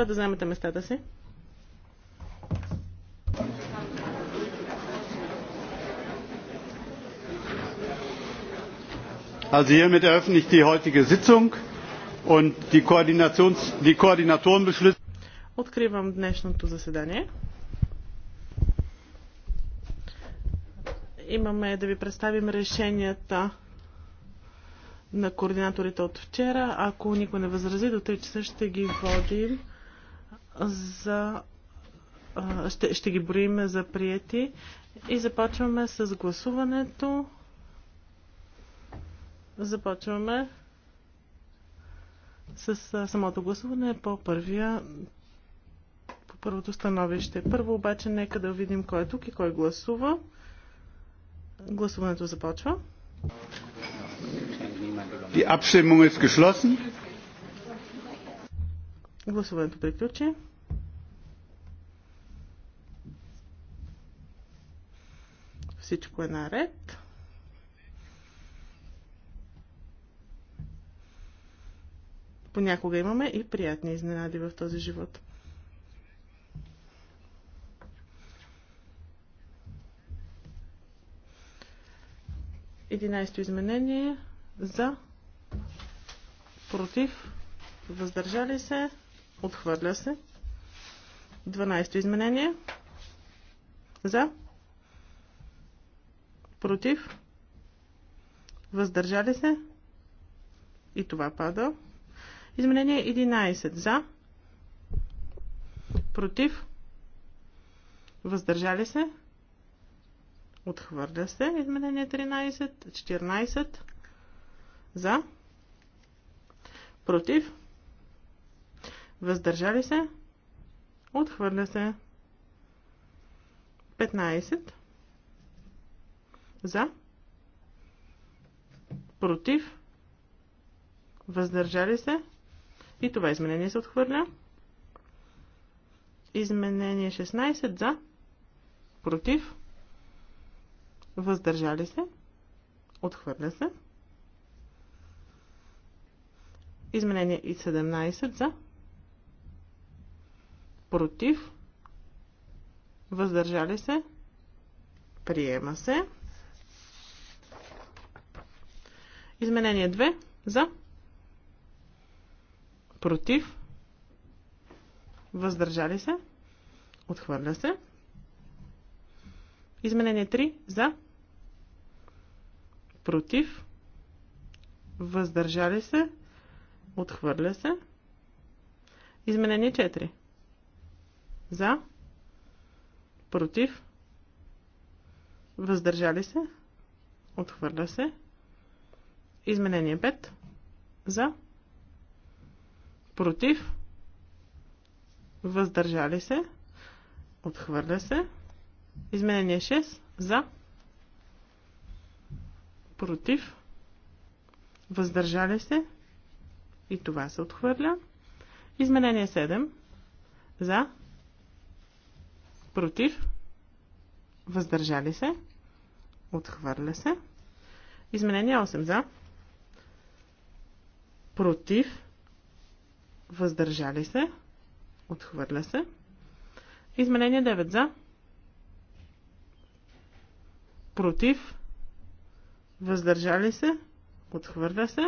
моля да вземете местата си. Also hiermit eröffne ich die heutige Sitzung und die, Koordinations die Koordinatoren beschließen. Откривам днешното заседание. Имаме да ви представим решенията на координаторите от вчера. Ако никой не възрази, до 3 часа ще ги водим за ще, ще ги броим за приети и започваме с гласуването. Започваме с самото гласуване по първия по първото становище. Първо обаче нека да видим кой е тук и кой гласува. Гласуването започва. Die Abstimmung ist geschlossen. Гласуването приключи. всичко е наред. Понякога имаме и приятни изненади в този живот. Единайсто изменение за против въздържали се отхвърля се. Дванайсто изменение за против, въздържали се и това пада. Изменение 11 за, против, въздържали се, отхвърля се. Изменение 13, 14 за, против, въздържали се, отхвърля се. 15 за. Против. Въздържали се. И това изменение се отхвърля. Изменение 16 за. Против. Въздържали се. Отхвърля се. Изменение и 17 за. Против. Въздържали се. Приема се. Изменение 2 за. Против. Въздържали се. Отхвърля се. Изменение 3 за. Против. Въздържали се. Отхвърля се. Изменение 4. За. Против. Въздържали се. Отхвърля се. Изменение 5. За. Против. Въздържали се. Отхвърля се. Изменение 6. За. Против. Въздържали се. И това се отхвърля. Изменение 7. За. Против. Въздържали се. Отхвърля се. Изменение 8. За против, въздържали се, отхвърля се. Изменение 9 за, против, въздържали се, отхвърля се.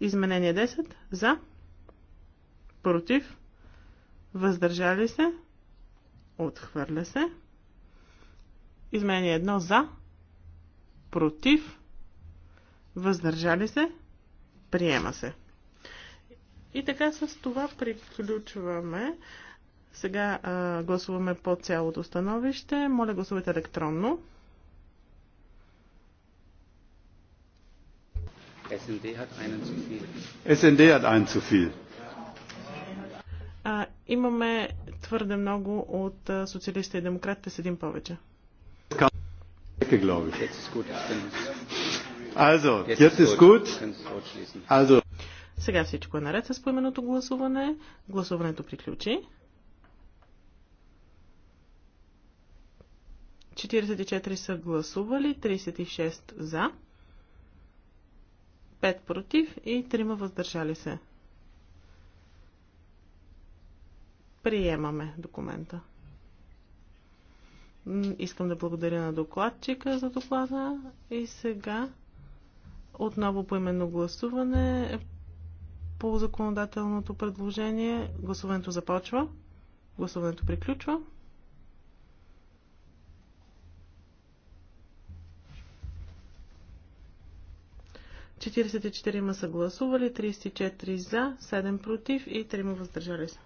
Изменение 10 за, против, въздържали се, отхвърля се. Изменение 1 за, против, въздържали се, Приема се. И така с това приключваме. Сега а, гласуваме по цялото становище. Моля гласувайте електронно. СНД hat einen zu viel. имаме твърде много от социалистите и демократите с един повече. Glaube ich. Jetzt Also, jetzt ist gut. Also. Сега всичко е наред с поименното гласуване. Гласуването приключи. 44 са гласували, 36 за, 5 против и 3 въздържали се. Приемаме документа. Искам да благодаря на докладчика за доклада и сега отново по именно гласуване по законодателното предложение. Гласуването започва. Гласуването приключва. Четиридесет и четирима са гласували, 34 за, 7 против и 3 въздържали се.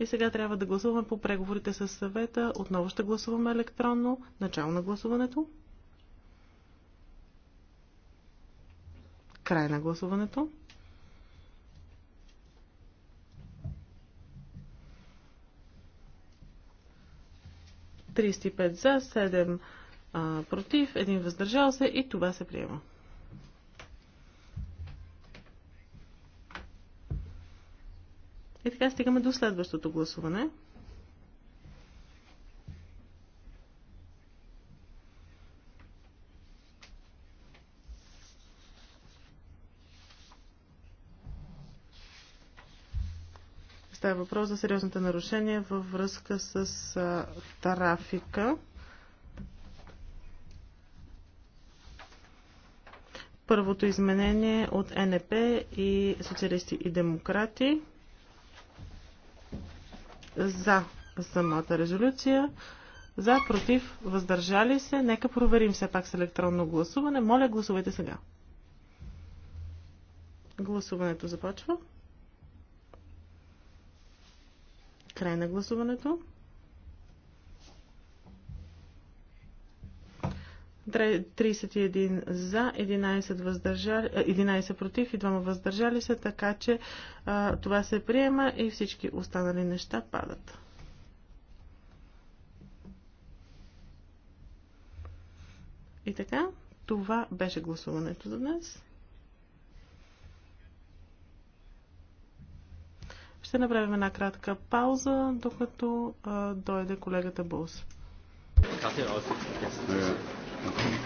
И сега трябва да гласуваме по преговорите с съвета. Отново ще гласуваме електронно. Начало на гласуването. Край на гласуването. Тридесет за, 7 против, 1 въздържал се и това се приема. И така стигаме до следващото гласуване. Става въпрос за сериозните нарушения във връзка с а, трафика. Първото изменение от НП и социалисти и демократи за самата резолюция. За, против, въздържали се. Нека проверим все пак с електронно гласуване. Моля, гласувайте сега. Гласуването започва. Край на гласуването. 31 за, 11, въздържали, 11 е, против и 2 въздържали се, така че а, това се приема и всички останали неща падат. И така, това беше гласуването за днес. Ще направим една кратка пауза, докато а, дойде колегата Булс. Yeah. Напомня.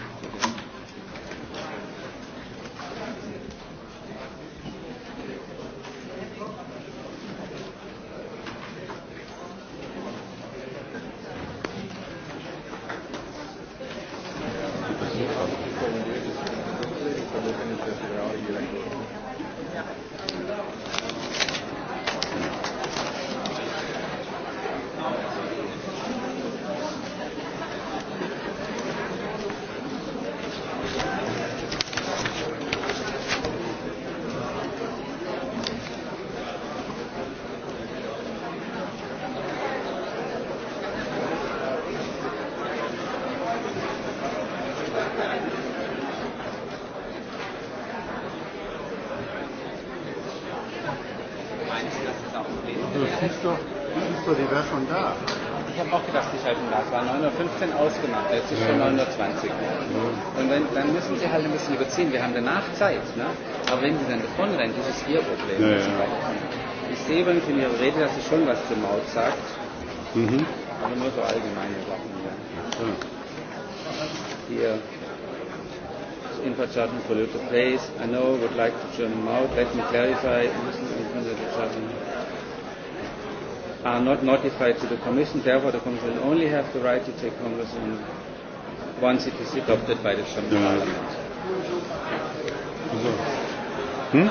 Zeit. Ne? Aber wenn sie dann davonrennen, das ist ihr Problem. Ja, ja. Ich sehe übrigens in ihrer Rede, dass sie schon was zur Maut sagt. Mhm. Aber nur so allgemeine Sachen. Ja. Ja. Hier. Infrastructure for little place. I know would like to turn them out. Let me clarify. Are not notified to the Commission. Therefore, the Commission will only have the right to take Congress once it is adopted by the German Parliament. Hm?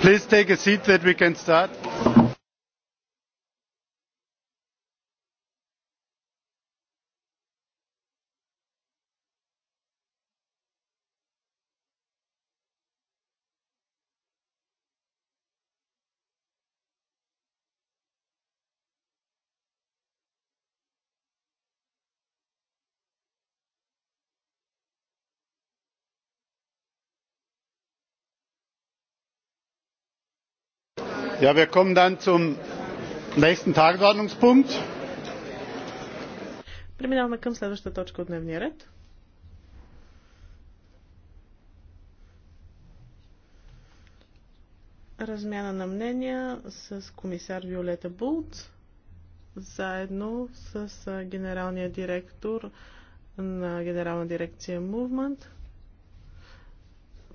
Please take a seat that we can start. Ja, wir kommen dann zum nächsten Tagesordnungspunkt. Преминаваме към следващата точка от дневния ред. Размяна на мнения с комисар Виолета Булт, заедно с генералния директор на генерална дирекция Movement –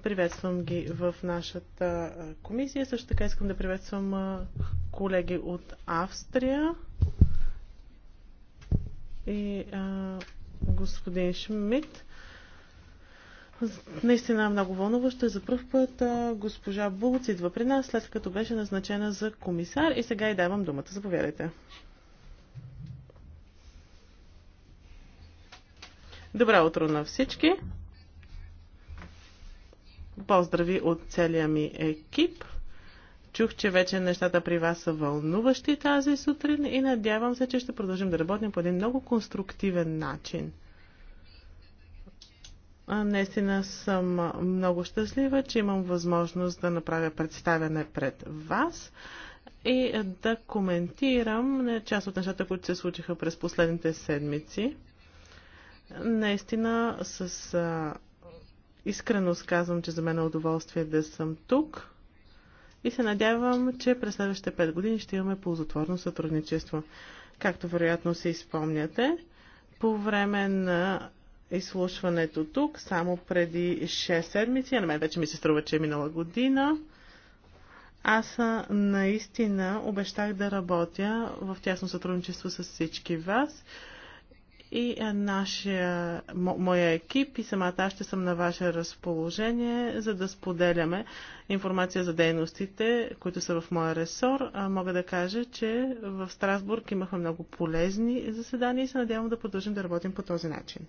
Приветствам ги в нашата комисия. Също така искам да приветствам колеги от Австрия и а, господин Шмидт. Наистина е много вълнуващо е за първ път а, госпожа Булц идва при нас, след като беше назначена за комисар и сега й давам думата. Заповядайте. Добро утро на всички! Поздрави от целия ми екип. Чух, че вече нещата при вас са вълнуващи тази сутрин и надявам се, че ще продължим да работим по един много конструктивен начин. Наистина съм много щастлива, че имам възможност да направя представяне пред вас и да коментирам част от нещата, които се случиха през последните седмици. Наистина с Искрено сказвам, че за мен е удоволствие да съм тук и се надявам, че през следващите 5 години ще имаме ползотворно сътрудничество. Както вероятно се изпомняте, по време на изслушването тук, само преди 6 седмици, а на мен вече ми се струва, че е минала година, аз наистина обещах да работя в тясно сътрудничество с всички вас и е, нашия, моя екип и самата аз ще съм на ваше разположение, за да споделяме информация за дейностите, които са в моя ресор. А, мога да кажа, че в Страсбург имахме много полезни заседания и се надявам да продължим да работим по този начин.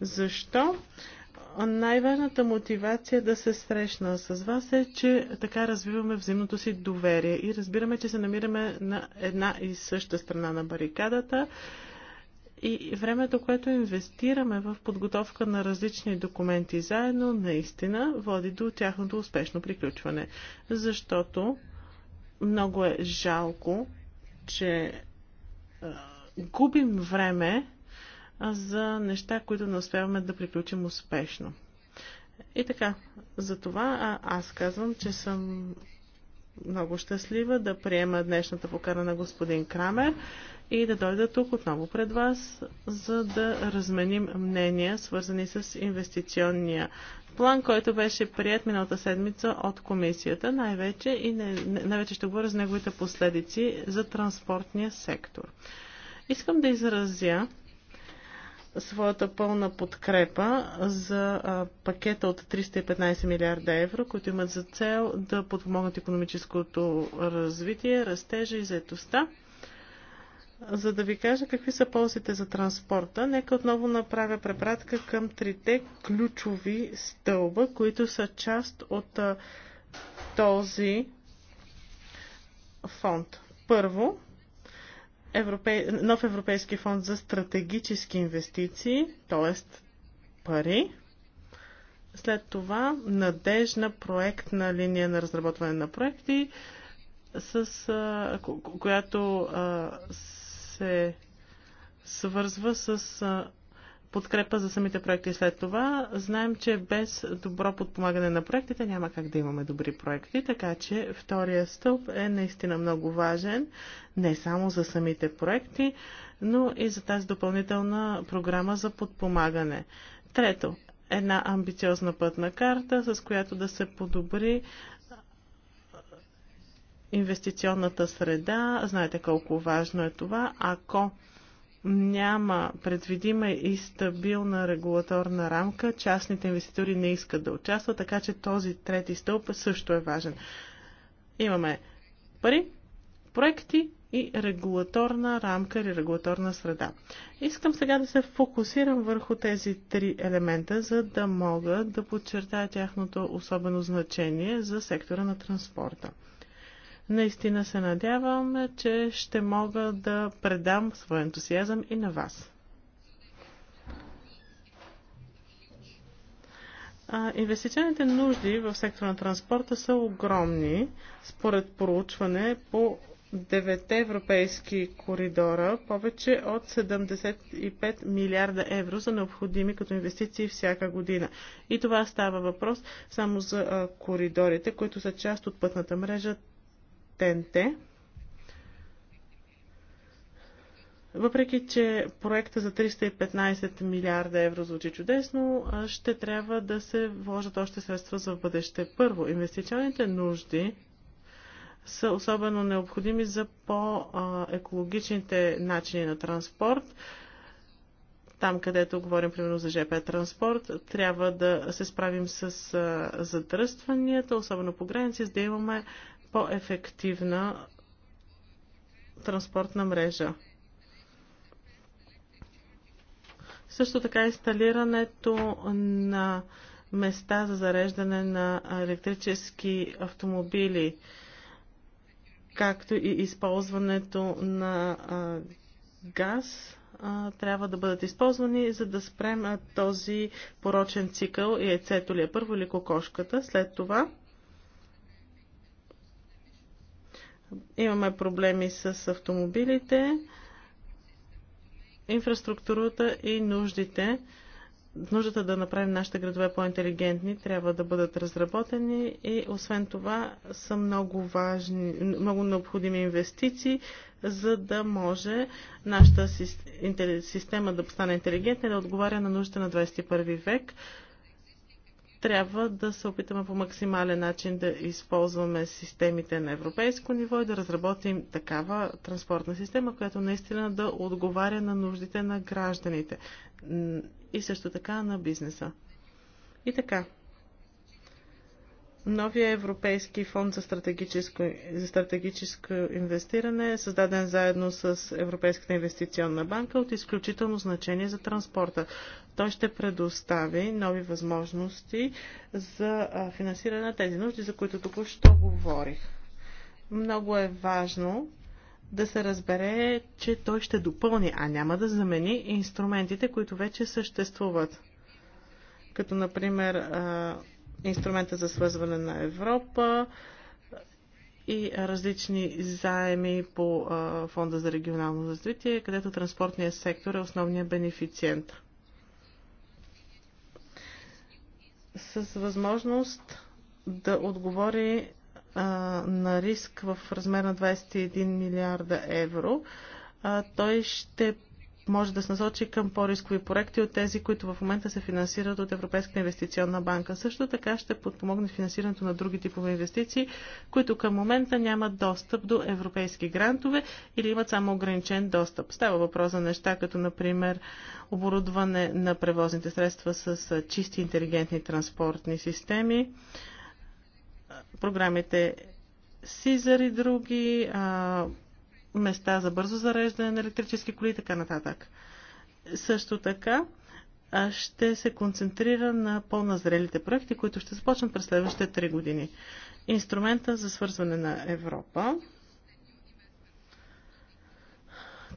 Защо? най-важната мотивация да се срещна с вас е, че така развиваме взаимното си доверие и разбираме, че се намираме на една и съща страна на барикадата. И времето, което инвестираме в подготовка на различни документи заедно, наистина води до тяхното успешно приключване. Защото много е жалко, че губим време за неща, които не успяваме да приключим успешно. И така, за това аз казвам, че съм много щастлива да приема днешната покана на господин Крамер и да дойда тук отново пред вас, за да разменим мнения, свързани с инвестиционния план, който беше прият миналата седмица от комисията, най-вече и най-вече ще говоря за неговите последици за транспортния сектор. Искам да изразя своята пълна подкрепа за пакета от 315 милиарда евро, които имат за цел да подпомогнат економическото развитие, растежа и заетостта. За да ви кажа какви са ползите за транспорта, нека отново направя препратка към трите ключови стълба, които са част от този фонд. Първо, Европей... нов Европейски фонд за стратегически инвестиции, т.е. пари. След това надежна проектна линия на разработване на проекти, с а, която а, се свързва с а, подкрепа за самите проекти след това. Знаем, че без добро подпомагане на проектите няма как да имаме добри проекти, така че втория стълб е наистина много важен, не само за самите проекти, но и за тази допълнителна програма за подпомагане. Трето, една амбициозна пътна карта, с която да се подобри инвестиционната среда. Знаете колко важно е това. Ако няма предвидима и стабилна регулаторна рамка, частните инвеститори не искат да участват, така че този трети стълб също е важен. Имаме пари, проекти и регулаторна рамка или регулаторна среда. Искам сега да се фокусирам върху тези три елемента, за да мога да подчертая тяхното особено значение за сектора на транспорта. Наистина се надявам, че ще мога да предам своя ентусиазъм и на вас. Инвестиционните нужди в сектора на транспорта са огромни. Според проучване по девете европейски коридора, повече от 75 милиарда евро са необходими като инвестиции всяка година. И това става въпрос само за коридорите, които са част от пътната мрежа ТНТ. Въпреки, че проекта за 315 милиарда евро звучи чудесно, ще трябва да се вложат още средства за бъдеще. Първо, инвестиционните нужди са особено необходими за по-екологичните начини на транспорт. Там, където говорим примерно за ЖП транспорт, трябва да се справим с задръстванията, особено по граници, за да имаме по-ефективна транспортна мрежа. Също така инсталирането на места за зареждане на електрически автомобили, както и използването на газ трябва да бъдат използвани, за да спрем този порочен цикъл и яйцето ли е първо или кокошката. След това Имаме проблеми с автомобилите, инфраструктурата и нуждите. Нуждата да направим нашите градове по-интелигентни трябва да бъдат разработени и освен това са много важни, много необходими инвестиции, за да може нашата система да стане интелигентна и да отговаря на нуждите на 21 век трябва да се опитаме по максимален начин да използваме системите на европейско ниво и да разработим такава транспортна система, която наистина да отговаря на нуждите на гражданите и също така на бизнеса. И така, Новия Европейски фонд за стратегическо, за стратегическо инвестиране е създаден заедно с Европейската инвестиционна банка е от изключително значение за транспорта. Той ще предостави нови възможности за финансиране на тези нужди, за които току-що говорих. Много е важно да се разбере, че той ще допълни, а няма да замени инструментите, които вече съществуват. Като, например, инструмента за свързване на Европа и различни заеми по Фонда за регионално развитие, където транспортният сектор е основният бенефициент. С възможност да отговори на риск в размер на 21 милиарда евро, той ще може да се насочи към по-рискови проекти от тези, които в момента се финансират от Европейска инвестиционна банка. Също така ще подпомогне финансирането на други типове инвестиции, които към момента нямат достъп до европейски грантове или имат само ограничен достъп. Става въпрос за неща, като например оборудване на превозните средства с чисти интелигентни транспортни системи, програмите СИЗАР и други, места за бързо зареждане на електрически коли и така нататък. Също така ще се концентрира на по-назрелите проекти, които ще започнат през следващите 3 години. Инструмента за свързване на Европа,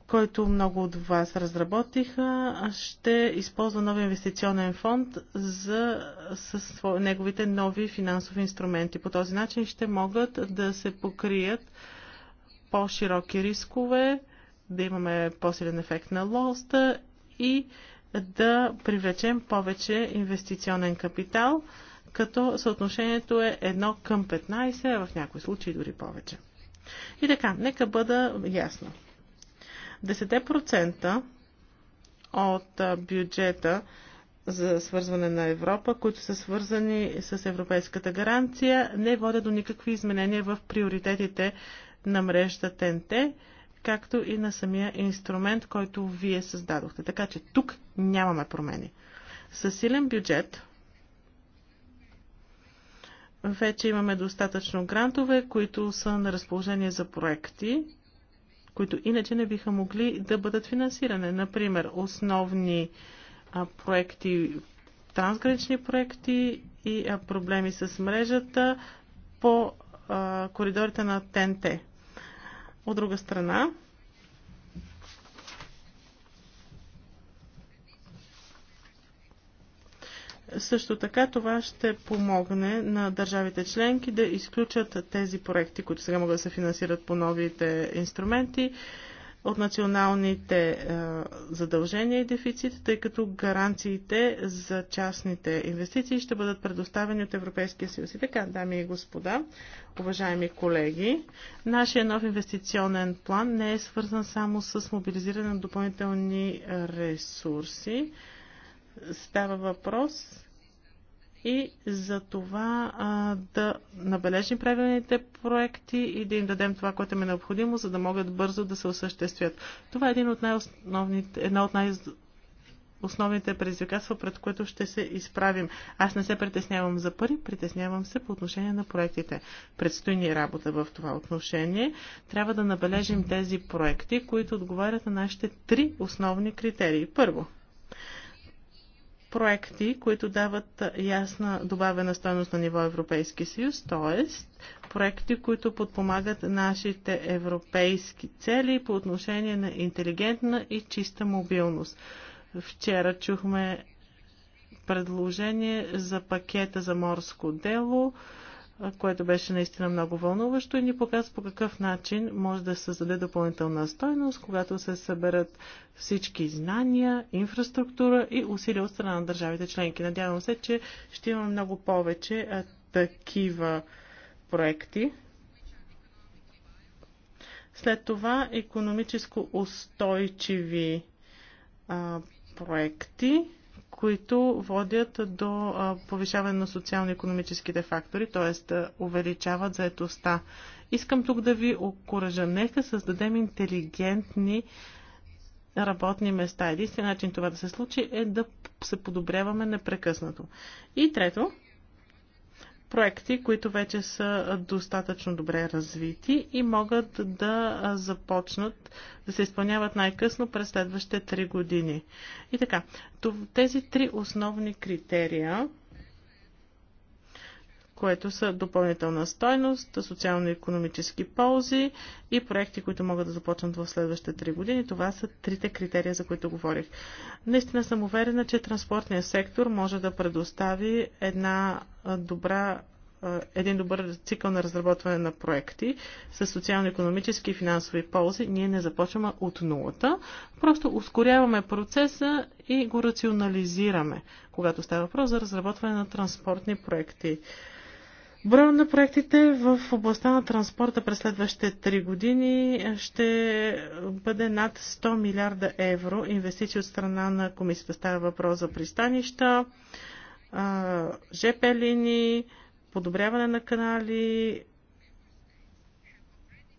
който много от вас разработиха, ще използва нови инвестиционен фонд за, с неговите нови финансови инструменти. По този начин ще могат да се покрият по-широки рискове, да имаме по-силен ефект на лоста и да привлечем повече инвестиционен капитал, като съотношението е 1 към 15, а в някои случаи дори повече. И така, нека бъда ясна. 10% от бюджета за свързване на Европа, които са свързани с европейската гаранция, не водят до никакви изменения в приоритетите на мрежата ТНТ, както и на самия инструмент, който вие създадохте. Така че тук нямаме промени. С силен бюджет вече имаме достатъчно грантове, които са на разположение за проекти, които иначе не биха могли да бъдат финансирани. Например, основни а, проекти, трансгранични проекти и а, проблеми с мрежата по а, коридорите на ТНТ. От друга страна, Също така това ще помогне на държавите членки да изключат тези проекти, които сега могат да се финансират по новите инструменти от националните е, задължения и дефицит, тъй като гаранциите за частните инвестиции ще бъдат предоставени от Европейския съюз. И така, дами и господа, уважаеми колеги, нашия нов инвестиционен план не е свързан само с мобилизиране на допълнителни ресурси. Става въпрос и за това а, да набележим правилните проекти и да им дадем това, което им е необходимо, за да могат бързо да се осъществят. Това е един от най-основните, една от най- основните предизвикателства, пред които ще се изправим. Аз не се притеснявам за пари, притеснявам се по отношение на проектите. Предстои ни работа в това отношение. Трябва да набележим тези проекти, които отговарят на нашите три основни критерии. Първо, проекти, които дават ясна добавена стойност на ниво Европейски съюз, т.е. проекти, които подпомагат нашите европейски цели по отношение на интелигентна и чиста мобилност. Вчера чухме предложение за пакета за морско дело което беше наистина много вълнуващо и ни показва по какъв начин може да се създаде допълнителна стойност, когато се съберат всички знания, инфраструктура и усилия от страна на държавите членки. Надявам се, че ще има много повече такива проекти. След това економическо устойчиви а, проекти които водят до повишаване на социално-економическите фактори, т.е. увеличават заетостта. Искам тук да ви окоръжа. Нека създадем интелигентни работни места. Единственият начин това да се случи е да се подобряваме непрекъснато. И трето, проекти, които вече са достатъчно добре развити и могат да започнат да се изпълняват най-късно през следващите три години. И така, тези три основни критерия което са допълнителна стойност, социално-економически ползи и проекти, които могат да започнат в следващите три години. Това са трите критерия, за които говорих. Наистина съм уверена, че транспортният сектор може да предостави една добра един добър цикъл на разработване на проекти с социално-економически и финансови ползи. Ние не започваме от нулата, просто ускоряваме процеса и го рационализираме, когато става въпрос за разработване на транспортни проекти. Броя на проектите в областта на транспорта през следващите 3 години ще бъде над 100 милиарда евро инвестиции от страна на комисията. Става въпрос за пристанища, ЖП линии, подобряване на канали,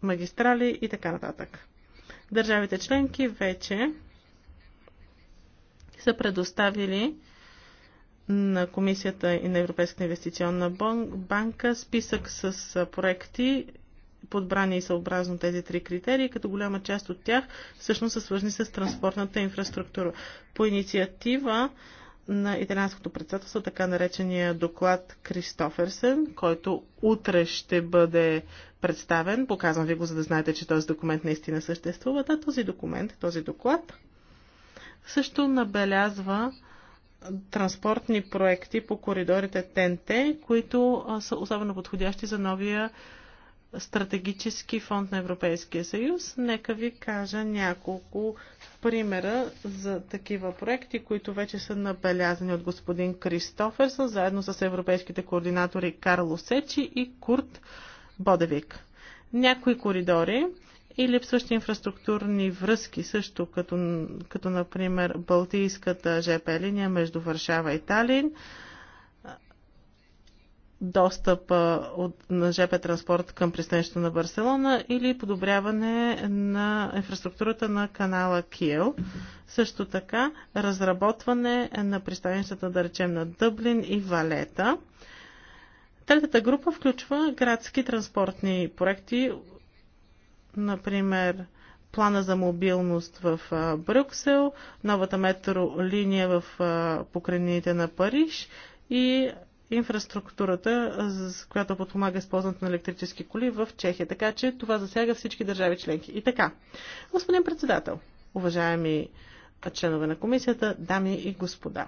магистрали и така нататък. Държавите членки вече са предоставили на Комисията и на Европейската инвестиционна банка списък с проекти, подбрани и съобразно тези три критерии, като голяма част от тях всъщност са свързани с транспортната инфраструктура. По инициатива на италианското председателство, така наречения доклад Кристоферсен, който утре ще бъде представен. Показвам ви го, за да знаете, че този документ наистина съществува. Да, този документ, този доклад също набелязва транспортни проекти по коридорите ТНТ, които са особено подходящи за новия стратегически фонд на Европейския съюз. Нека ви кажа няколко примера за такива проекти, които вече са набелязани от господин Кристоферсън, заедно с европейските координатори Карло Сечи и Курт Бодевик. Някои коридори и липсващи инфраструктурни връзки, също като, като например Балтийската ЖП линия между Варшава и Талин, достъп от, на ЖП транспорт към пристанището на Барселона или подобряване на инфраструктурата на канала Киел. Също така разработване на пристанищата, да речем, на Дъблин и Валета. Третата група включва градски транспортни проекти, Например, плана за мобилност в Брюксел, новата метролиния в покрайнините на Париж и инфраструктурата, с която подпомага използването на електрически коли в Чехия. Така че това засяга всички държави членки. И така, господин председател, уважаеми членове на комисията, дами и господа.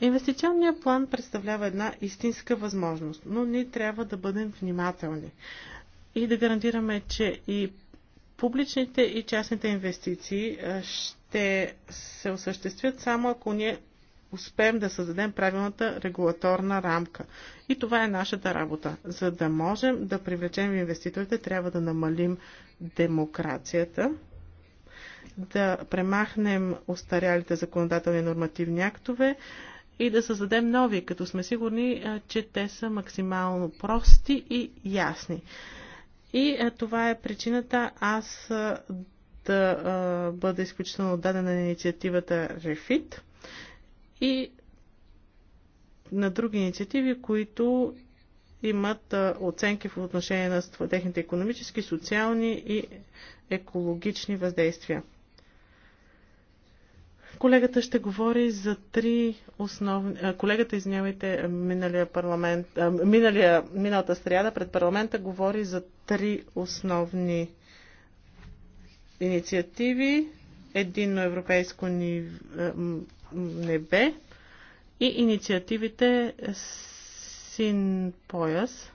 Инвестиционният план представлява една истинска възможност, но ние трябва да бъдем внимателни и да гарантираме, че и публичните и частните инвестиции ще се осъществят само ако ние успеем да създадем правилната регулаторна рамка. И това е нашата работа. За да можем да привлечем инвеститорите, трябва да намалим демокрацията, да премахнем остарялите законодателни нормативни актове и да създадем нови, като сме сигурни, че те са максимално прости и ясни. И е, това е причината аз е, да е, бъда изключително дадена на инициативата Refit и на други инициативи, които имат оценки в отношение на техните економически, социални и екологични въздействия. Колегата ще говори за три основни... Колегата, извинявайте, миналия парламент... Миналия, миналата сряда пред парламента говори за три основни инициативи. Единно европейско ни... небе и инициативите Син Пояс.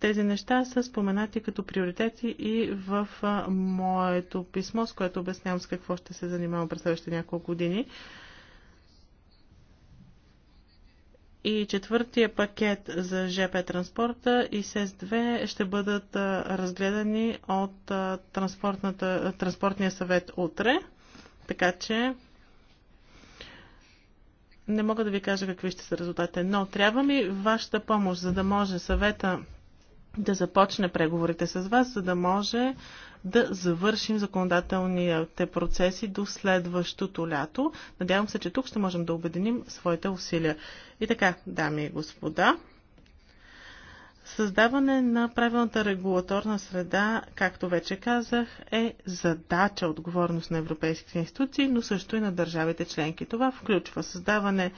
Тези неща са споменати като приоритети и в моето писмо, с което обяснявам с какво ще се занимавам през следващите няколко години. и четвъртия пакет за ЖП транспорта и СЕС-2 ще бъдат разгледани от транспортния съвет утре. Така че не мога да ви кажа какви ще са резултатите, но трябва ми вашата помощ, за да може съвета да започне преговорите с вас, за да може да завършим законодателните процеси до следващото лято. Надявам се, че тук ще можем да обединим своите усилия. И така, дами и господа, създаване на правилната регулаторна среда, както вече казах, е задача, отговорност на европейските институции, но също и на държавите членки. Това включва създаване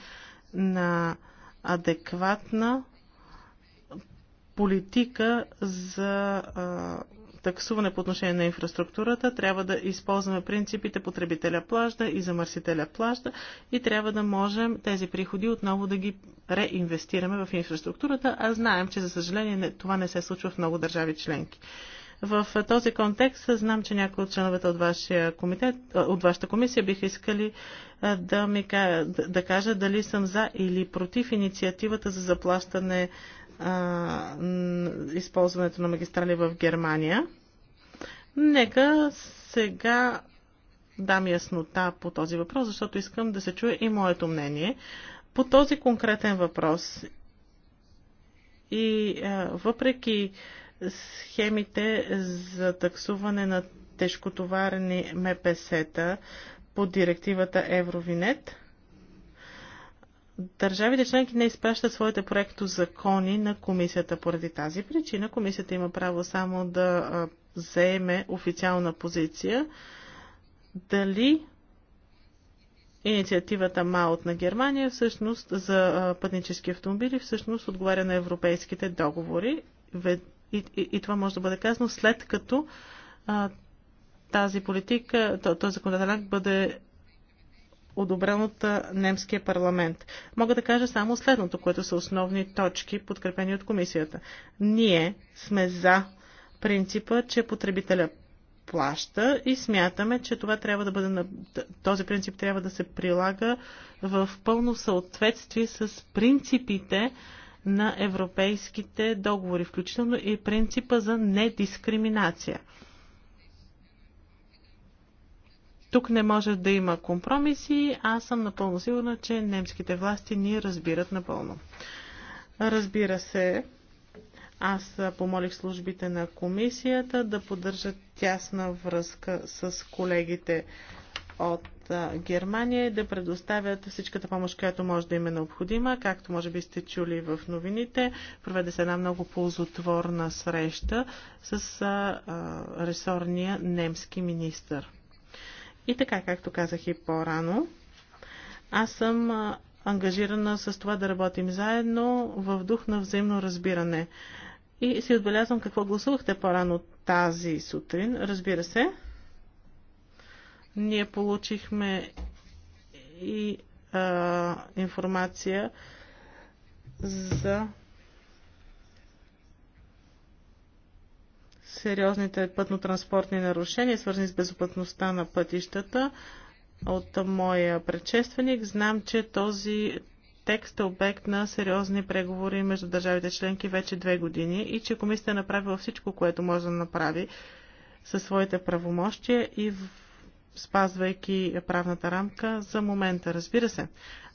на адекватна политика за таксуване по отношение на инфраструктурата, трябва да използваме принципите потребителя плажда и замърсителя плажда и трябва да можем тези приходи отново да ги реинвестираме в инфраструктурата, а знаем, че за съжаление това не се случва в много държави членки. В този контекст знам, че някои от членовете от, вашия комитет, от вашата комисия бих искали да, ми, да кажа дали съм за или против инициативата за заплащане а, използването на магистрали в Германия. Нека сега дам яснота по този въпрос, защото искам да се чуе и моето мнение. По този конкретен въпрос и а, въпреки схемите за таксуване на тежкотоварени МПС-та по директивата Евровинет, държавите членки не изпращат своите проекто закони на комисията. Поради тази причина комисията има право само да заеме официална позиция дали инициативата МАОТ на Германия всъщност за пътнически автомобили всъщност отговаря на европейските договори и, и, и това може да бъде казано след като а, тази политика, този законодателен бъде одобрен от немския парламент. Мога да кажа само следното, което са основни точки, подкрепени от комисията. Ние сме за принципа, че потребителя плаща и смятаме, че това трябва да бъде, този принцип трябва да се прилага в пълно съответствие с принципите на европейските договори, включително и принципа за недискриминация. Тук не може да има компромиси. Аз съм напълно сигурна, че немските власти ни разбират напълно. Разбира се, аз помолих службите на комисията да поддържат тясна връзка с колегите от Германия и да предоставят всичката помощ, която може да им е необходима. Както може би сте чули в новините, проведе се една много ползотворна среща с ресорния немски министр. И така, както казах и по-рано, аз съм ангажирана с това да работим заедно в дух на взаимно разбиране. И си отбелязвам какво гласувахте по-рано тази сутрин. Разбира се, ние получихме и а, информация за сериозните пътно-транспортни нарушения, свързани с безопасността на пътищата от моя предшественик. Знам, че този текст е обект на сериозни преговори между държавите членки вече две години и че комисията е направила всичко, което може да направи със своите правомощия и в... спазвайки правната рамка за момента. Разбира се,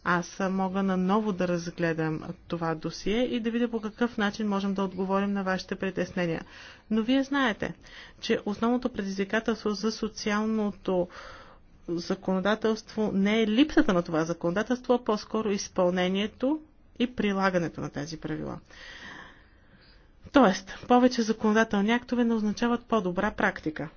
аз мога наново да разгледам това досие и да видя по какъв начин можем да отговорим на вашите притеснения. Но вие знаете, че основното предизвикателство за социалното законодателство не е липсата на това законодателство, а по-скоро изпълнението и прилагането на тези правила. Тоест, повече законодателни актове не означават по-добра практика.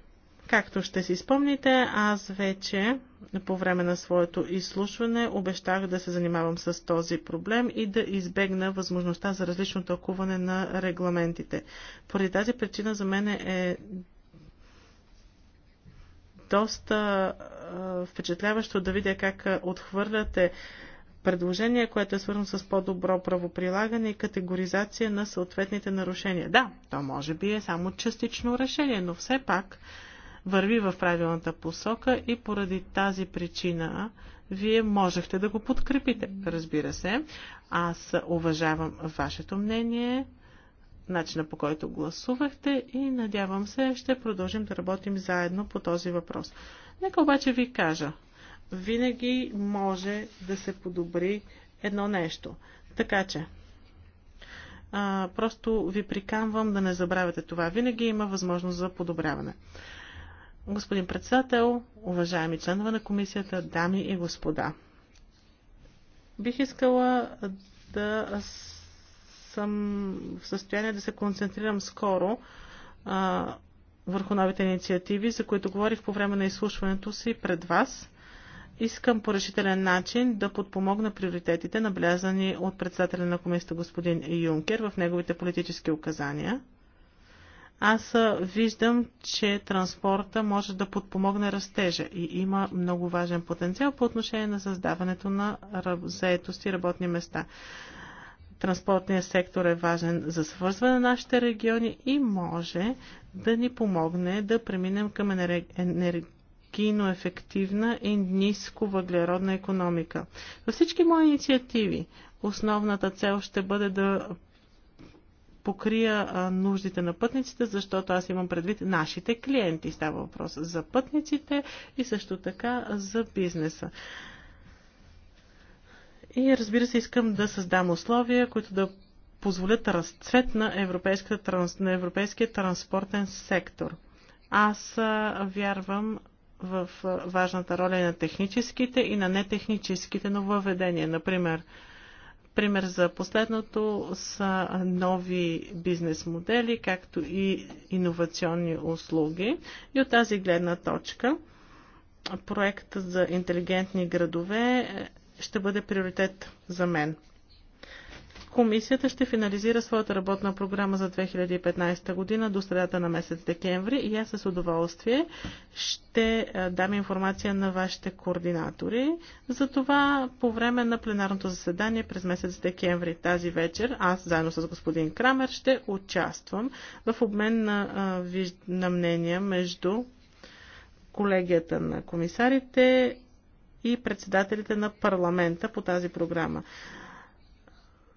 Както ще си спомните, аз вече по време на своето изслушване обещах да се занимавам с този проблем и да избегна възможността за различно тълкуване на регламентите. Поради тази причина за мен е доста впечатляващо да видя как отхвърляте предложение, което е свързано с по-добро правоприлагане и категоризация на съответните нарушения. Да, то може би е само частично решение, но все пак върви в правилната посока и поради тази причина вие можехте да го подкрепите. Разбира се, аз уважавам вашето мнение, начина по който гласувахте и надявам се ще продължим да работим заедно по този въпрос. Нека обаче ви кажа, винаги може да се подобри едно нещо. Така че, а, просто ви приканвам да не забравяте това. Винаги има възможност за подобряване. Господин председател, уважаеми членове на комисията, дами и господа. Бих искала да съм в състояние да се концентрирам скоро а, върху новите инициативи, за които говорих по време на изслушването си пред вас. Искам по решителен начин да подпомогна приоритетите, наблязани от председателя на комисията господин Юнкер в неговите политически указания – аз виждам, че транспорта може да подпомогне растежа и има много важен потенциал по отношение на създаването на заетост и работни места. Транспортният сектор е важен за свързване на нашите региони и може да ни помогне да преминем към енергийно ефективна и ниско въглеродна економика. Във всички мои инициативи основната цел ще бъде да покрия нуждите на пътниците, защото аз имам предвид нашите клиенти. Става въпрос за пътниците и също така за бизнеса. И разбира се, искам да създам условия, които да позволят разцвет на, на европейския транспортен сектор. Аз вярвам в важната роля на техническите и на нетехническите нововведения. Например, Пример за последното са нови бизнес модели, както и иновационни услуги. И от тази гледна точка проектът за интелигентни градове ще бъде приоритет за мен. Комисията ще финализира своята работна програма за 2015 година до средата на месец декември и аз с удоволствие ще дам информация на вашите координатори. За това по време на пленарното заседание през месец декември тази вечер аз заедно с господин Крамер ще участвам в обмен на, на мнения между колегията на комисарите и председателите на парламента по тази програма.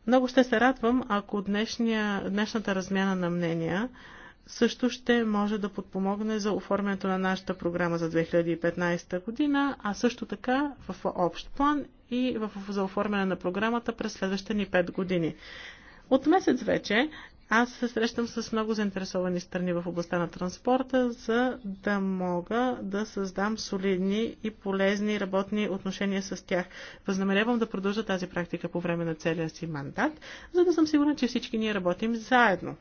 Много ще се радвам, ако днешния, днешната размяна на мнения също ще може да подпомогне за оформянето на нашата програма за 2015 година, а също така в общ план и в, за оформяне на програмата през следващите ни 5 години. От месец вече аз се срещам с много заинтересовани страни в областта на транспорта, за да мога да създам солидни и полезни работни отношения с тях. Възнамерявам да продължа тази практика по време на целия си мандат, за да съм сигурна, че всички ние работим заедно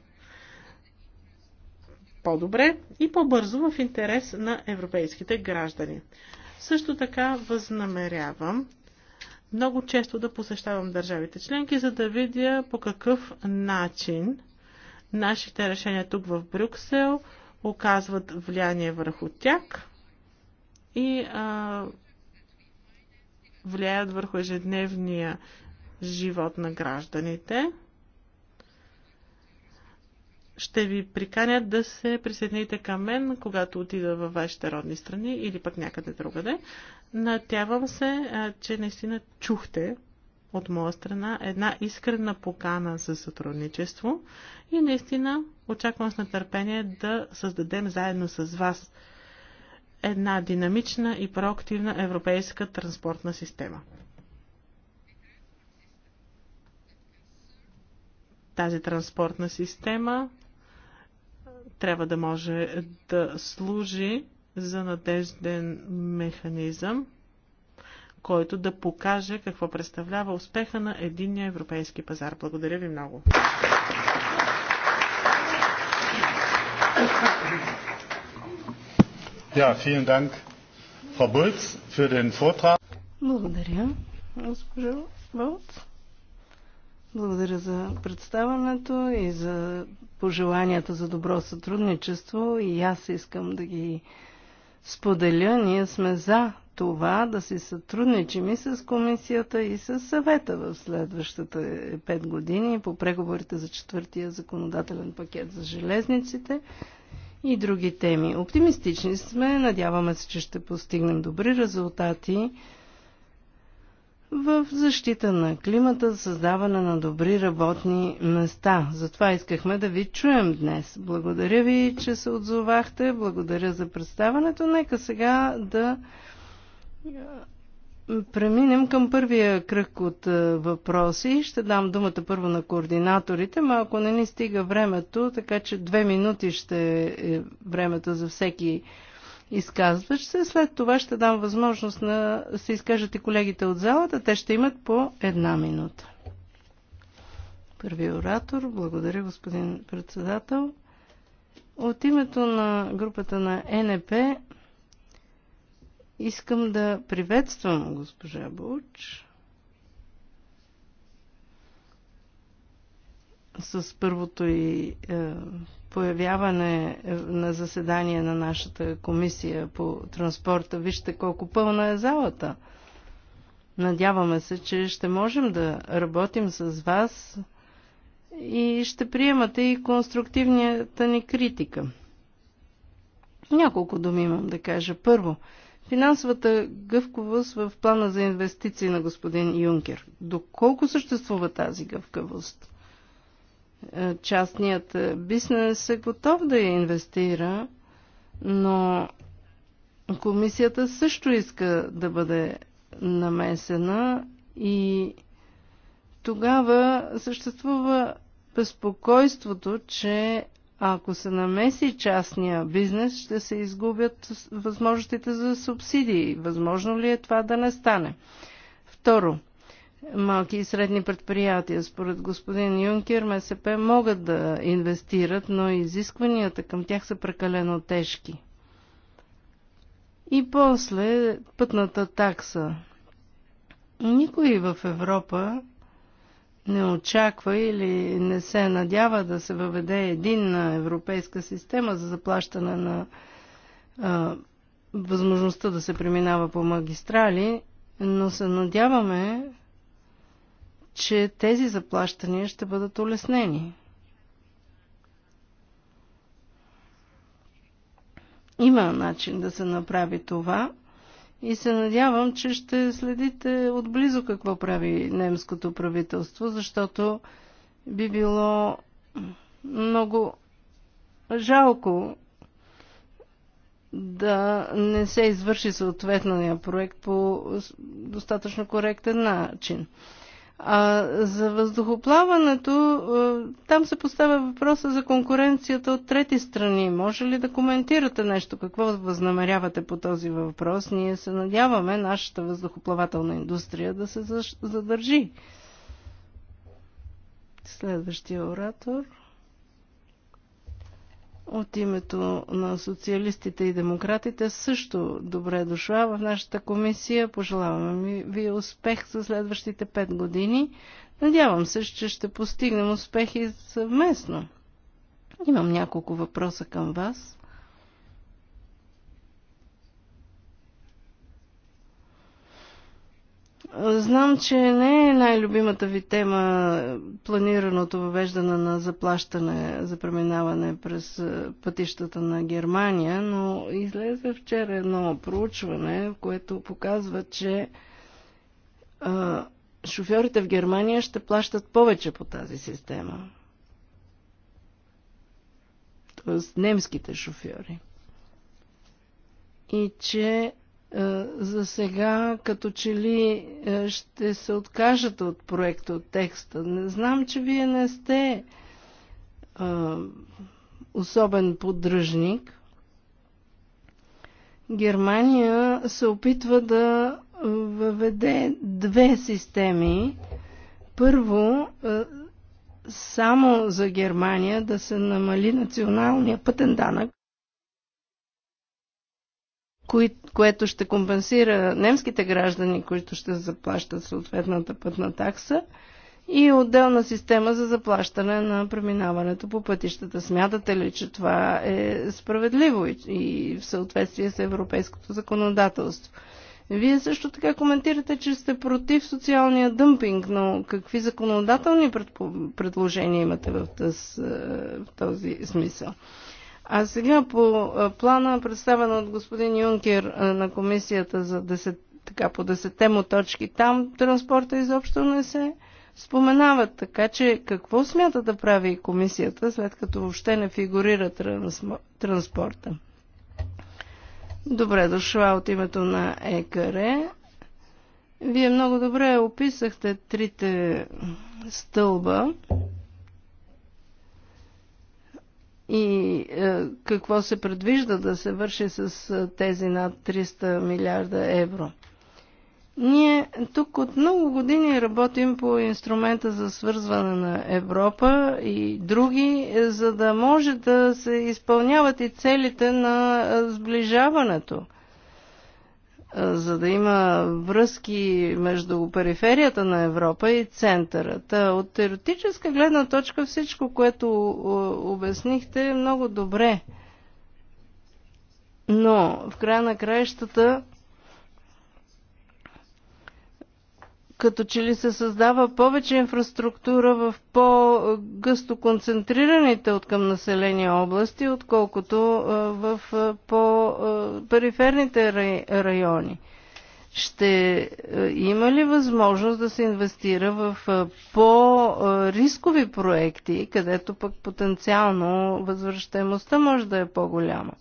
по-добре и по-бързо в интерес на европейските граждани. Също така възнамерявам много често да посещавам държавите членки, за да видя по какъв начин Нашите решения тук в Брюксел оказват влияние върху тях и а, влияят върху ежедневния живот на гражданите. Ще ви приканят да се присъедините към мен, когато отида във вашите родни страни или пък някъде другаде. Надявам се, а, че наистина чухте от моя страна една искрена покана за сътрудничество и наистина очаквам с нетърпение да създадем заедно с вас една динамична и проактивна европейска транспортна система. Тази транспортна система трябва да може да служи за надежден механизъм който да покаже какво представлява успеха на единния европейски пазар. Благодаря ви много. Ja, vielen Dank, Frau Bulz, für den Vortrag. Благодаря, госпожо Болц. Благодаря за представането и за пожеланията за добро сътрудничество и аз искам да ги споделя, ние сме за това да си сътрудничим и с комисията, и с съвета в следващата пет години по преговорите за четвъртия законодателен пакет за железниците и други теми. Оптимистични сме, надяваме се, че ще постигнем добри резултати в защита на климата, създаване на добри работни места. Затова искахме да ви чуем днес. Благодаря ви, че се отзовахте. Благодаря за представането. Нека сега да е, преминем към първия кръг от е, въпроси. Ще дам думата първо на координаторите, но ако не ни стига времето, така че две минути ще е, е времето за всеки изказваш се. След това ще дам възможност на се изкажат и колегите от залата. Те ще имат по една минута. Първи оратор. Благодаря, господин председател. От името на групата на НП искам да приветствам госпожа Буч с първото и е, появяване е, на заседание на нашата комисия по транспорта. Вижте колко пълна е залата. Надяваме се, че ще можем да работим с вас и ще приемате и конструктивната ни критика. Няколко думи имам да кажа. Първо, финансовата гъвкавост в плана за инвестиции на господин Юнкер. Доколко съществува тази гъвкавост? Е, частният е, бизнес е готов да инвестира, но комисията също иска да бъде намесена и тогава съществува безпокойството, че ако се намеси частния бизнес, ще се изгубят възможностите за субсидии. Възможно ли е това да не стане? Второ, малки и средни предприятия. Според господин Юнкер, МСП могат да инвестират, но изискванията към тях са прекалено тежки. И после пътната такса. Никой в Европа не очаква или не се надява да се въведе единна европейска система за заплащане на а, възможността да се преминава по магистрали, но се надяваме че тези заплащания ще бъдат улеснени. Има начин да се направи това и се надявам, че ще следите отблизо какво прави немското правителство, защото би било много жалко да не се извърши съответния проект по достатъчно коректен начин. А за въздухоплаването, там се поставя въпроса за конкуренцията от трети страни. Може ли да коментирате нещо? Какво възнамерявате по този въпрос? Ние се надяваме нашата въздухоплавателна индустрия да се задържи. Следващия оратор от името на социалистите и демократите също добре дошла в нашата комисия. Пожелаваме ви успех за следващите 5 години. Надявам се, че ще постигнем успехи съвместно. Имам няколко въпроса към вас. Знам, че не е най-любимата ви тема планираното въвеждане на заплащане за преминаване през е, пътищата на Германия, но излезе вчера едно проучване, в което показва, че а, е, шофьорите в Германия ще плащат повече по тази система. Тоест немските шофьори. И че е, за сега като че ли е, ще се откажете от проекта, от текста. Не знам, че вие не сте а, е, особен поддръжник. Германия се опитва да въведе две системи. Първо, само за Германия да се намали националния пътен данък кои, което ще компенсира немските граждани, които ще заплащат съответната пътна такса и отделна система за заплащане на преминаването по пътищата. Смятате ли, че това е справедливо и в съответствие с европейското законодателство? Вие също така коментирате, че сте против социалния дъмпинг, но какви законодателни предпо... предложения имате в, тъс, е, в този смисъл? А сега по плана, представен от господин Юнкер на комисията за 10, така, по 10 му точки, там транспорта изобщо не се споменава. Така че какво смята да прави комисията, след като въобще не фигурира транспорта? Добре дошла от името на ЕКР. Вие много добре описахте трите стълба и е, какво се предвижда да се върши с е, тези над 300 милиарда евро. Ние тук от много години работим по инструмента за свързване на Европа и други, е, за да може да се изпълняват и целите на сближаването – за да има връзки между периферията на Европа и центъра. Та, от теоретическа гледна точка всичко, което обяснихте е много добре. Но в края на краищата като че ли се създава повече инфраструктура в по-гъсто концентрираните от към население области, отколкото в по-периферните райони. Ще има ли възможност да се инвестира в по-рискови проекти, където пък потенциално възвръщаемостта може да е по-голяма?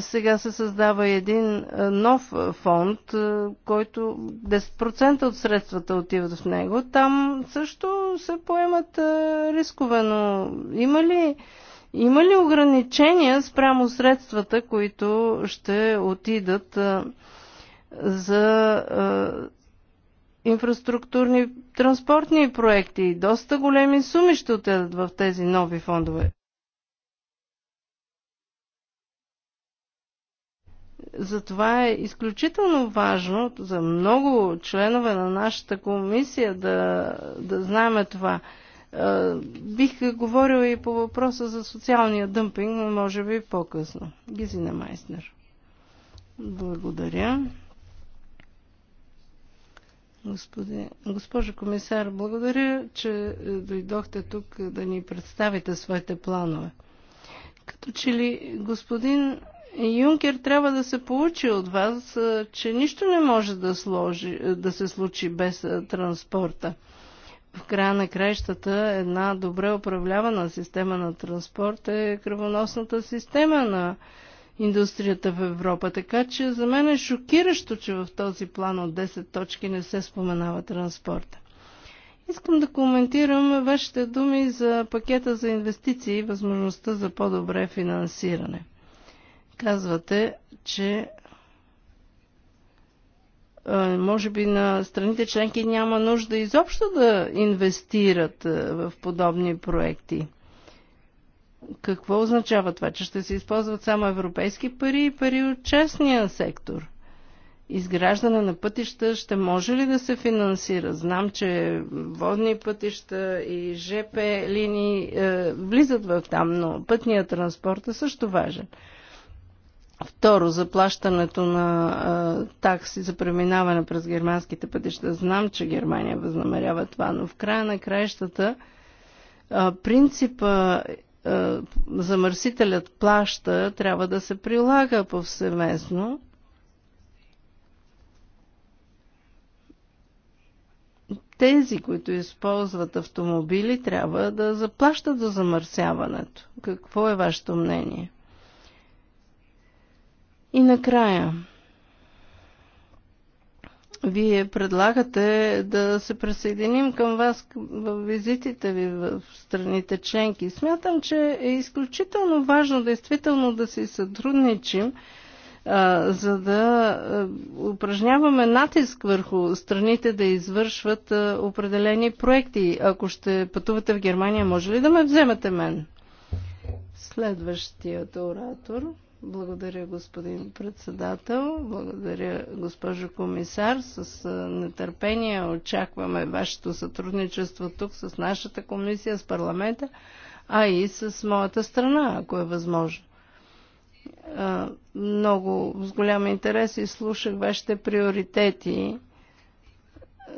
Сега се създава един е, нов е, фонд, е, който 10% от средствата отиват в него. Там също се поемат рискове, но има ли, има ли ограничения спрямо средствата, които ще отидат за инфраструктурни транспортни проекти? Доста големи суми ще отидат в тези нови фондове. Затова е изключително важно за много членове на нашата комисия да, да знаем това. Е, бих говорил и по въпроса за социалния дъмпинг, но може би по-късно. Гизина Майснер. Благодаря. Господи, госпожо комисар, благодаря, че е, дойдохте тук да ни представите своите планове. Като че ли господин Юнкер трябва да се получи от вас, че нищо не може да, сложи, да се случи без транспорта. В края на краищата една добре управлявана система на транспорт е кръвоносната система на индустрията в Европа. Така че за мен е шокиращо, че в този план от 10 точки не се споменава транспорта. Искам да коментирам вашите думи за пакета за инвестиции и възможността за по-добре финансиране. Казвате, че може би на страните членки няма нужда изобщо да инвестират в подобни проекти. Какво означава това? Че ще се използват само европейски пари и пари от частния сектор? Изграждане на пътища ще може ли да се финансира? Знам, че водни пътища и ЖП линии е, влизат в там, но пътният транспорт е също важен. Второ, заплащането на а, такси за преминаване през германските пътища. Знам, че Германия възнамерява това, но в края на краищата а, принципа а, замърсителят плаща трябва да се прилага повсеместно. Тези, които използват автомобили, трябва да заплащат за замърсяването. Какво е вашето мнение? И накрая, вие предлагате да се присъединим към вас в визитите ви в страните членки. Смятам, че е изключително важно действително да си сътрудничим, за да упражняваме натиск върху страните да извършват определени проекти. Ако ще пътувате в Германия, може ли да ме вземете мен? Следващият оратор. Благодаря, господин председател. Благодаря, госпожо комисар. С нетърпение очакваме вашето сътрудничество тук с нашата комисия, с парламента, а и с моята страна, ако е възможно. Много с голям интерес и слушах вашите приоритети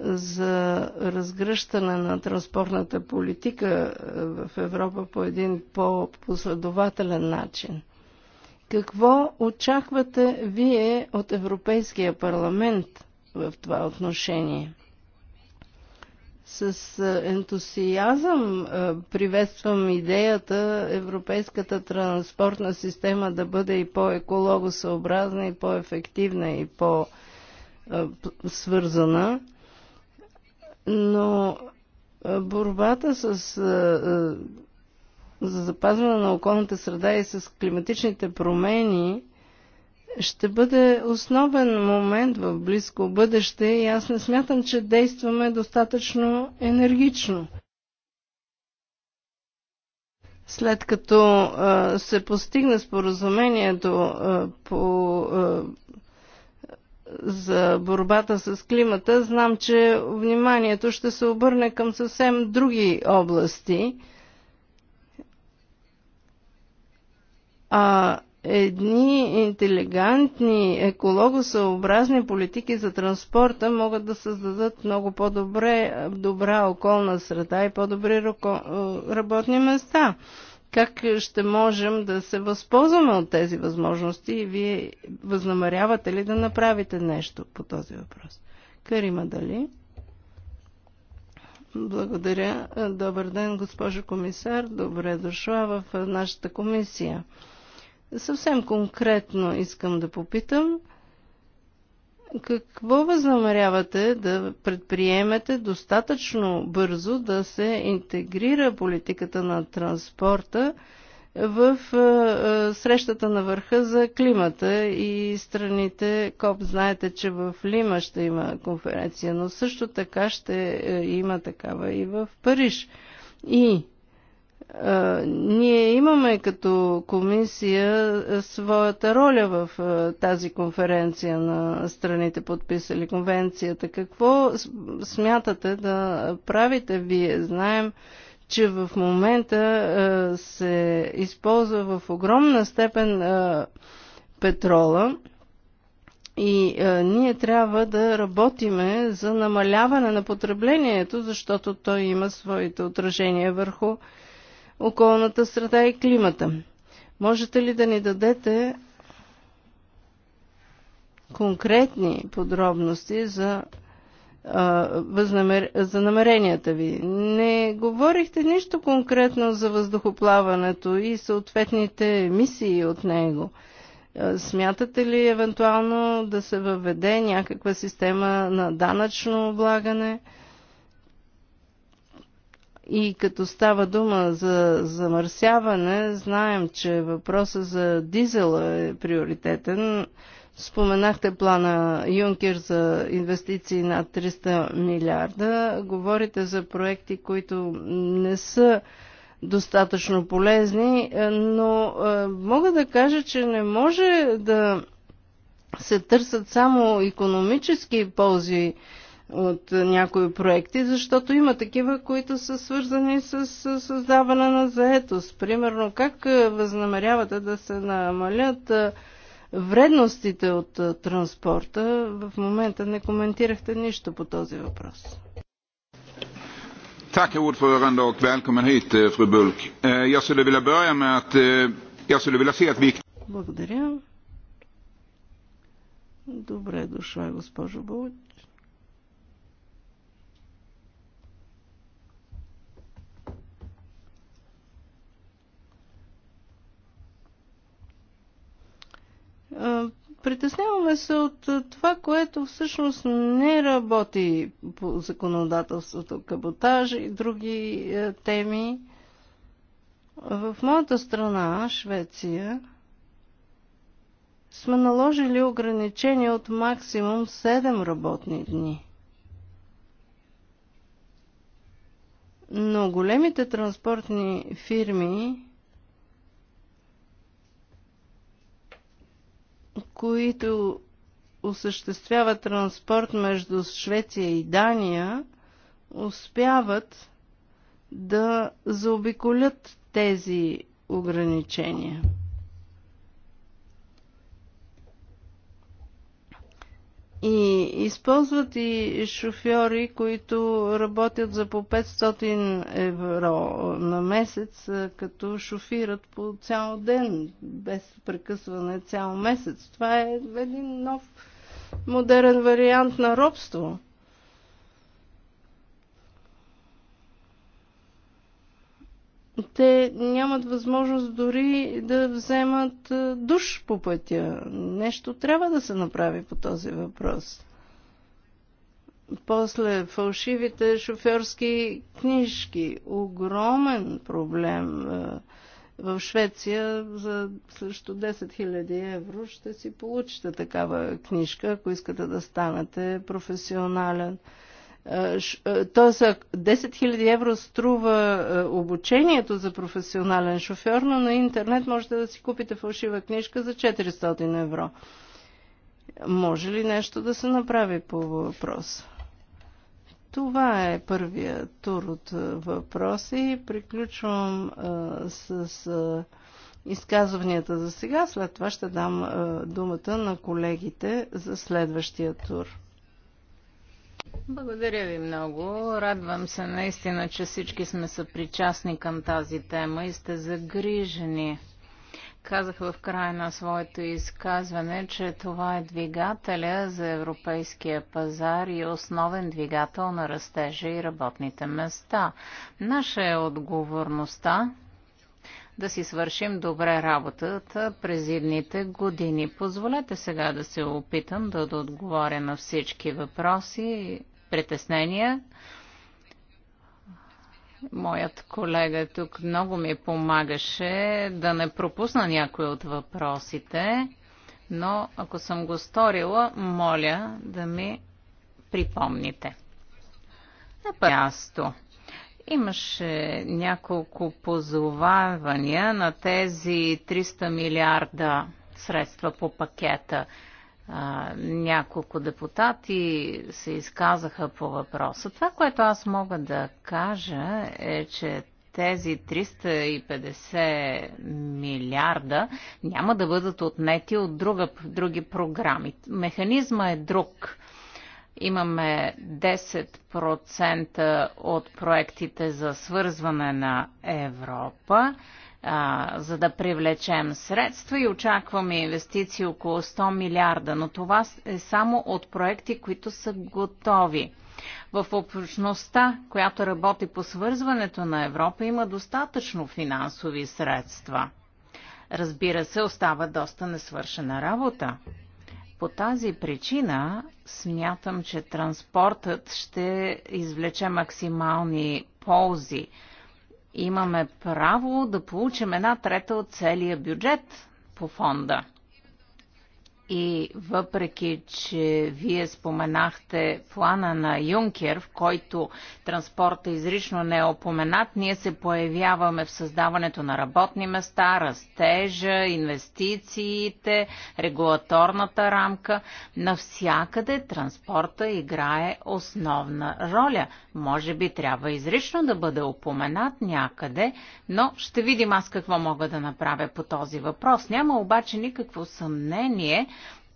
за разгръщане на транспортната политика в Европа по един по-последователен начин – какво очаквате вие от Европейския парламент в това отношение? С ентусиазъм приветствам идеята европейската транспортна система да бъде и по-екологосъобразна, и по-ефективна, и по-свързана. Но борбата с за запазване на околната среда и с климатичните промени ще бъде основен момент в близко бъдеще и аз не смятам, че действаме достатъчно енергично. След като а, се постигне споразумението а, по а, за борбата с климата, знам, че вниманието ще се обърне към съвсем други области – а едни интелигантни, екологосъобразни политики за транспорта могат да създадат много по-добре добра околна среда и по-добри работни места. Как ще можем да се възползваме от тези възможности и вие възнамерявате ли да направите нещо по този въпрос? Карима Дали. Благодаря. Добър ден, госпожо комисар. Добре дошла в нашата комисия. Съвсем конкретно искам да попитам какво възнамерявате да предприемете достатъчно бързо да се интегрира политиката на транспорта в е, е, срещата на върха за климата и страните КОП. Знаете, че в Лима ще има конференция, но също така ще е, има такава и в Париж. И ние имаме като комисия своята роля в тази конференция на страните подписали конвенцията. Какво смятате да правите вие? Знаем, че в момента се използва в огромна степен петрола и ние трябва да работиме за намаляване на потреблението, защото той има своите отражения върху околната среда и климата. Можете ли да ни дадете конкретни подробности за, а, възнамер... за намеренията ви? Не говорихте нищо конкретно за въздухоплаването и съответните емисии от него. Смятате ли евентуално да се въведе някаква система на данъчно облагане? И като става дума за замърсяване, знаем, че въпросът за дизела е приоритетен. Споменахте плана Юнкер за инвестиции над 300 милиарда. Говорите за проекти, които не са достатъчно полезни, е, но е, мога да кажа, че не може да се търсят само економически ползи от някои проекти, защото има такива, които са свързани с създаване на заетост. Примерно, как е, възнамерявате да се намалят е, вредностите от е, транспорта? В момента не коментирахте нищо по този въпрос. Tack ordförande och välkommen hit fru Bulk. Jag skulle vilja börja med att jag skulle vilja se att vi... Благодаря. Добре дошла, госпожо Булк. Притесняваме се от това, което всъщност не работи по законодателството, каботаж и други теми. В моята страна, Швеция, сме наложили ограничение от максимум 7 работни дни. Но големите транспортни фирми които осъществяват транспорт между Швеция и Дания, успяват да заобиколят тези ограничения. И използват и шофьори, които работят за по 500 евро на месец, като шофират по цял ден, без прекъсване цял месец. Това е един нов модерен вариант на робство. те нямат възможност дори да вземат е, душ по пътя. Нещо трябва да се направи по този въпрос. После фалшивите шофьорски книжки. Огромен проблем. Е, в Швеция за също 10 000 евро ще си получите такава книжка, ако искате да станете професионален е, е, тоест, 10 000 евро струва е, обучението за професионален шофьор, но на интернет можете да си купите фалшива книжка за 400 евро. Може ли нещо да се направи по въпрос? Това е първия тур от въпроси. Приключвам с изказванията за сега. След това ще дам думата на колегите за следващия тур. Благодаря ви много. Радвам се наистина, че всички сме съпричастни към тази тема и сте загрижени. Казах в края на своето изказване, че това е двигателя за европейския пазар и основен двигател на растежа и работните места. Наша е отговорността да си свършим добре работата през едните години. Позволете сега да се опитам да, да отговоря на всички въпроси и притеснения. Моят колега тук много ми помагаше да не пропусна някой от въпросите, но ако съм го сторила, моля да ми припомните. На място. Имаше няколко позовавания на тези 300 милиарда средства по пакета. А, няколко депутати се изказаха по въпроса. Това, което аз мога да кажа е, че тези 350 милиарда няма да бъдат отнети от друга, други програми. Механизма е друг. Имаме 10% от проектите за свързване на Европа, а, за да привлечем средства и очакваме инвестиции около 100 милиарда, но това е само от проекти, които са готови. В общността, която работи по свързването на Европа, има достатъчно финансови средства. Разбира се, остава доста несвършена работа. По тази причина смятам, че транспортът ще извлече максимални ползи. Имаме право да получим една трета от целия бюджет по фонда. И въпреки, че вие споменахте плана на Юнкер, в който транспорта изрично не е опоменат, ние се появяваме в създаването на работни места, растежа, инвестициите, регулаторната рамка. Навсякъде транспорта играе основна роля. Може би трябва изрично да бъде опоменат някъде, но ще видим аз какво мога да направя по този въпрос. Няма обаче никакво съмнение,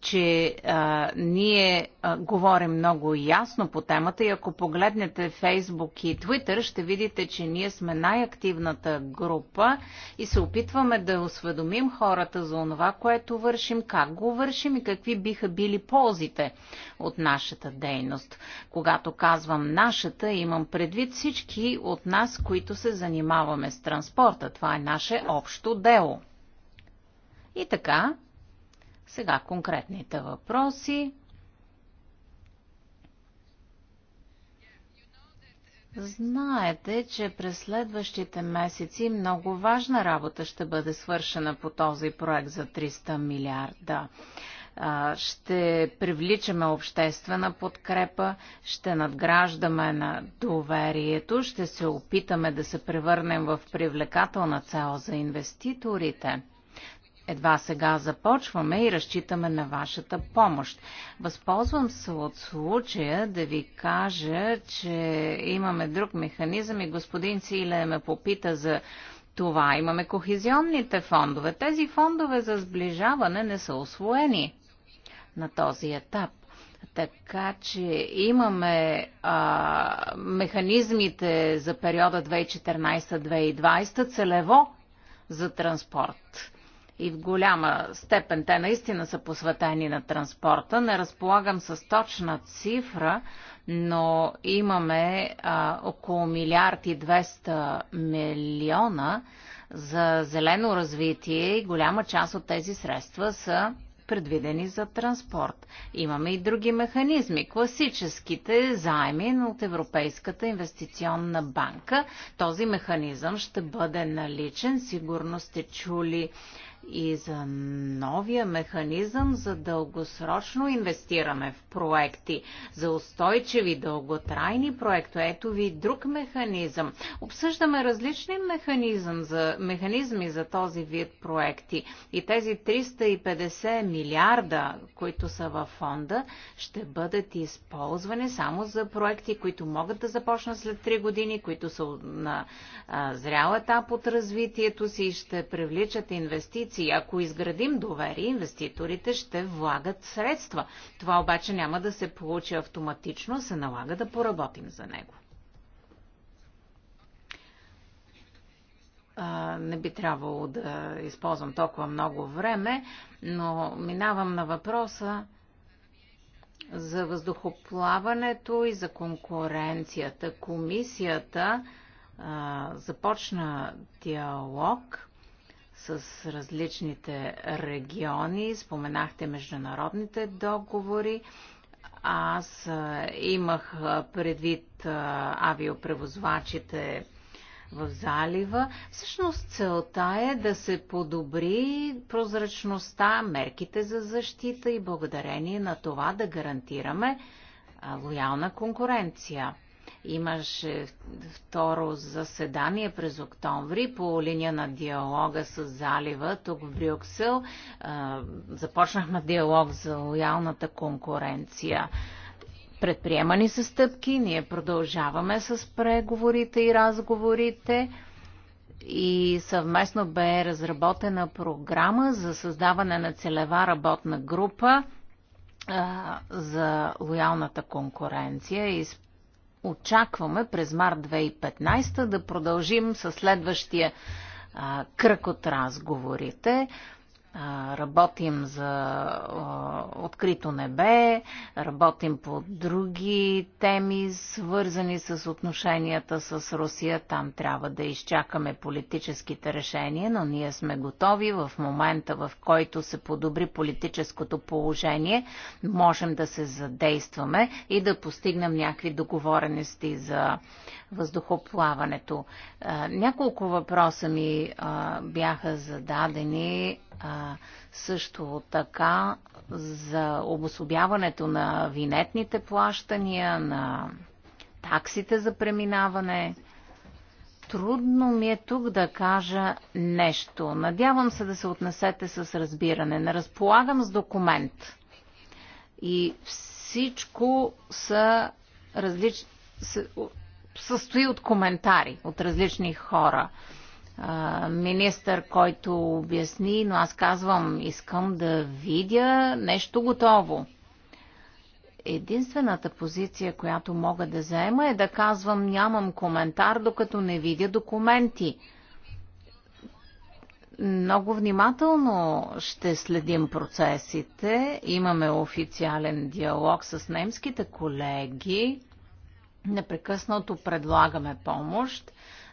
че а, ние а, говорим много ясно по темата и ако погледнете Фейсбук и Твитър, ще видите, че ние сме най-активната група и се опитваме да осведомим хората за това, което вършим, как го вършим и какви биха били ползите от нашата дейност. Когато казвам нашата, имам предвид всички от нас, които се занимаваме с транспорта. Това е наше общо дело. И така, сега конкретните въпроси. Знаете, че през следващите месеци много важна работа ще бъде свършена по този проект за 300 милиарда. Ще привличаме обществена подкрепа, ще надграждаме на доверието, ще се опитаме да се превърнем в привлекателна цел за инвеститорите едва сега започваме и разчитаме на вашата помощ. Възползвам се от случая да ви кажа, че имаме друг механизъм и господин Силе ме попита за това. Имаме кохезионните фондове. Тези фондове за сближаване не са освоени на този етап. Така че имаме а, механизмите за периода 2014-2020 целево за транспорт и в голяма степен те наистина са посветени на транспорта. Не разполагам с точна цифра, но имаме а, около милиард и 200 милиона за зелено развитие и голяма част от тези средства са предвидени за транспорт. Имаме и други механизми, класическите заеми от Европейската инвестиционна банка. Този механизъм ще бъде наличен. Сигурно сте чули и за новия механизъм за дългосрочно инвестиране в проекти, за устойчиви дълготрайни проекти. Ето ви друг механизъм. Обсъждаме различни механизъм за, механизми за този вид проекти и тези 350 милиарда, които са във фонда, ще бъдат използвани само за проекти, които могат да започнат след 3 години, които са на а, зрял етап от развитието си и ще привличат инвестиции инвестиции. Ако изградим доверие, инвеститорите ще влагат средства. Това обаче няма да се получи автоматично, се налага да поработим за него. не би трябвало да използвам толкова много време, но минавам на въпроса за въздухоплаването и за конкуренцията. Комисията а, започна диалог с различните региони. Споменахте международните договори. Аз имах предвид авиопревозвачите в залива. Всъщност целта е да се подобри прозрачността, мерките за защита и благодарение на това да гарантираме лоялна конкуренция. Имаше второ заседание през октомври по линия на диалога с залива тук в Брюксел. Започнахме диалог за лоялната конкуренция. Предприемани са стъпки, ние продължаваме с преговорите и разговорите и съвместно бе разработена програма за създаване на целева работна група за лоялната конкуренция и очакваме през март 2015 да продължим с следващия а, кръг от разговорите работим за открито небе, работим по други теми, свързани с отношенията с Русия. Там трябва да изчакаме политическите решения, но ние сме готови в момента, в който се подобри политическото положение, можем да се задействаме и да постигнем някакви договорености за въздухоплаването. Няколко въпроса ми бяха зададени а, също така за обособяването на винетните плащания, на таксите за преминаване. Трудно ми е тук да кажа нещо. Надявам се да се отнесете с разбиране. Не разполагам с документ. И всичко са различни състои от коментари от различни хора министър, който обясни, но аз казвам, искам да видя нещо готово. Единствената позиция, която мога да заема е да казвам нямам коментар, докато не видя документи. Много внимателно ще следим процесите. Имаме официален диалог с немските колеги. Непрекъснато предлагаме помощ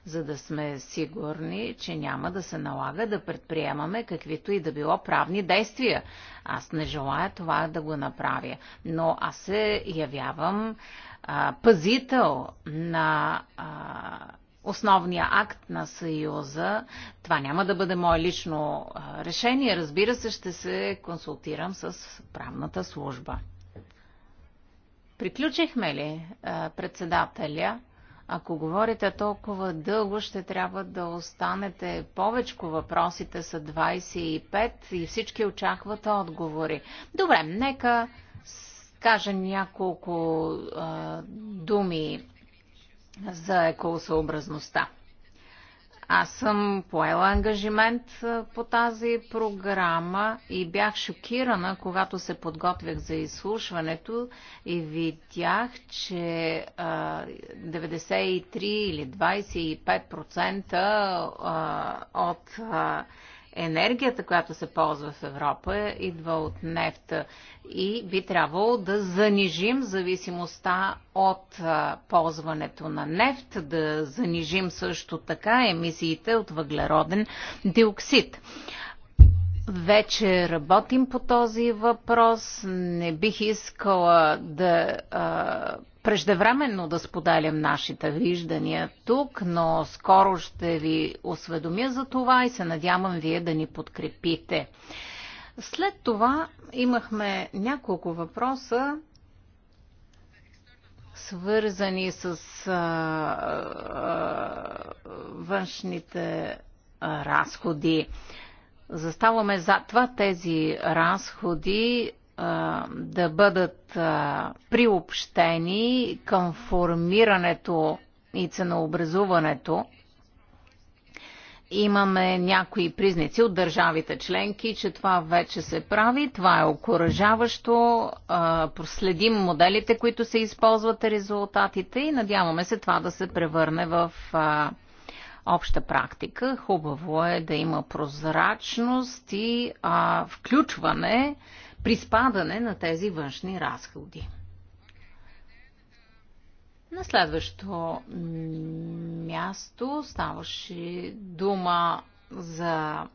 за да сме сигурни, че няма да се налага да предприемаме каквито и да било правни действия. Аз не желая това да го направя, но аз се явявам а, пазител на а, основния акт на Съюза. Това няма да бъде мое лично решение. Разбира се, ще се консултирам с правната служба. Приключихме ли председателя? Ако говорите толкова дълго, ще трябва да останете повече. Въпросите са 25 и всички очакват отговори. Добре, нека кажа няколко а, думи за екосъобразността. Аз съм поела ангажимент по тази програма и бях шокирана, когато се подготвях за изслушването и видях, че 93 или 25% от енергията, която се ползва в Европа, идва от нефта и би трябвало да занижим зависимостта от ползването на нефт, да занижим също така емисиите от въглероден диоксид. Вече работим по този въпрос. Не бих искала да а, преждевременно да споделям нашите виждания тук, но скоро ще ви осведомя за това и се надявам вие да ни подкрепите. След това имахме няколко въпроса, свързани с а, а, външните а, разходи. Заставаме за това тези разходи да бъдат приобщени към формирането и ценообразуването. Имаме някои признаци от държавите членки, че това вече се прави. Това е окоръжаващо. Проследим моделите, които се използват, резултатите и надяваме се това да се превърне в обща практика. Хубаво е да има прозрачност и включване при спадане на тези външни разходи. На следващото място ставаше дума за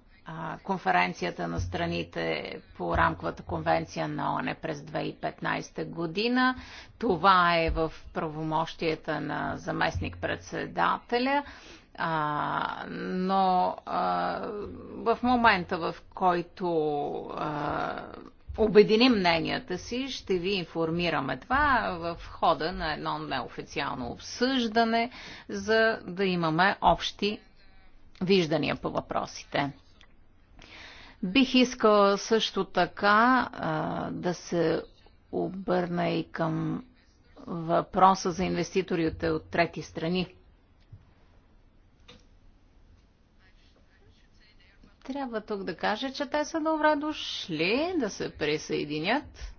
конференцията на страните по рамковата конвенция на ОНЕ през 2015 година. Това е в правомощията на заместник-председателя, но в момента, в който обединим мненията си, ще ви информираме това в хода на едно неофициално обсъждане, за да имаме общи виждания по въпросите. Бих искала също така а, да се обърна и към въпроса за инвеститорите от трети страни. трябва тук да кажа, че те са добре дошли да се присъединят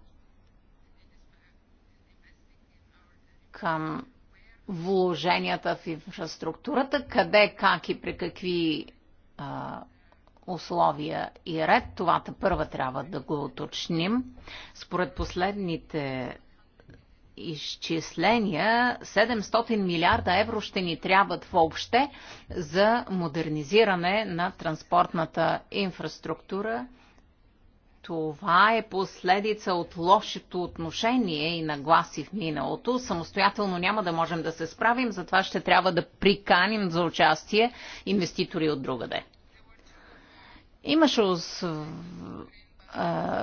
към вложенията в инфраструктурата, къде, как и при какви а, условия и ред. Това първа трябва да го уточним. Според последните изчисления 700 милиарда евро ще ни трябват въобще за модернизиране на транспортната инфраструктура. Това е последица от лошото отношение и нагласи в миналото. Самостоятелно няма да можем да се справим, затова ще трябва да приканим за участие инвеститори от другаде. Имаше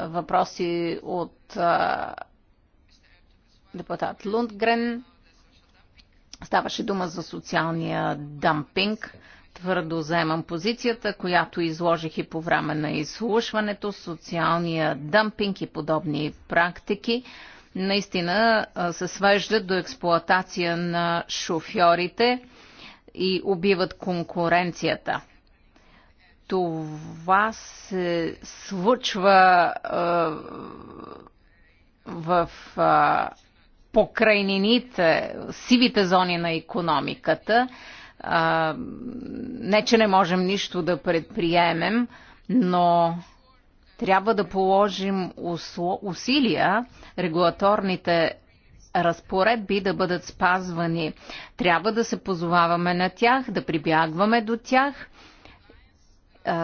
въпроси от депутат Лундгрен. Ставаше дума за социалния дампинг. Твърдо заемам позицията, която изложих и по време на изслушването. Социалния дампинг и подобни практики наистина се свеждат до експлоатация на шофьорите и убиват конкуренцията. Това се случва е, в е, покрайнините, сивите зони на економиката. А, не, че не можем нищо да предприемем, но трябва да положим усилия регулаторните разпоредби да бъдат спазвани. Трябва да се позоваваме на тях, да прибягваме до тях –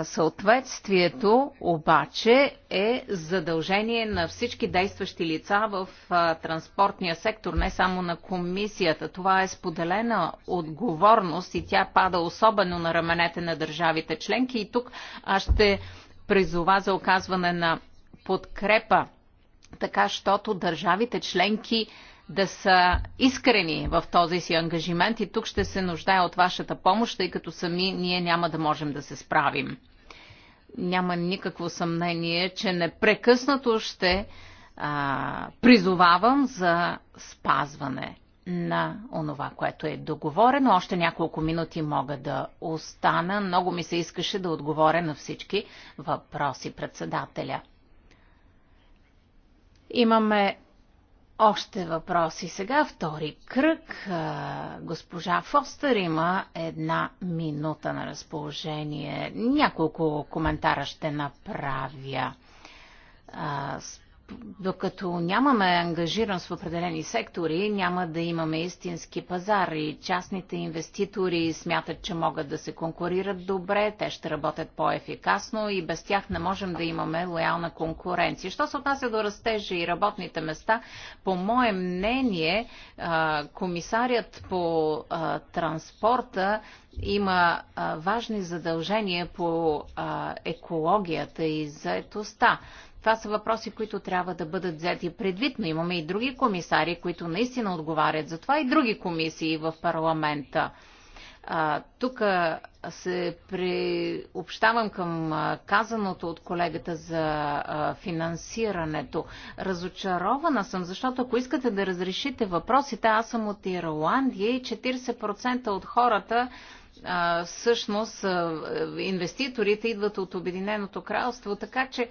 Съответствието обаче е задължение на всички действащи лица в транспортния сектор, не само на комисията. Това е споделена отговорност и тя пада особено на раменете на държавите членки. И тук аз ще призова за оказване на подкрепа, така щото държавите членки да са искрени в този си ангажимент и тук ще се нуждая от вашата помощ, тъй като сами ние няма да можем да се справим. Няма никакво съмнение, че непрекъснато ще а, призовавам за спазване на онова, което е договорено. Още няколко минути мога да остана. Много ми се искаше да отговоря на всички въпроси председателя. Имаме още въпроси. Сега втори кръг. Госпожа Фостер има една минута на разположение. Няколко коментара ще направя докато нямаме ангажираност в определени сектори, няма да имаме истински пазар и частните инвеститори смятат, че могат да се конкурират добре, те ще работят по-ефикасно и без тях не можем да имаме лоялна конкуренция. Що се отнася до растежа и работните места, по мое мнение, комисарят по транспорта има важни задължения по екологията и заетостта. Това са въпроси, които трябва да бъдат взети предвид, но имаме и други комисари, които наистина отговарят за това и други комисии в парламента. Тук се приобщавам към казаното от колегата за финансирането. Разочарована съм, защото ако искате да разрешите въпросите, аз съм от Ирландия и 40% от хората всъщност инвеститорите идват от Обединеното кралство, така че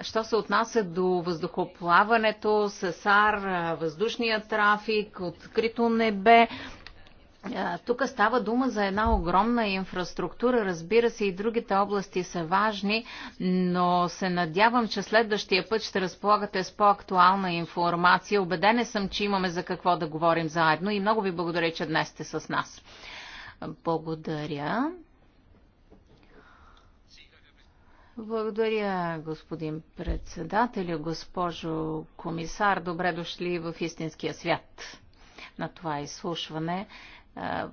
Що се отнася до въздухоплаването, САР, въздушния трафик, открито небе, тук става дума за една огромна инфраструктура. Разбира се, и другите области са важни, но се надявам, че следващия път ще разполагате с по-актуална информация. Обедене съм, че имаме за какво да говорим заедно и много ви благодаря, че днес сте с нас. Благодаря. Благодаря, господин председател, госпожо комисар. Добре дошли в истинския свят на това изслушване.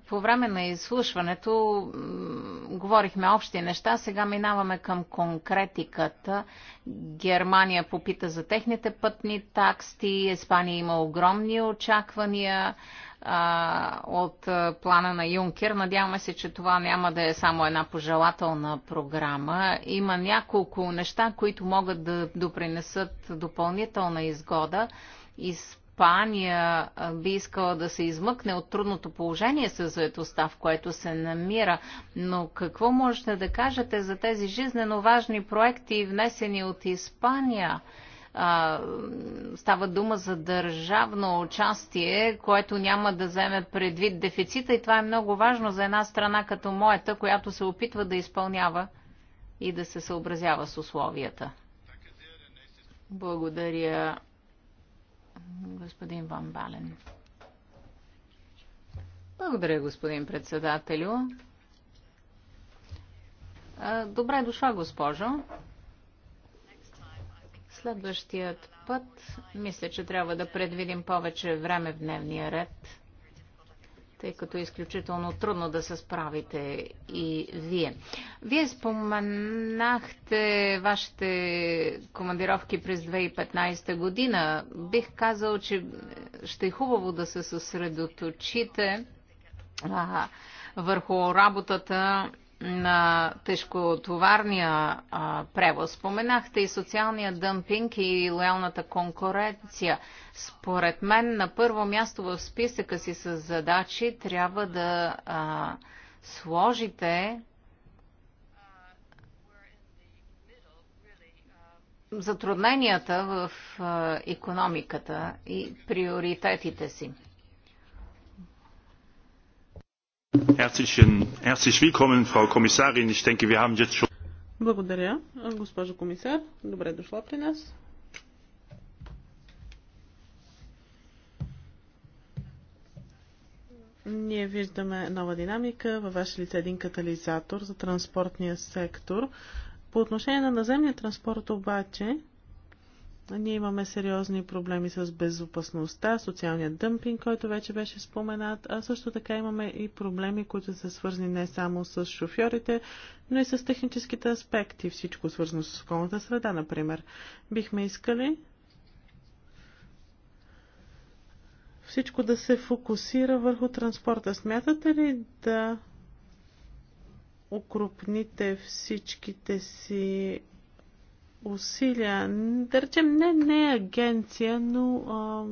По време на изслушването говорихме общи неща, сега минаваме към конкретиката. Германия попита за техните пътни такси, Испания има огромни очаквания а, от а, плана на Юнкер. Надяваме се, че това няма да е само една пожелателна програма. Има няколко неща, които могат да допринесат допълнителна изгода. Испания би искала да се измъкне от трудното положение с заедостта, в което се намира. Но какво можете да кажете за тези жизнено важни проекти, внесени от Испания? а, става дума за държавно участие, което няма да вземе предвид дефицита и това е много важно за една страна като моята, която се опитва да изпълнява и да се съобразява с условията. Благодаря, господин Ван Бален. Благодаря, господин председателю. Добре дошла, госпожо. Следващият път мисля, че трябва да предвидим повече време в дневния ред, тъй като е изключително трудно да се справите и вие. Вие споменахте вашите командировки през 2015 година. Бих казал, че ще е хубаво да се съсредоточите върху работата на тежкотоварния а, превоз. Споменахте и социалния дъмпинг и лоялната конкуренция. Според мен на първо място в списъка си с задачи трябва да а, сложите затрудненията в а, економиката и приоритетите си. Благодаря, госпожо комисар. Добре дошла при нас. Ние виждаме нова динамика, във ваше лице е един катализатор за транспортния сектор. По отношение на наземния транспорт обаче, ние имаме сериозни проблеми с безопасността, социалния дъмпинг, който вече беше споменат, а също така имаме и проблеми, които са свързани не само с шофьорите, но и с техническите аспекти, всичко свързано с околната среда, например. Бихме искали всичко да се фокусира върху транспорта. Смятате ли да окрупните всичките си усилия, да речем не, не агенция, но а,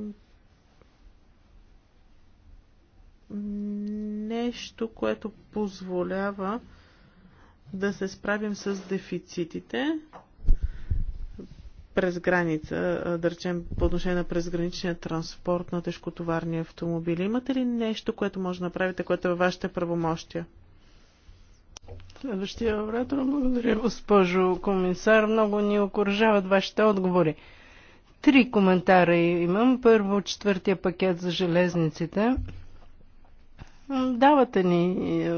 нещо, което позволява да се справим с дефицитите през граница, да речем по отношение на презграничния транспорт на тежкотоварни автомобили. Имате ли нещо, което може да направите, което е във вашите правомощия? Следващия оратор, благодаря госпожо комисар. Много ни окоръжават вашите отговори. Три коментара имам. Първо, четвъртия пакет за железниците. Давате ни е,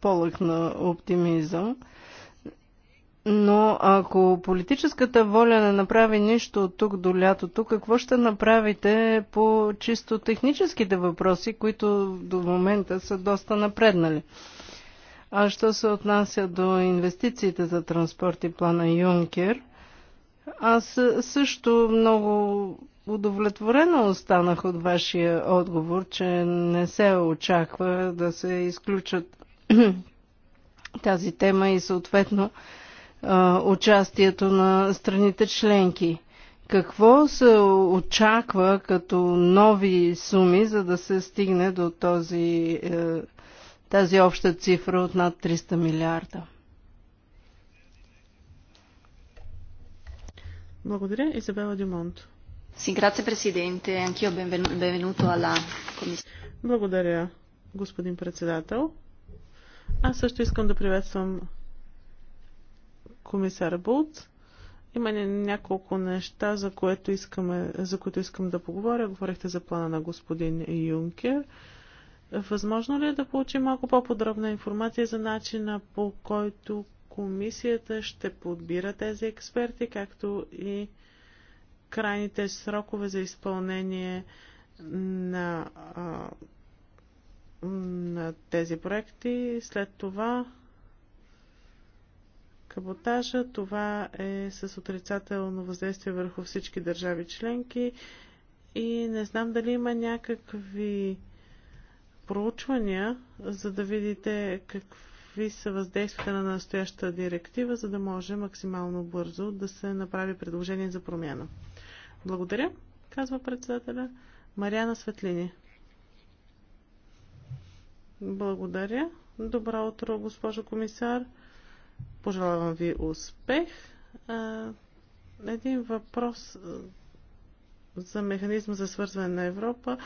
полъх на оптимизъм. Но ако политическата воля не направи нищо от тук до лятото, какво ще направите по чисто техническите въпроси, които до момента са доста напреднали? А що се отнася до инвестициите за транспорт и плана Юнкер, аз също много удовлетворено останах от вашия отговор, че не се очаква да се изключат тази тема и съответно участието на страните членки. Какво се очаква като нови суми, за да се стигне до този е, тази обща цифра от над 300 милиарда. Благодаря, Изабела Дюмонт. президенте. Анкио, бенвенуто ала Благодаря, господин председател. Аз също искам да приветствам комисар Булт. Има няколко неща, за, което искаме, за които искам да поговоря. Говорихте за плана на господин Юнкер. Възможно ли е да получим малко по-подробна информация за начина по който комисията ще подбира тези експерти, както и крайните срокове за изпълнение на, а, на тези проекти. След това каботажа, това е с отрицателно въздействие върху всички държави членки и не знам дали има някакви проучвания, за да видите какви са въздействията на настоящата директива, за да може максимално бързо да се направи предложение за промяна. Благодаря, казва председателя Мариана Светлини. Благодаря. Добро утро, госпожо комисар. Пожелавам ви успех. Един въпрос за механизма за свързване на Европа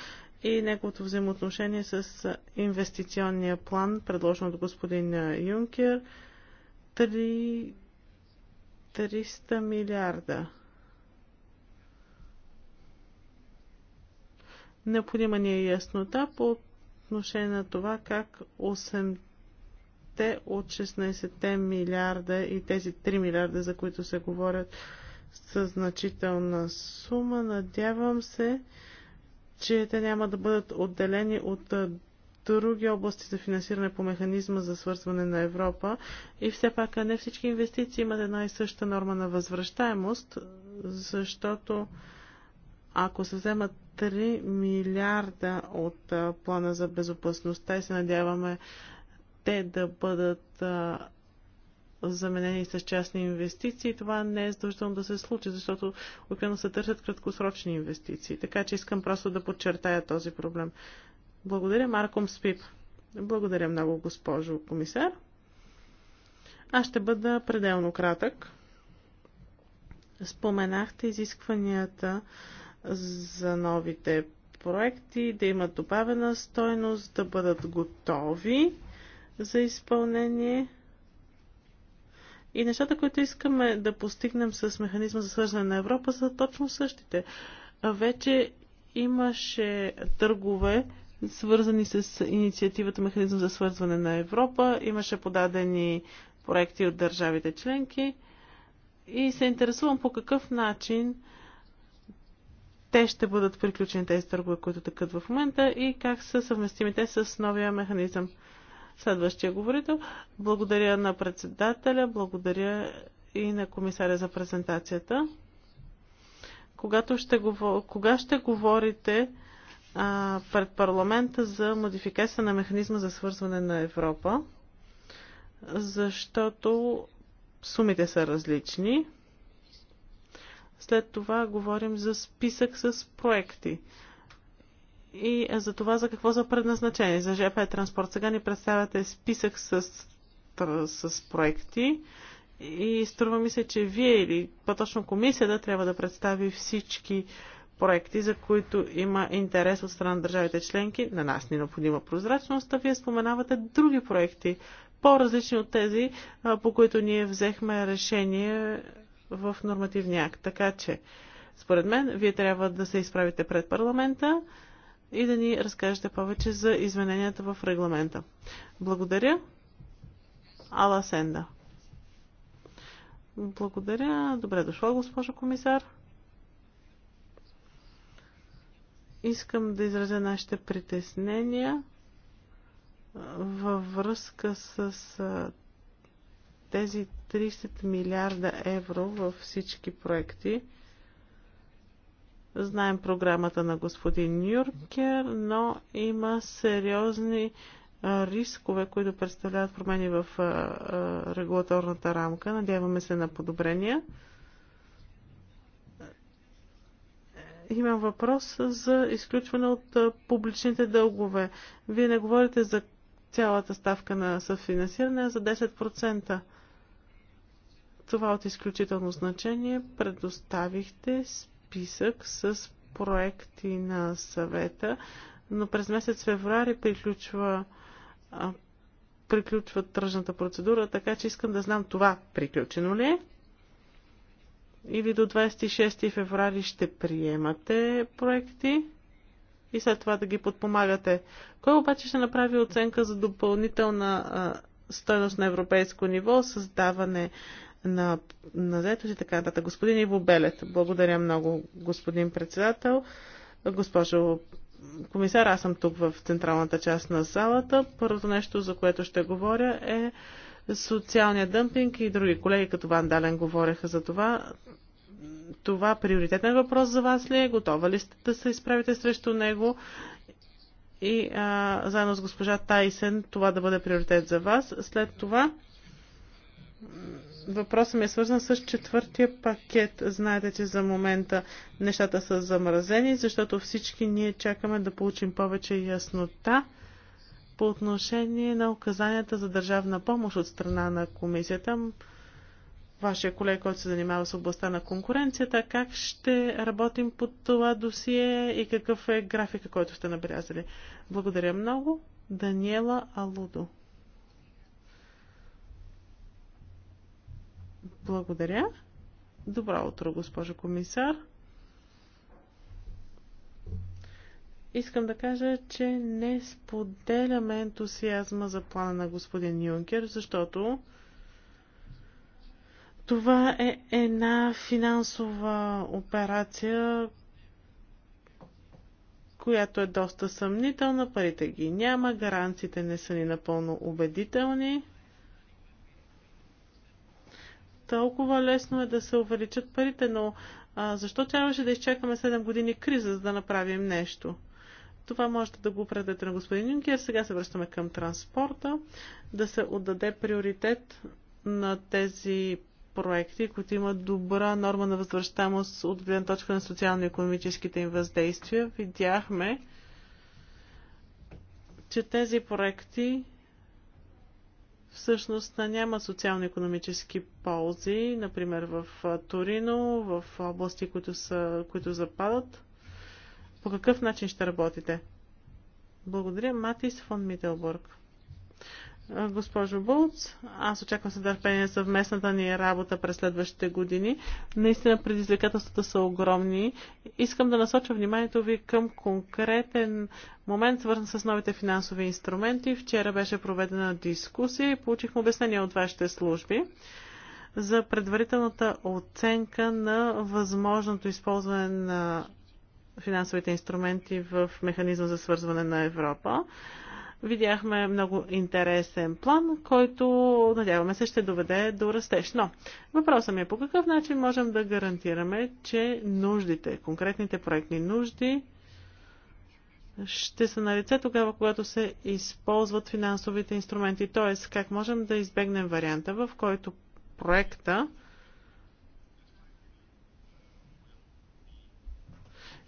и неговото взаимоотношение с инвестиционния план, предложен от господин Юнкер, 300 милиарда. Необходима ни е яснота по отношение на това как 8 от 16 милиарда и тези 3 милиарда, за които се говорят, са значителна сума. Надявам се, че те няма да бъдат отделени от други области за финансиране по механизма за свързване на Европа и все пак не всички инвестиции имат една и съща норма на възвръщаемост, защото ако се вземат 3 милиарда от плана за безопасността и се надяваме те да бъдат заменени с частни инвестиции. Това не е задължително да се случи, защото обикновено се търсят краткосрочни инвестиции. Така че искам просто да подчертая този проблем. Благодаря, Марком Спип. Благодаря много, госпожо комисар. Аз ще бъда пределно кратък. Споменахте изискванията за новите проекти, да имат добавена стойност, да бъдат готови за изпълнение. И нещата, които искаме да постигнем с механизма за свързване на Европа, са точно същите. Вече имаше търгове, свързани с инициативата Механизъм за свързване на Европа. Имаше подадени проекти от държавите членки. И се интересувам по какъв начин те ще бъдат приключени тези търгове, които тъкат в момента и как са съвместими те с новия механизъм. Следващия говорител. Благодаря на председателя, благодаря и на комисаря за презентацията. Когато ще говор... Кога ще говорите а, пред парламента за модификация на механизма за свързване на Европа? Защото сумите са различни. След това говорим за списък с проекти и е, за това за какво са предназначени. За ЖП транспорт сега ни представяте списък с, с проекти и струва ми се, че вие или по-точно комисията трябва да представи всички проекти, за които има интерес от страна на държавите членки. На нас ни е необходима прозрачност, а вие споменавате други проекти, по-различни от тези, по които ние взехме решение в нормативния акт. Така че, според мен, вие трябва да се изправите пред парламента и да ни разкажете повече за измененията в регламента. Благодаря. Ала Сенда. Благодаря. Добре дошла, госпожо комисар. Искам да изразя нашите притеснения във връзка с тези 30 милиарда евро във всички проекти. Знаем програмата на господин Нюркер, но има сериозни рискове, които представляват промени в регулаторната рамка. Надяваме се на подобрения. Имам въпрос за изключване от публичните дългове. Вие не говорите за цялата ставка на съфинансиране, а за 10%. Това е от изключително значение предоставихте списък списък с проекти на съвета, но през месец феврари приключва приключва тръжната процедура, така че искам да знам това приключено ли е. Или до 26 феврари ще приемате проекти и след това да ги подпомагате. Кой обаче ще направи оценка за допълнителна а, стойност на европейско ниво, създаване на, на заетост и така нататък. Господин Иво Белет, благодаря много, господин председател. Госпожо комисар, аз съм тук в централната част на залата. Първото нещо, за което ще говоря е социалния дъмпинг и други колеги като Ван Дален говореха за това. Това приоритетен въпрос за вас ли е? Готова ли сте да се изправите срещу него? И а, заедно с госпожа Тайсен това да бъде приоритет за вас. След това въпросът ми е свързан с четвъртия пакет. Знаете, че за момента нещата са замразени, защото всички ние чакаме да получим повече яснота по отношение на указанията за държавна помощ от страна на комисията. Вашия колега, който се занимава с областта на конкуренцията, как ще работим по това досие и какъв е графика, който сте набелязали. Благодаря много. Даниела Алудо. Благодаря. Добро утро, госпожо комисар. Искам да кажа, че не споделяме ентусиазма за плана на господин Юнкер, защото това е една финансова операция, която е доста съмнителна, парите ги няма, гаранциите не са ни напълно убедителни толкова лесно е да се увеличат парите, но а, защо трябваше да изчакаме 7 години криза, за да направим нещо? Това можете да го предадете на господин Юнкер. Сега се връщаме към транспорта, да се отдаде приоритет на тези проекти, които имат добра норма на възвръщаемост от гледна точка на социално-економическите им въздействия. Видяхме, че тези проекти всъщност няма социално-економически ползи, например в Торино, в области, които, са, които западат. По какъв начин ще работите? Благодаря, Матис фон Мителбург. Госпожо Булц, аз очаквам съдърпение съвместната ни работа през следващите години. Наистина предизвикателствата са огромни. Искам да насоча вниманието ви към конкретен момент, свързан с новите финансови инструменти. Вчера беше проведена дискусия и получихме обяснение от вашите служби за предварителната оценка на възможното използване на финансовите инструменти в механизма за свързване на Европа видяхме много интересен план, който надяваме се ще доведе до растеж. Но въпросът ми е по какъв начин можем да гарантираме, че нуждите, конкретните проектни нужди ще са на лице тогава, когато се използват финансовите инструменти. Т.е. как можем да избегнем варианта, в който проекта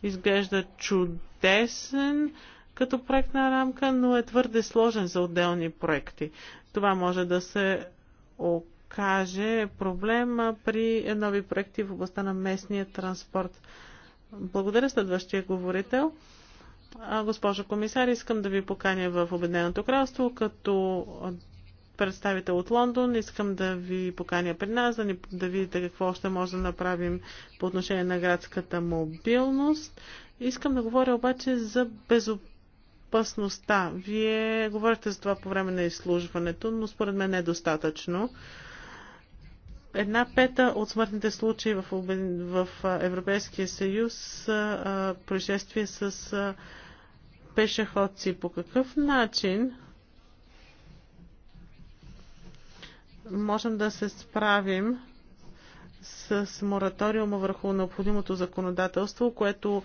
изглежда чудесен, като проектна рамка, но е твърде сложен за отделни проекти. Това може да се окаже проблем при нови проекти в областта на местния транспорт. Благодаря следващия говорител. Госпожо комисар, искам да ви поканя в Обединеното кралство като представител от Лондон. Искам да ви поканя при нас, да, ни, да видите какво още може да направим по отношение на градската мобилност. Искам да говоря обаче за безопасност безопасността. Вие говорите за това по време на изслужването, но според мен не е достатъчно. Една пета от смъртните случаи в, Европейския съюз са происшествия с пешеходци. По какъв начин можем да се справим с мораториума върху необходимото законодателство, което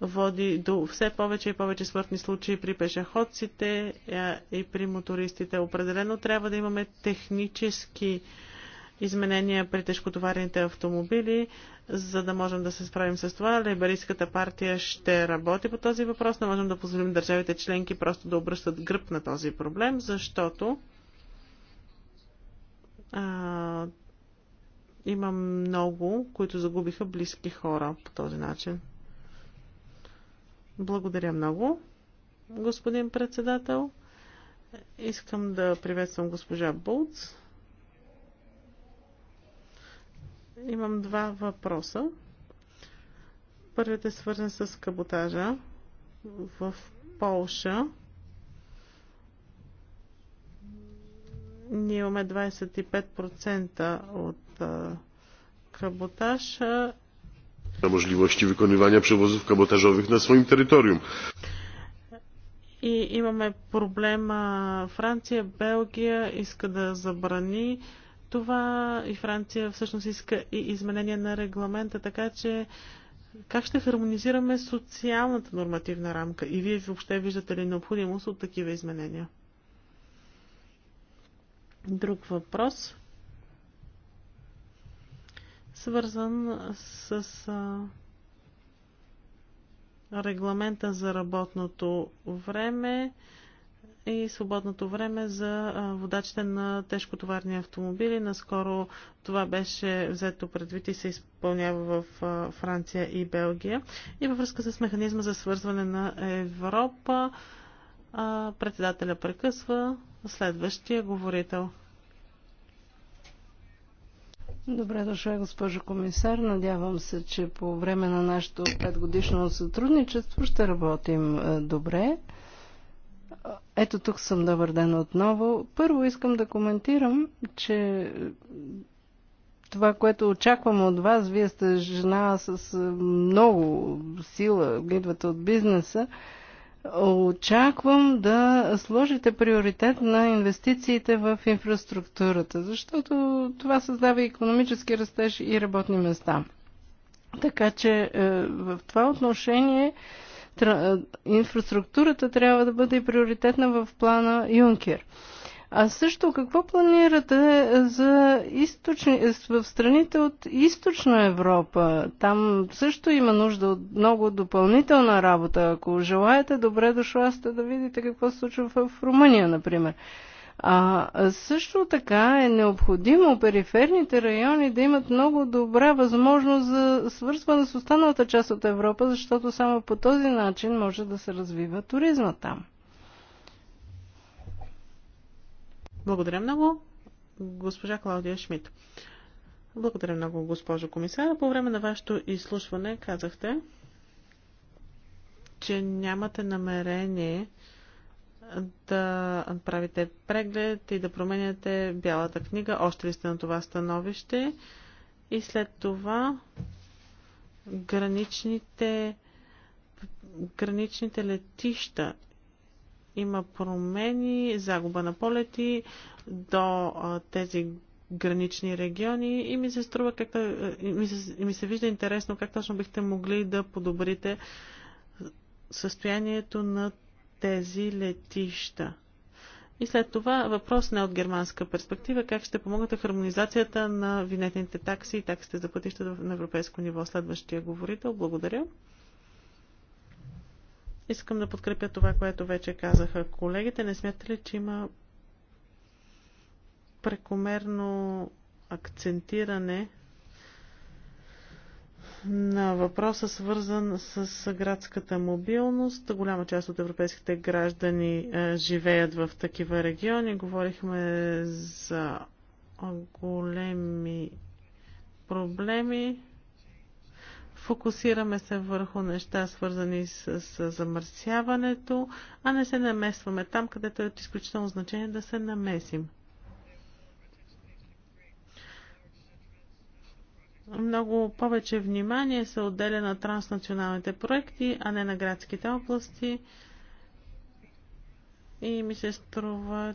води до все повече и повече смъртни случаи при пешеходците и при мотористите. Определено трябва да имаме технически изменения при тежкотоварните автомобили, за да можем да се справим с това. Лейбаристската партия ще работи по този въпрос. Не можем да позволим държавите членки просто да обръщат гръб на този проблем, защото а, има много, които загубиха близки хора по този начин. Благодаря много, господин председател. Искам да приветствам госпожа Болц. Имам два въпроса. Първият е свързан с каботажа в Полша. Ние имаме 25% от каботаж na możliwości wykonywania przewozów kabotażowych na swoim terytorium. И имаме проблема Франция, Белгия иска да забрани това и Франция всъщност иска и изменение на регламента, така че как ще хармонизираме социалната нормативна рамка и вие въобще виждате ли необходимост от такива изменения? Друг въпрос – свързан с регламента за работното време и свободното време за водачите на тежкотоварни автомобили. Наскоро това беше взето предвид и се изпълнява в Франция и Белгия. И във връзка с механизма за свързване на Европа, председателя прекъсва следващия говорител. Добре дошла, госпожо комисар. Надявам се, че по време на нашето петгодишно сътрудничество ще работим е, добре. Ето тук съм добър ден отново. Първо искам да коментирам, че това, което очаквам от вас, вие сте жена с е, много сила, идвате от бизнеса, Очаквам да сложите приоритет на инвестициите в инфраструктурата, защото това създава економически растеж и работни места. Така че е, в това отношение е, инфраструктурата трябва да бъде приоритетна в плана Юнкер. А също какво планирате за източни, в страните от източна Европа? Там също има нужда от много допълнителна работа. Ако желаете, добре дошла сте да видите какво се случва в Румъния, например. А също така е необходимо периферните райони да имат много добра възможност за свързване с останалата част от Европа, защото само по този начин може да се развива туризма там. Благодаря много, госпожа Клаудия Шмидт. Благодаря много, госпожо комисар. По време на вашето изслушване казахте, че нямате намерение да правите преглед и да променяте бялата книга. Още ли сте на това становище? И след това граничните, граничните летища има промени, загуба на полети до тези гранични региони и ми се струва как ми се, ми се вижда интересно как точно бихте могли да подобрите състоянието на тези летища. И след това въпрос не от германска перспектива, как ще помогнат хармонизацията на винетните такси и таксите за пътища на европейско ниво. Следващия говорител. Благодаря. Искам да подкрепя това, което вече казаха колегите. Не смятате ли, че има прекомерно акцентиране на въпроса, свързан с градската мобилност. Голяма част от европейските граждани е, живеят в такива региони. Говорихме за големи проблеми. Фокусираме се върху неща, свързани с, с замърсяването, а не се намесваме там, където е от изключително значение да се намесим. много повече внимание се отделя на транснационалните проекти, а не на градските области. И ми се струва,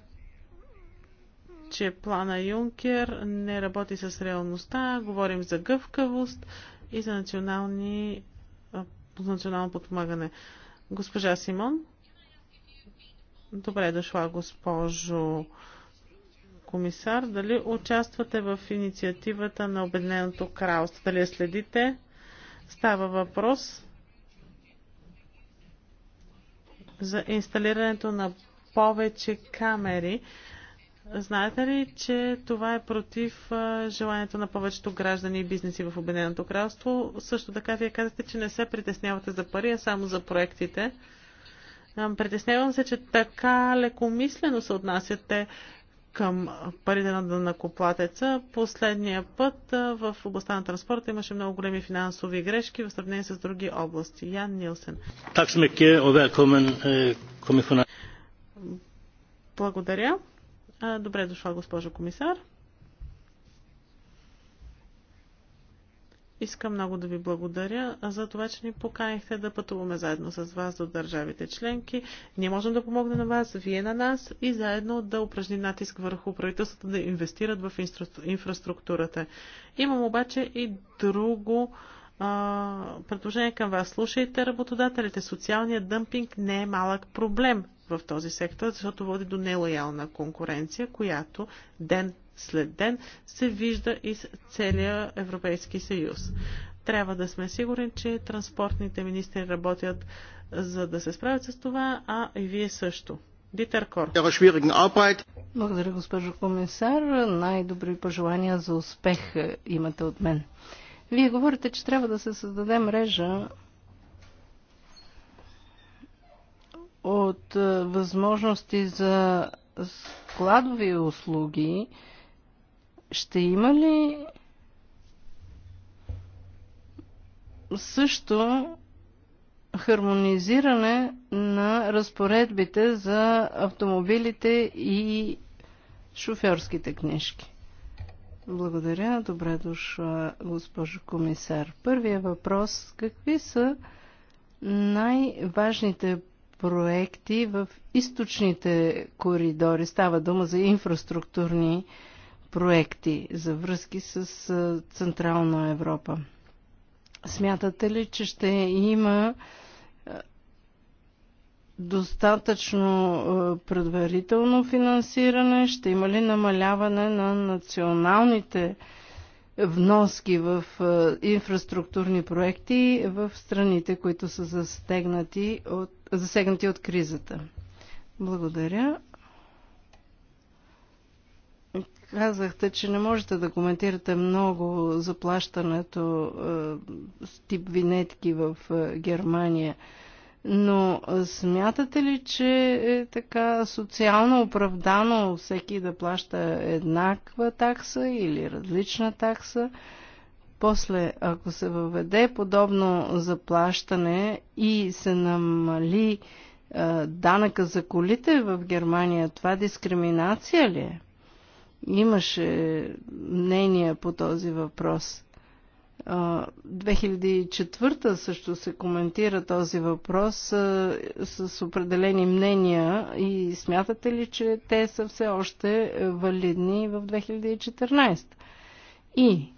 че плана Юнкер не работи с реалността. Говорим за гъвкавост, и за национални, национално подпомагане. Госпожа Симон. Добре дошла, госпожо комисар. Дали участвате в инициативата на Обединеното кралство? Дали я следите? Става въпрос за инсталирането на повече камери Знаете ли, че това е против желанието на повечето граждани и бизнеси в Обединеното кралство? Също така вие казахте, че не се притеснявате за пари, а само за проектите. Притеснявам се, че така лекомислено се отнасяте към парите на данакоплатеца. Последния път в областта на транспорта имаше много големи финансови грешки в сравнение с други области. Ян Нилсен. Eh, Благодаря. Добре дошла, госпожо комисар. Искам много да ви благодаря за това, че ни поканихте да пътуваме заедно с вас до държавите членки. Ние можем да помогнем на вас, вие на нас и заедно да упражним натиск върху правителството да инвестират в инфраструктурата. Имам обаче и друго а, предложение към вас. Слушайте работодателите. Социалният дъмпинг не е малък проблем в този сектор, защото води до нелоялна конкуренция, която ден след ден се вижда из целия Европейски съюз. Трябва да сме сигурни, че транспортните министри работят за да се справят с това, а и вие също. Дитер Кор. Е, Благодаря, госпожо комисар. Най-добри пожелания за успех е, имате от мен. Вие говорите, че трябва да се създаде мрежа от е, възможности за складови услуги, ще има ли също хармонизиране на разпоредбите за автомобилите и шофьорските книжки? Благодаря. Добре дошла, госпожо комисар. Първия въпрос. Какви са най-важните проекти в източните коридори. Става дума за инфраструктурни проекти за връзки с Централна Европа. Смятате ли, че ще има достатъчно предварително финансиране? Ще има ли намаляване на националните вноски в инфраструктурни проекти в страните, които са застегнати от засегнати от кризата. Благодаря. Казахте, че не можете да коментирате много заплащането плащането с тип винетки в е, Германия, но смятате ли, че е така социално оправдано всеки да плаща еднаква такса или различна такса? После, ако се въведе подобно заплащане и се намали е, данъка за колите в Германия, това дискриминация ли е? Имаше мнение по този въпрос. 2004 е, също се коментира този въпрос е, с определени мнения и смятате ли, че те са все още валидни в 2014? И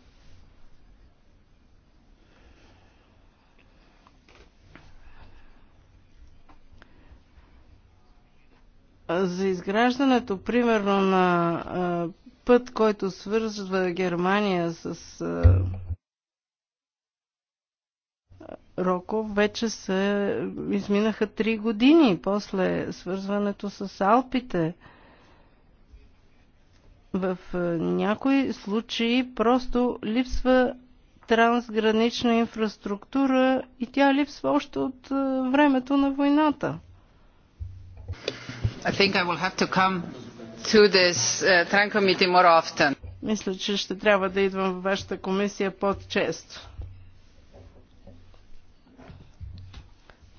за изграждането, примерно, на а, път, който свързва Германия с а, Роков, вече се изминаха три години после свързването с Алпите. В а, някои случаи просто липсва трансгранична инфраструктура и тя липсва още от а, времето на войната. I think I will have to come to this uh, TRAN committee more often. Мисля, че ще трябва да идвам в вашата комисия по-често.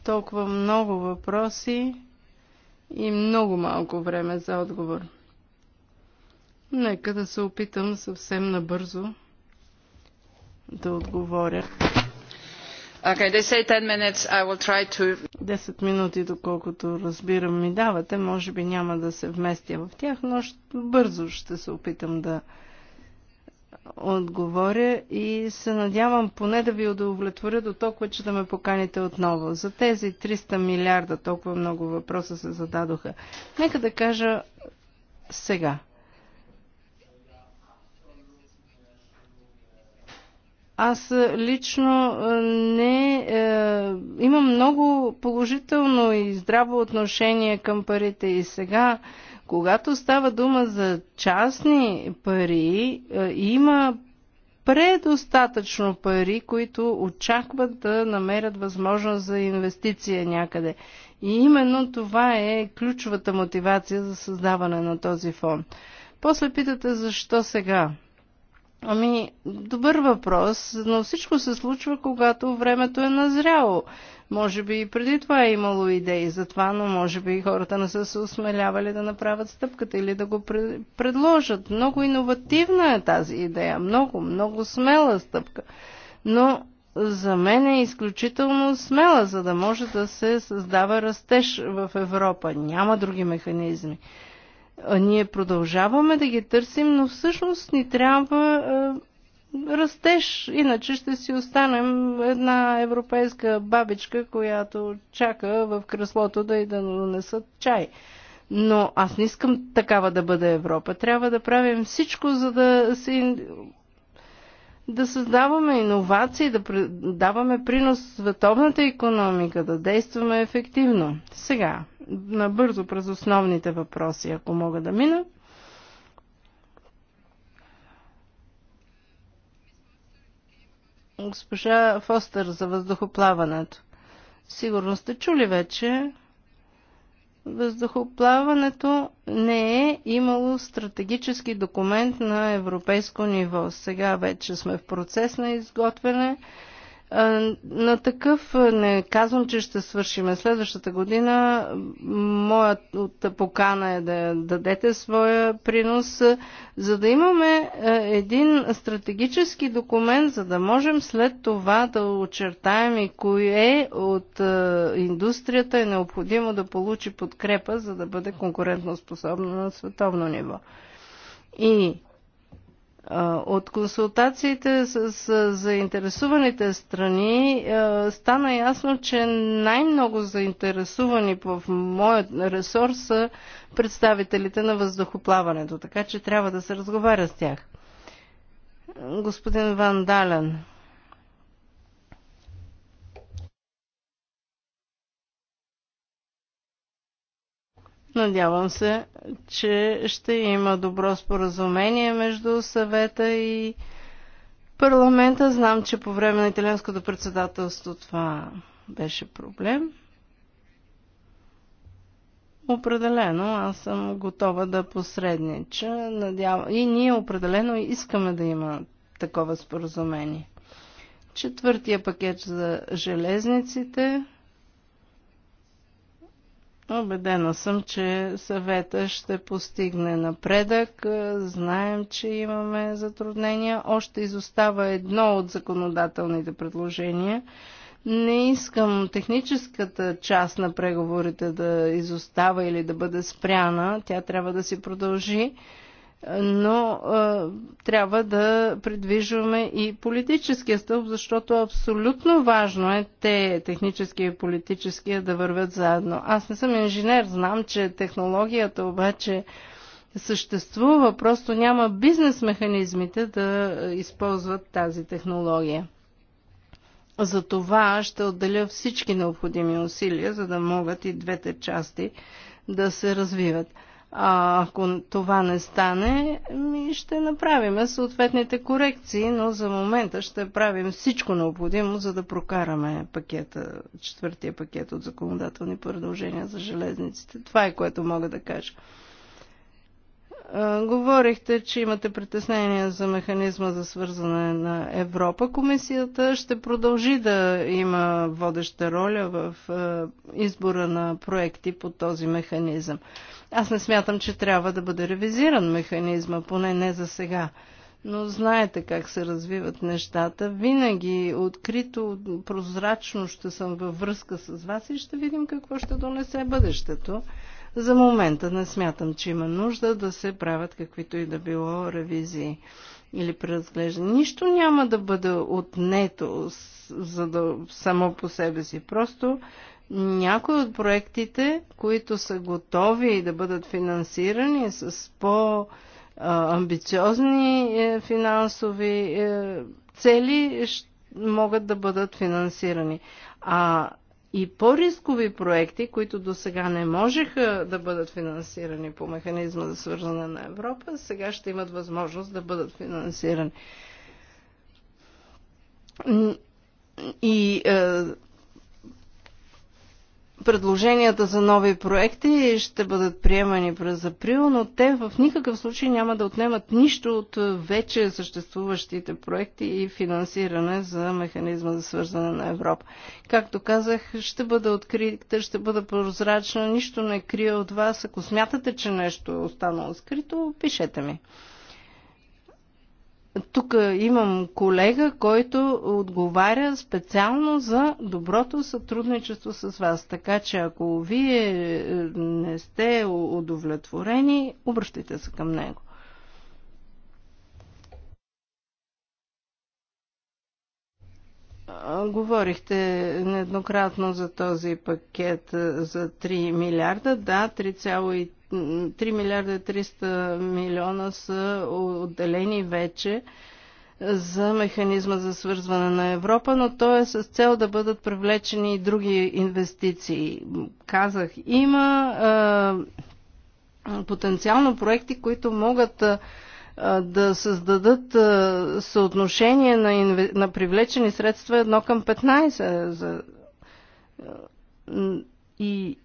Толкова много въпроси и много малко време за отговор. Нека да се опитам съвсем набързо да отговоря. Okay, they say 10 minutes. I will try to... 10 минути, доколкото разбирам, ми давате. Може би няма да се вместя в тях, но бързо ще се опитам да отговоря и се надявам поне да ви удовлетворя до толкова, че да ме поканите отново. За тези 300 милиарда толкова много въпроса се зададоха. Нека да кажа сега. Аз е, лично е, не. Е, имам много положително и здраво отношение към парите. И сега, когато става дума за частни пари, е, има предостатъчно пари, които очакват да намерят възможност за инвестиция някъде. И именно това е ключовата мотивация за създаване на този фонд. После питате защо сега. Ами, добър въпрос, но всичко се случва, когато времето е назряло. Може би и преди това е имало идеи за това, но може би и хората не са се осмелявали да направят стъпката или да го предложат. Много иновативна е тази идея, много, много смела стъпка. Но за мен е изключително смела, за да може да се създава растеж в Европа. Няма други механизми. Ние продължаваме да ги търсим, но всъщност ни трябва растеж, иначе ще си останем една европейска бабичка, която чака в креслото да и да донесат чай. Но аз не искам такава да бъде Европа. Трябва да правим всичко, за да си да създаваме иновации, да даваме принос в световната економика, да действаме ефективно. Сега, набързо през основните въпроси, ако мога да мина. Госпожа Фостер за въздухоплаването. Сигурно сте чули вече. Въздухоплаването не е имало стратегически документ на европейско ниво. Сега вече сме в процес на изготвяне на такъв не казвам, че ще свършим следващата година. Моята покана е да дадете своя принос, за да имаме един стратегически документ, за да можем след това да очертаем и кое е от индустрията е необходимо да получи подкрепа, за да бъде конкурентно способна на световно ниво. И от консултациите с, заинтересуваните страни стана ясно, че най-много заинтересувани в моят ресор са представителите на въздухоплаването, така че трябва да се разговаря с тях. Господин Ван Дален. Надявам се, че ще има добро споразумение между съвета и парламента. Знам, че по време на италианското председателство това беше проблем. Определено, аз съм готова да посреднича. Надявам... И ние определено искаме да има такова споразумение. Четвъртия пакет за железниците. Обедена съм, че съвета ще постигне напредък. Знаем, че имаме затруднения. Още изостава едно от законодателните предложения. Не искам техническата част на преговорите да изостава или да бъде спряна. Тя трябва да си продължи но а, трябва да предвижваме и политическия стълб, защото абсолютно важно е те, техническия и политическия, да вървят заедно. Аз не съм инженер, знам, че технологията обаче съществува, просто няма бизнес механизмите да използват тази технология. За това ще отделя всички необходими усилия, за да могат и двете части да се развиват. А ако това не стане, ми ще направим съответните корекции, но за момента ще правим всичко необходимо, за да прокараме пакета, четвъртия пакет от законодателни предложения за железниците. Това е което мога да кажа. Говорихте, че имате притеснения за механизма за свързване на Европа. Комисията ще продължи да има водеща роля в избора на проекти по този механизъм. Аз не смятам, че трябва да бъде ревизиран механизма, поне не за сега. Но знаете как се развиват нещата. Винаги открито, прозрачно ще съм във връзка с вас и ще видим какво ще донесе бъдещето. За момента не смятам, че има нужда да се правят каквито и да било ревизии или преразглеждане. Нищо няма да бъде отнето за да, само по себе си. Просто някои от проектите, които са готови да бъдат финансирани с по- амбициозни е, финансови е, цели могат да бъдат финансирани. А и по-рискови проекти, които до сега не можеха да бъдат финансирани по механизма за свързане на Европа, сега ще имат възможност да бъдат финансирани. И е, Предложенията за нови проекти ще бъдат приемани през април, но те в никакъв случай няма да отнемат нищо от вече съществуващите проекти и финансиране за механизма за свързване на Европа. Както казах, ще бъда открита, ще бъда прозрачна, нищо не крия от вас. Ако смятате, че нещо е останало скрито, пишете ми. Тук имам колега, който отговаря специално за доброто сътрудничество с вас. Така че ако вие е, не сте удовлетворени, обръщайте се към него. Говорихте нееднократно за този пакет за 3 милиарда. Да, 3 милиарда 300 милиона са отделени вече за механизма за свързване на Европа, но то е с цел да бъдат привлечени и други инвестиции. Казах, има е, потенциално проекти, които могат да създадат съотношение на, инве... на привлечени средства едно към 15. За... И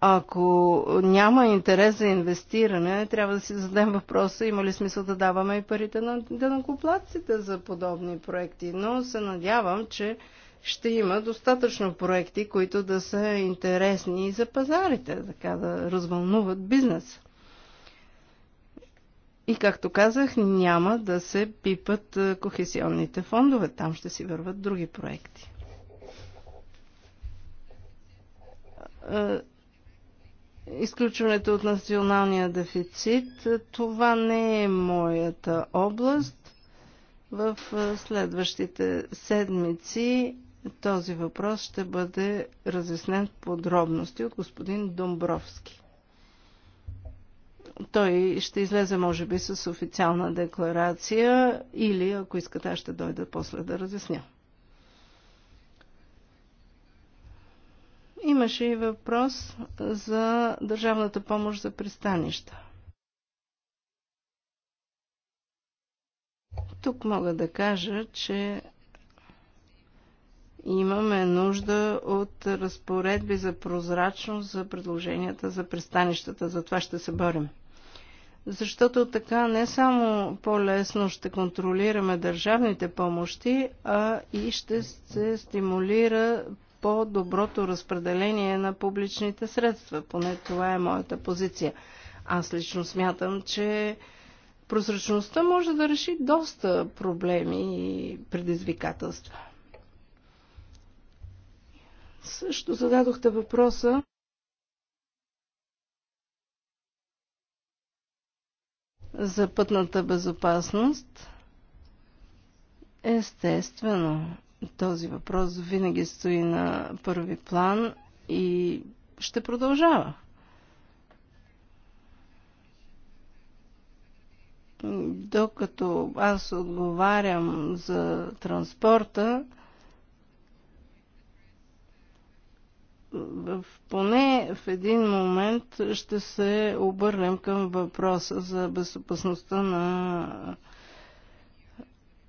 ако няма интерес за инвестиране, трябва да си зададем въпроса, има ли смисъл да даваме и парите на денокоплатците за подобни проекти. Но се надявам, че ще има достатъчно проекти, които да са интересни и за пазарите, така да развълнуват бизнес. И както казах, няма да се пипат кохесионните фондове. Там ще си върват други проекти. Изключването от националния дефицит, това не е моята област. В следващите седмици този въпрос ще бъде разяснен в подробности от господин Домбровски той ще излезе, може би, с официална декларация или, ако искате, аз ще дойда после да разясня. Имаше и въпрос за държавната помощ за пристанища. Тук мога да кажа, че имаме нужда от разпоредби за прозрачност за предложенията за пристанищата. За това ще се борим защото така не само по-лесно ще контролираме държавните помощи, а и ще се стимулира по-доброто разпределение на публичните средства. Поне това е моята позиция. Аз лично смятам, че прозрачността може да реши доста проблеми и предизвикателства. Също зададохте въпроса за пътната безопасност, естествено, този въпрос винаги стои на първи план и ще продължава. Докато аз отговарям за транспорта, в поне в един момент ще се обърнем към въпроса за безопасността на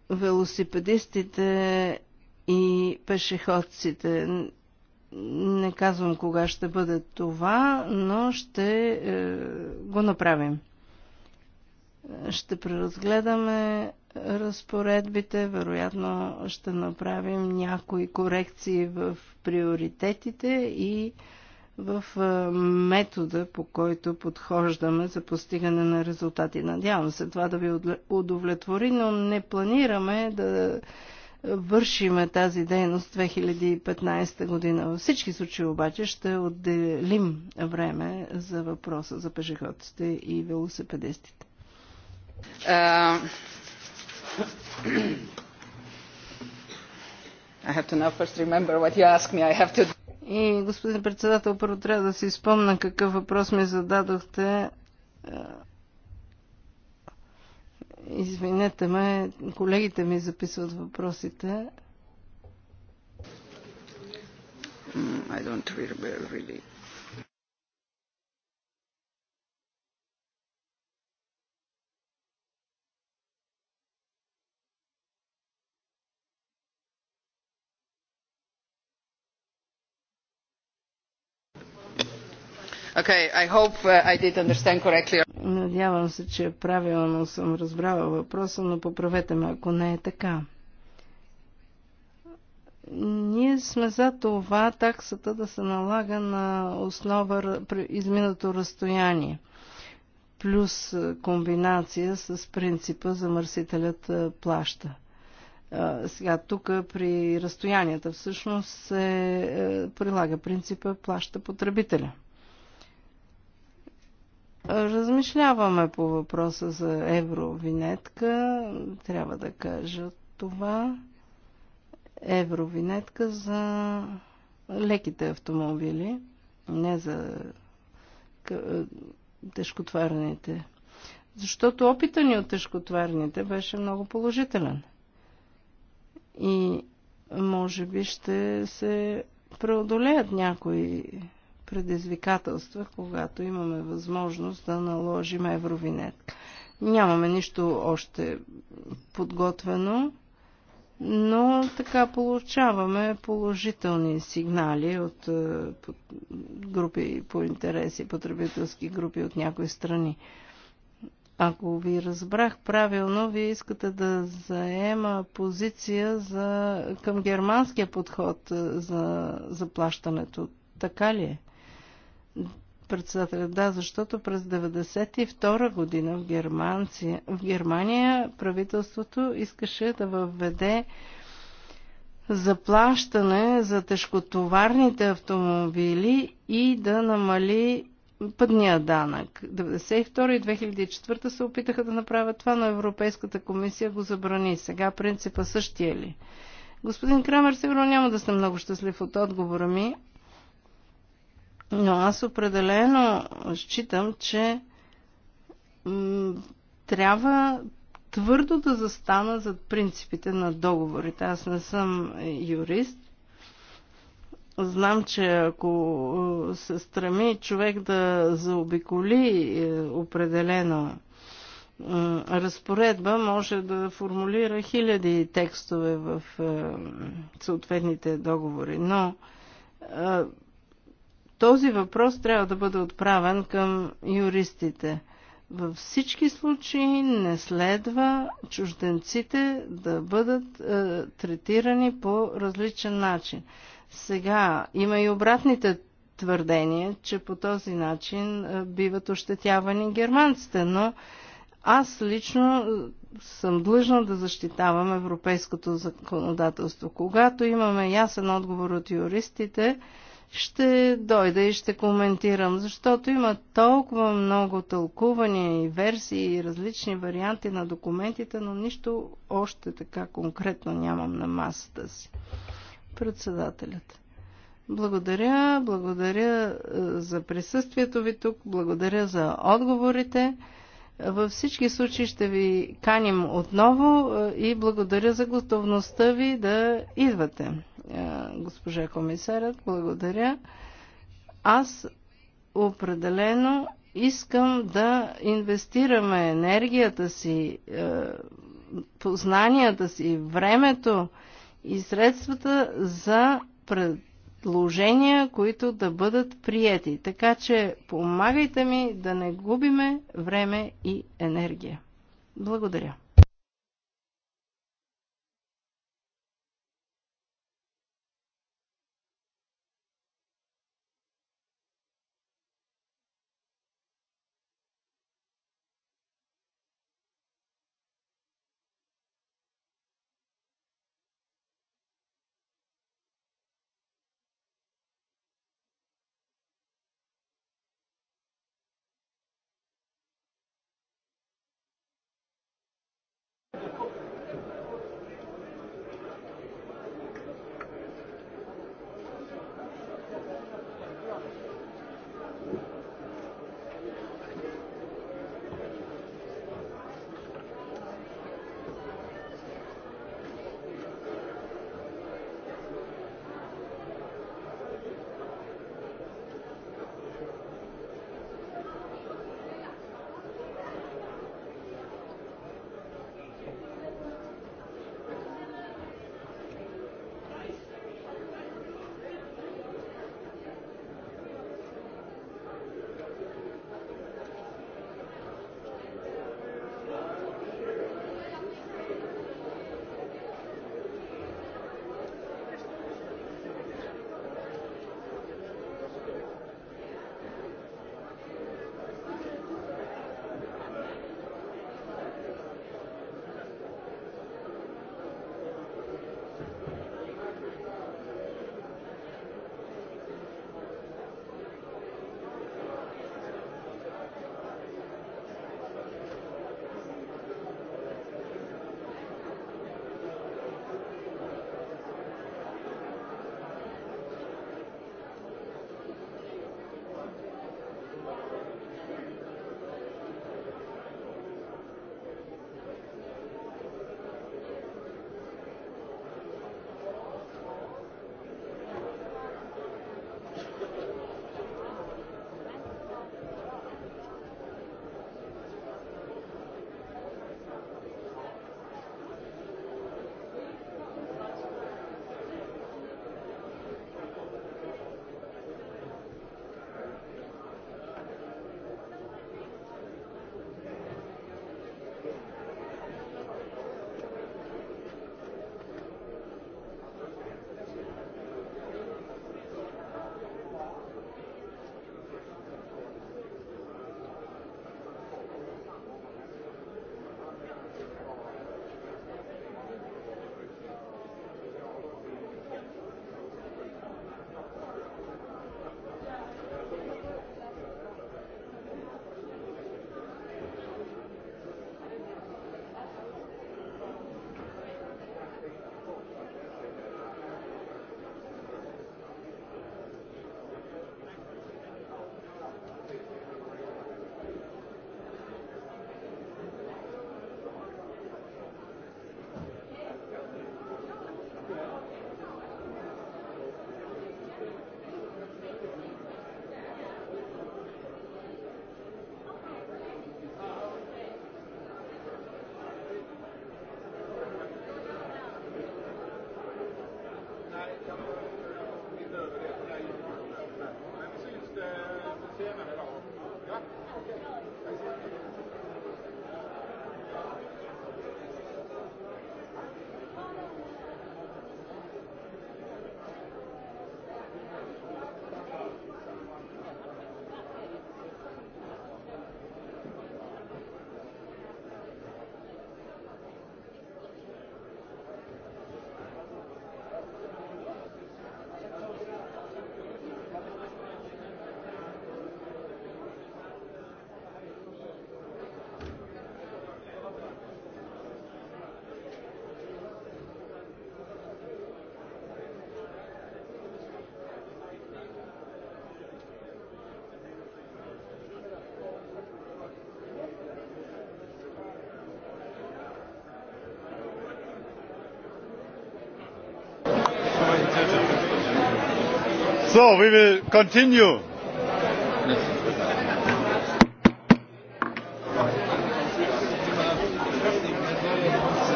велосипедистите и пешеходците. Не казвам кога ще бъде това, но ще е, го направим. Ще преразгледаме разпоредбите. Вероятно ще направим някои корекции в приоритетите и в е, метода, по който подхождаме за постигане на резултати. Надявам се това да ви удовлетвори, но не планираме да вършиме тази дейност 2015 година. Във всички случаи обаче ще отделим време за въпроса за пешеходците и велосипедистите. Uh... И, господин председател, първо трябва да си спомна какъв въпрос ми зададохте. Е, извинете ме, колегите ми записват въпросите. Mm, I don't really Uh, Надявам се, че правилно съм разбрала въпроса, но поправете ме, ако не е така. Ние сме за това таксата да се налага на основа изминато разстояние плюс комбинация с принципа замърсителят плаща. Сега тук при разстоянията всъщност се е, прилага принципа плаща потребителя. Размишляваме по въпроса за евровинетка. Трябва да кажа това. Евровинетка за леките автомобили, не за е, тежкотварните. Защото опита ни от тежкотварните беше много положителен. И може би ще се преодолеят някои предизвикателства, когато имаме възможност да наложим евровинетка. Нямаме нищо още подготвено, но така получаваме положителни сигнали от е, групи по интереси, потребителски групи от някои страни. Ако ви разбрах правилно, вие искате да заема позиция за, към германския подход е, за заплащането. Така ли е? председателя. Да, защото през 1992 година в, Германция, в Германия правителството искаше да въведе заплащане за тежкотоварните автомобили и да намали пътния данък. 1992 и 2004 се опитаха да направят това, но Европейската комисия го забрани. Сега принципа същия ли? Господин Крамер, сигурно няма да сте много щастлив от отговора ми, но аз определено считам, че трябва твърдо да застана зад принципите на договорите. Аз не съм юрист. Знам, че ако е, се стреми човек да заобиколи е, определена е, разпоредба, може да формулира хиляди текстове в съответните договори. Но този въпрос трябва да бъде отправен към юристите. Във всички случаи не следва чужденците да бъдат е, третирани по различен начин. Сега има и обратните твърдения, че по този начин е, биват ощетявани германците, но аз лично е, съм длъжна да защитавам европейското законодателство. Когато имаме ясен отговор от юристите, ще дойда и ще коментирам, защото има толкова много тълкувания и версии и различни варианти на документите, но нищо още така конкретно нямам на масата си. Председателят. Благодаря, благодаря е, за присъствието ви тук, благодаря за отговорите. Във всички случаи ще ви каним отново е, и благодаря за готовността ви да идвате. Е, госпожа комисарът, благодаря. Аз определено искам да инвестираме енергията си, е, познанията си, времето и средствата за пред предложения, които да бъдат приети. Така че помагайте ми да не губиме време и енергия. Благодаря. So, we will continue.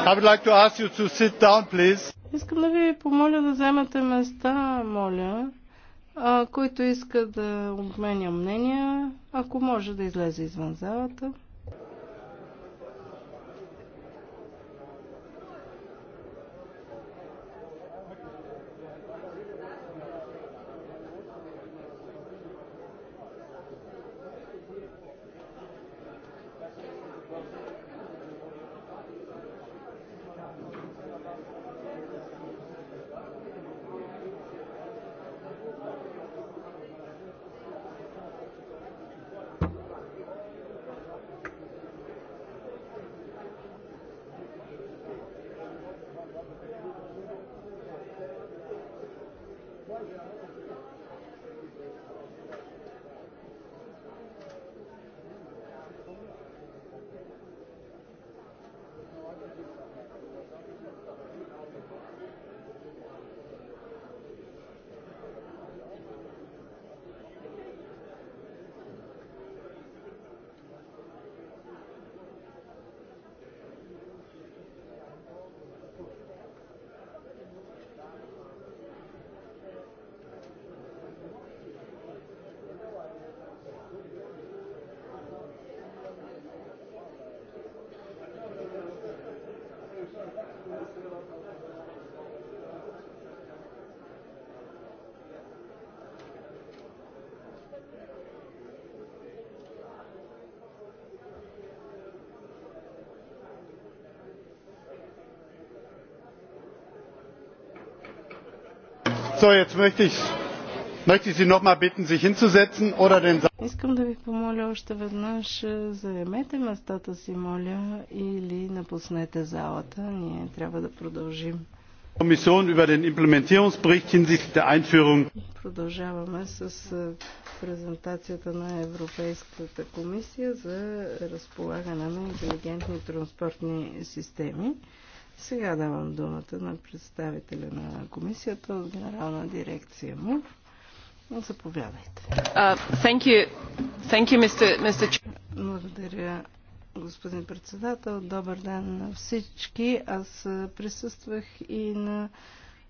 I would like to ask you to sit down, please. Искам да ви помоля да вземете места, моля. А, който иска да обменя мнения, ако може да излезе извън залата. So, jetzt möchte ich, möchte ich Sie noch mal bitten, sich hinzusetzen oder den Искам да ви помоля още веднъж, е, заемете местата си, моля, или напуснете залата. Ние трябва да продължим. über den Implementierungsbericht hinsichtlich der Einführung. Продължаваме с е, презентацията на Европейската комисия за разполагане на интелигентни транспортни системи. Сега давам думата на представителя на комисията от генерална дирекция му. Заповядайте. Uh, thank you. Thank you, Mr. Mr. Благодаря, господин председател. Добър ден на всички. Аз присъствах и на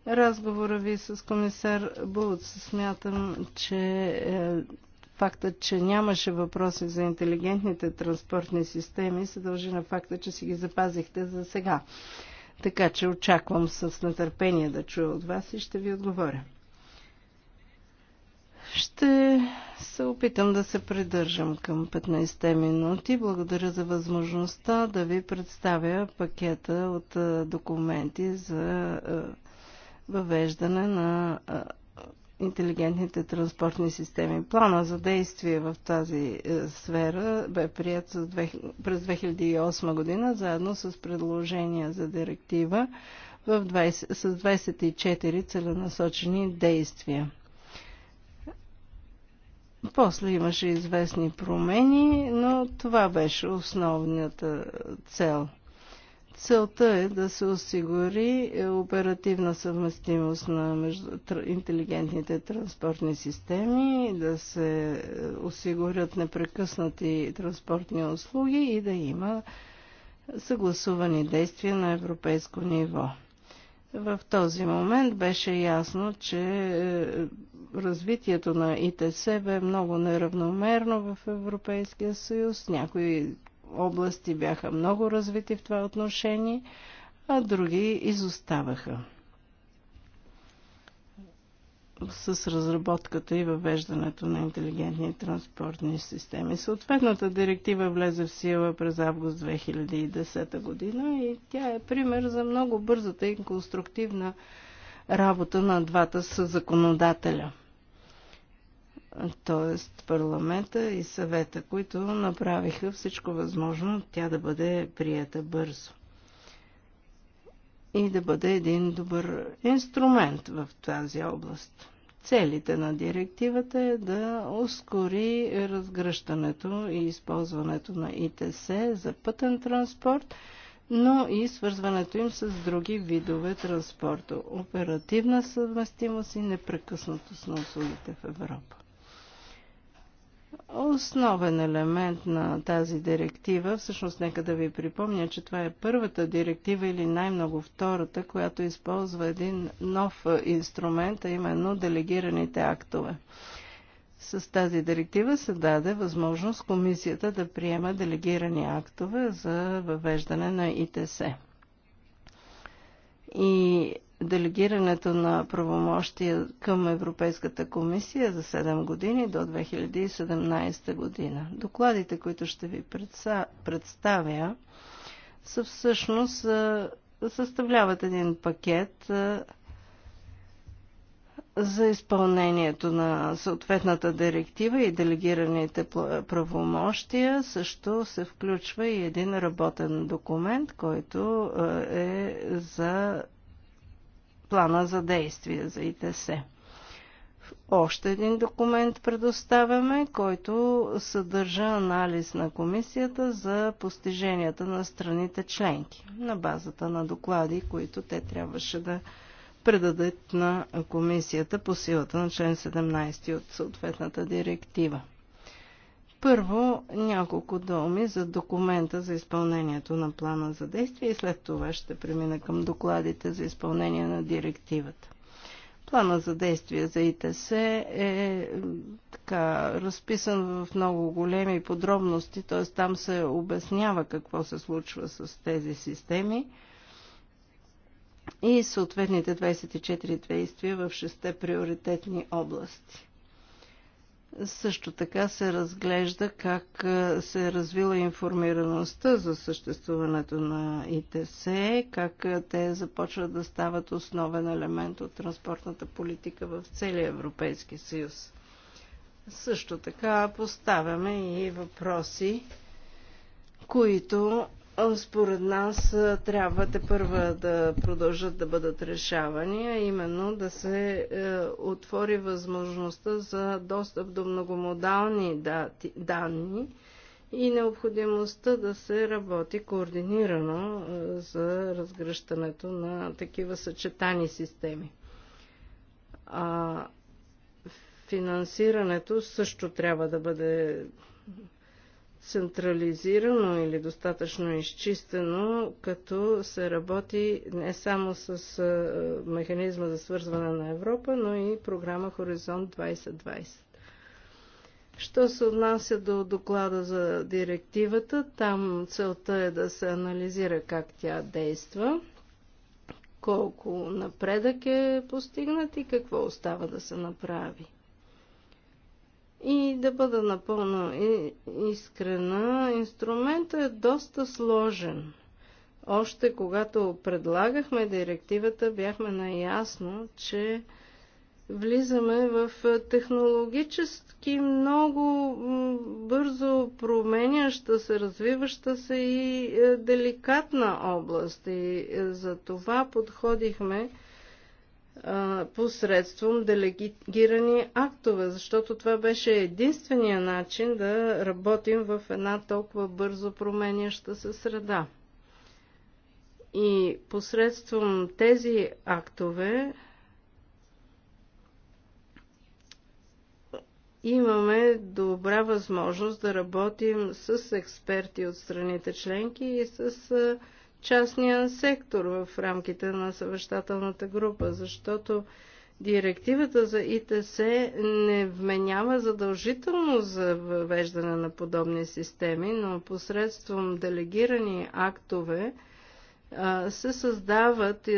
разговора ви с комисар Булт. Смятам, че е, фактът, че нямаше въпроси за интелигентните транспортни системи, се дължи на факта, че си ги запазихте за сега. Така че очаквам с нетърпение да чуя от вас и ще ви отговоря. Ще се опитам да се придържам към 15-те минути. Благодаря за възможността да ви представя пакета от документи за въвеждане на интелигентните транспортни системи. Плана за действие в тази е, сфера бе прият през 2008 година, заедно с предложения за директива в 20, с 24 целенасочени действия. После имаше известни промени, но това беше основната цел – Целта е да се осигури е, оперативна съвместимост на между... интелигентните транспортни системи, да се е, осигурят непрекъснати транспортни услуги и да има съгласувани действия на европейско ниво. В този момент беше ясно, че е, развитието на ИТС е много неравномерно в Европейския съюз. Някои области бяха много развити в това отношение, а други изоставаха с разработката и въвеждането на интелигентни транспортни системи. Съответната директива влезе в сила през август 2010 година и тя е пример за много бързата и конструктивна работа на двата със законодателя – т.е. парламента и съвета, които направиха всичко възможно тя да бъде прията бързо и да бъде един добър инструмент в тази област. Целите на директивата е да ускори разгръщането и използването на ИТС за пътен транспорт, но и свързването им с други видове транспорта, оперативна съвместимост и непрекъснатост на услугите в Европа. Основен елемент на тази директива, всъщност нека да ви припомня, че това е първата директива или най-много втората, която използва един нов инструмент, а именно делегираните актове. С тази директива се даде възможност комисията да приема делегирани актове за въвеждане на ИТС. И делегирането на правомощия към Европейската комисия за 7 години до 2017 година. Докладите, които ще ви представя, са всъщност съставляват един пакет за изпълнението на съответната директива и делегираните правомощия също се включва и един работен документ, който е за плана за действие за ИТС. Още един документ предоставяме, който съдържа анализ на комисията за постиженията на страните членки на базата на доклади, които те трябваше да предадат на комисията по силата на член 17 от съответната директива. Първо няколко думи за документа за изпълнението на плана за действие и след това ще премина към докладите за изпълнение на директивата. Плана за действие за ИТС е така, разписан в много големи подробности, т.е. там се обяснява какво се случва с тези системи и съответните 24 действия в 6 приоритетни области. Също така се разглежда как е, се е развила информираността за съществуването на ИТС, как е, те започват да стават основен елемент от транспортната политика в целия Европейски съюз. Също така поставяме и въпроси, които според нас трябва те първа да продължат да бъдат решавани, а именно да се е, отвори възможността за достъп до многомодални данни и необходимостта да се работи координирано е, за разгръщането на такива съчетани системи. финансирането също трябва да бъде централизирано или достатъчно изчистено, като се работи не само с механизма за свързване на Европа, но и програма Хоризонт 2020. Що се отнася до доклада за директивата, там целта е да се анализира как тя действа, колко напредък е постигнат и какво остава да се направи. И да бъда напълно искрена, инструментът е доста сложен. Още когато предлагахме директивата, бяхме наясно, че влизаме в е, технологически много бързо променяща се, развиваща се и е, деликатна област. И е, за това подходихме посредством делегирани актове, защото това беше единствения начин да работим в една толкова бързо променяща се среда. И посредством тези актове имаме добра възможност да работим с експерти от страните членки и с частния сектор в рамките на съвещателната група, защото директивата за ИТС не вменява задължително за въвеждане на подобни системи, но посредством делегирани актове се създават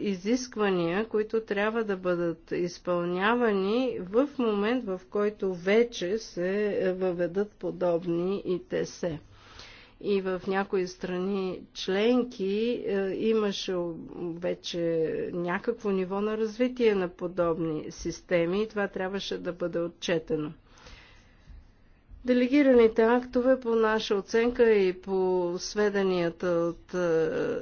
изисквания, които трябва да бъдат изпълнявани в момент, в който вече се въведат подобни ИТС и в някои страни членки е, имаше вече някакво ниво на развитие на подобни системи и това трябваше да бъде отчетено. Делегираните актове по наша оценка и по сведенията от е,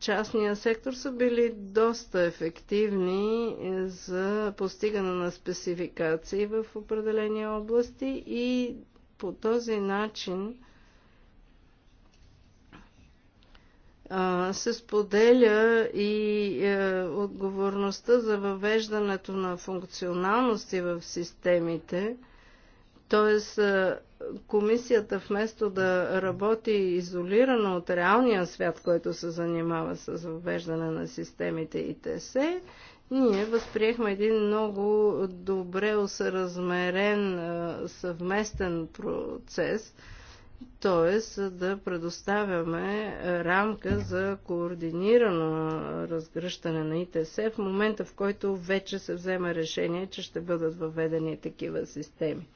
частния сектор са били доста ефективни е, за постигане на спецификации в определени области и по този начин се споделя и е, отговорността за въвеждането на функционалности в системите. т.е. комисията вместо да работи изолирано от реалния свят, който се занимава с въвеждане на системите и ТС, ние възприехме един много добре усъразмерен е, съвместен процес – т.е. да предоставяме е, рамка за координирано е, разгръщане на ИТС в момента, в който вече се взема решение, че ще бъдат въведени такива системи.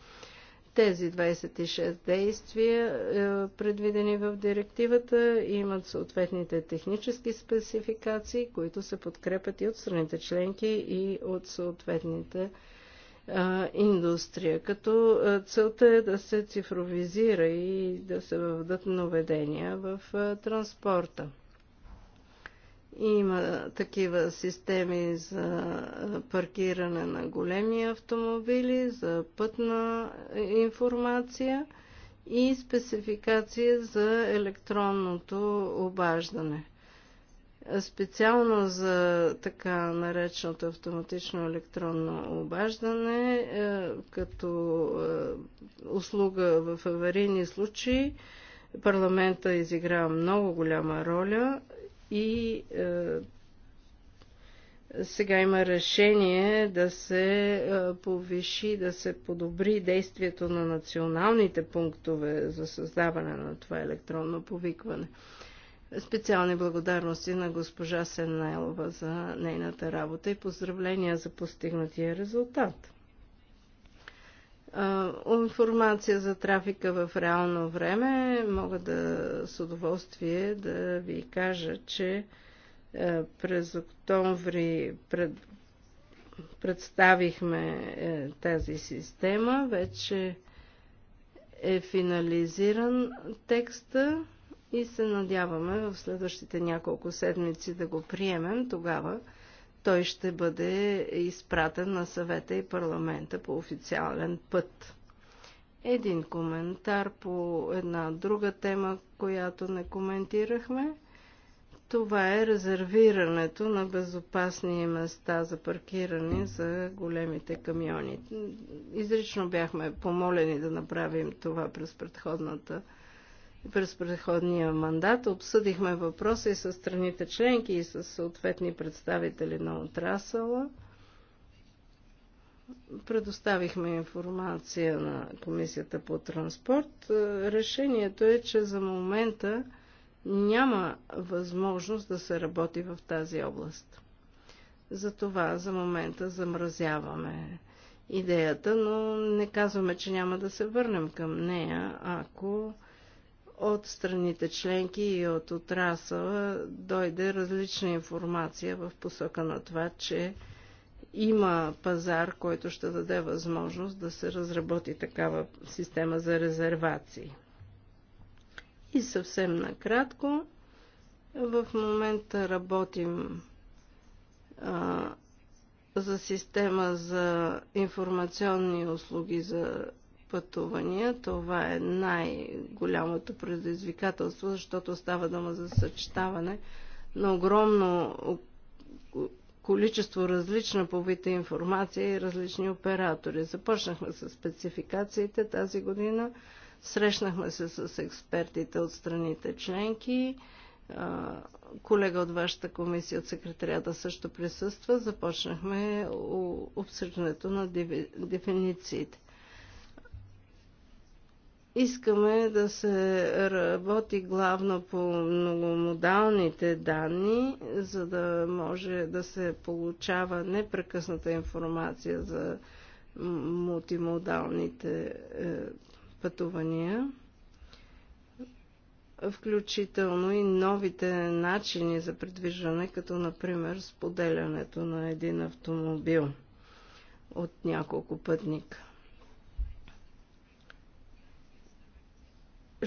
Тези 26 действия, е, предвидени в директивата, имат съответните технически спецификации, които се подкрепят и от страните членки, и от съответните индустрия, като целта е да се цифровизира и да се въведат наведения в транспорта. Има такива системи за паркиране на големи автомобили, за пътна информация и спецификация за електронното обаждане. Специално за така нареченото автоматично електронно обаждане, е, като е, услуга в аварийни случаи, парламента изиграва много голяма роля и е, сега има решение да се повиши, да се подобри действието на националните пунктове за създаване на това електронно повикване. Специални благодарности на госпожа Сеннайлова за нейната работа и поздравления за постигнатия резултат. Информация за трафика в реално време мога да с удоволствие да ви кажа, че е, през октомври пред, представихме е, тази система. Вече е финализиран текста и се надяваме в следващите няколко седмици да го приемем. Тогава той ще бъде изпратен на съвета и парламента по официален път. Един коментар по една друга тема, която не коментирахме. Това е резервирането на безопасни места за паркиране за големите камиони. Изрично бяхме помолени да направим това през предходната през предходния мандат. Обсъдихме въпроса и с страните членки, и с съответни представители на отрасъла. Предоставихме информация на Комисията по транспорт. Е, решението е, че за момента няма възможност да се работи в тази област. Затова за момента замразяваме идеята, но не казваме, че няма да се върнем към нея, ако от страните членки и от отрасъла дойде различна информация в посока на това, че има пазар, който ще даде възможност да се разработи такава система за резервации. И съвсем накратко, в момента работим а, за система за информационни услуги за пътувания. Това е най-голямото предизвикателство, защото става дума за съчетаване на огромно количество различна по вид информация и различни оператори. Започнахме с спецификациите тази година, срещнахме се с експертите от страните членки, колега от вашата комисия от секретарията също присъства, започнахме обсъждането на дефинициите. Искаме да се работи главно по многомодалните данни, за да може да се получава непрекъсната информация за мултимодалните е, пътувания, включително и новите начини за придвижване, като например споделянето на един автомобил от няколко пътника.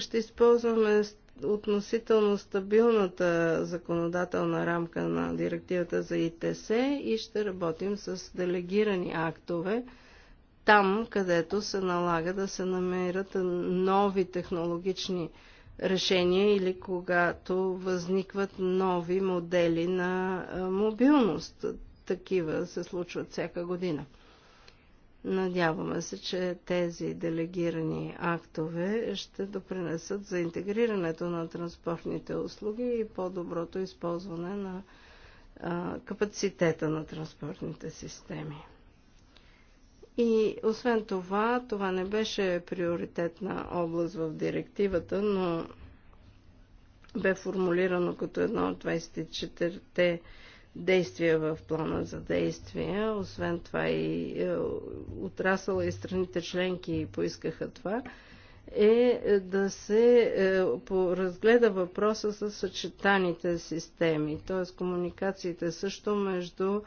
ще използваме относително стабилната законодателна рамка на директивата за ИТС и ще работим с делегирани актове там, където се налага да се намерят нови технологични решения или когато възникват нови модели на мобилност. Такива се случват всяка година. Надяваме се, че тези делегирани актове ще допринесат за интегрирането на транспортните услуги и по-доброто използване на а, капацитета на транспортните системи. И освен това, това не беше приоритетна област в директивата, но бе формулирано като едно от 24-те действия в плана за действия. Освен това и е, отрасъла и страните членки поискаха това е да се е, разгледа въпроса с съчетаните системи, т.е. комуникациите също между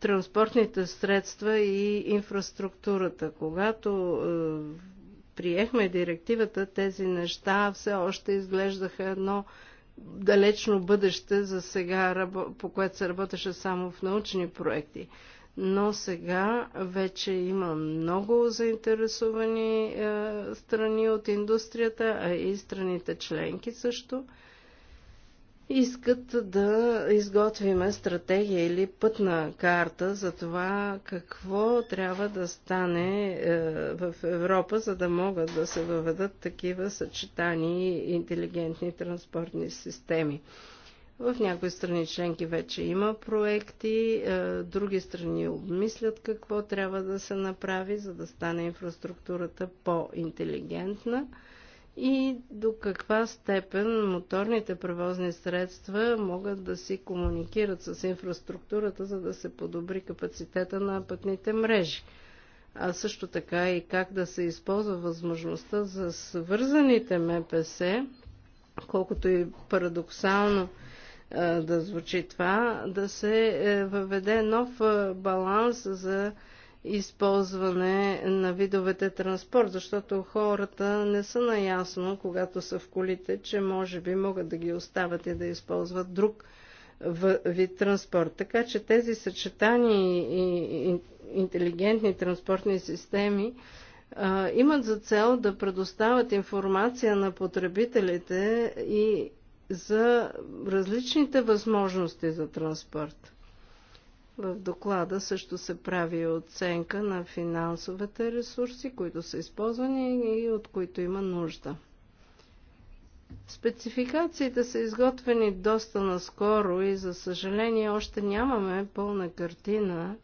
транспортните средства и инфраструктурата. Когато е, приехме директивата, тези неща все още изглеждаха едно далечно бъдеще за сега, по което се работеше само в научни проекти. Но сега вече има много заинтересовани е, страни от индустрията, а и страните членки също искат да изготвиме стратегия или пътна карта за това какво трябва да стане е, в Европа, за да могат да се въведат такива съчетани интелигентни транспортни системи. В някои страни членки вече има проекти, е, други страни обмислят какво трябва да се направи, за да стане инфраструктурата по-интелигентна и до каква степен моторните превозни средства могат да си комуникират с инфраструктурата, за да се подобри капацитета на пътните мрежи. А също така и как да се използва възможността за свързаните МПС, колкото и парадоксално да звучи това, да се е, въведе нов баланс за използване на видовете транспорт, защото хората не са наясно, когато са в колите, че може би могат да ги оставят и да използват друг вид транспорт. Така че тези съчетани и интелигентни транспортни системи а, имат за цел да предоставят информация на потребителите и за различните възможности за транспорт. В доклада също се прави оценка на финансовите ресурси, които са използвани и от които има нужда. Спецификациите са изготвени доста наскоро и за съжаление още нямаме пълна картина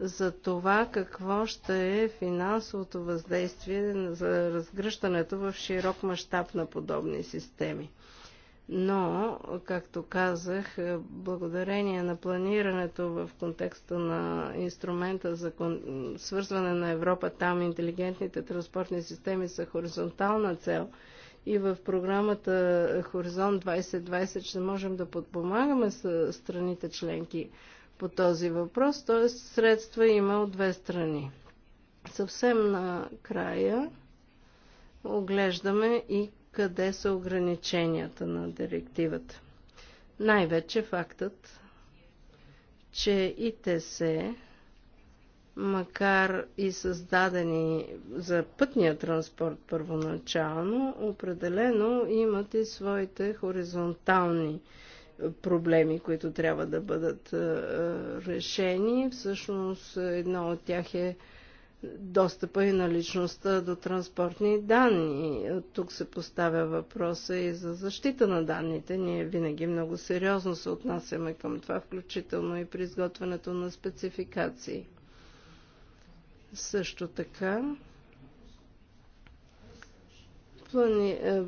за това какво ще е финансовото въздействие за разгръщането в широк мащаб на подобни системи но, както казах, е, благодарение на планирането в контекста на инструмента за свързване на Европа, там интелигентните транспортни системи са хоризонтална цел и в програмата Хоризонт 2020 ще можем да подпомагаме с страните членки по този въпрос, т.е. средства има от две страни. Съвсем накрая оглеждаме и къде са ограниченията на директивата. Най-вече фактът, че ИТС, макар и създадени за пътния транспорт първоначално, определено имат и своите хоризонтални проблеми, които трябва да бъдат решени. Всъщност едно от тях е достъпа и на личността до транспортни данни. Тук се поставя въпроса и за защита на данните. Ние винаги много сериозно се отнасяме към това, включително и при изготвянето на спецификации. Също така, плани... Е,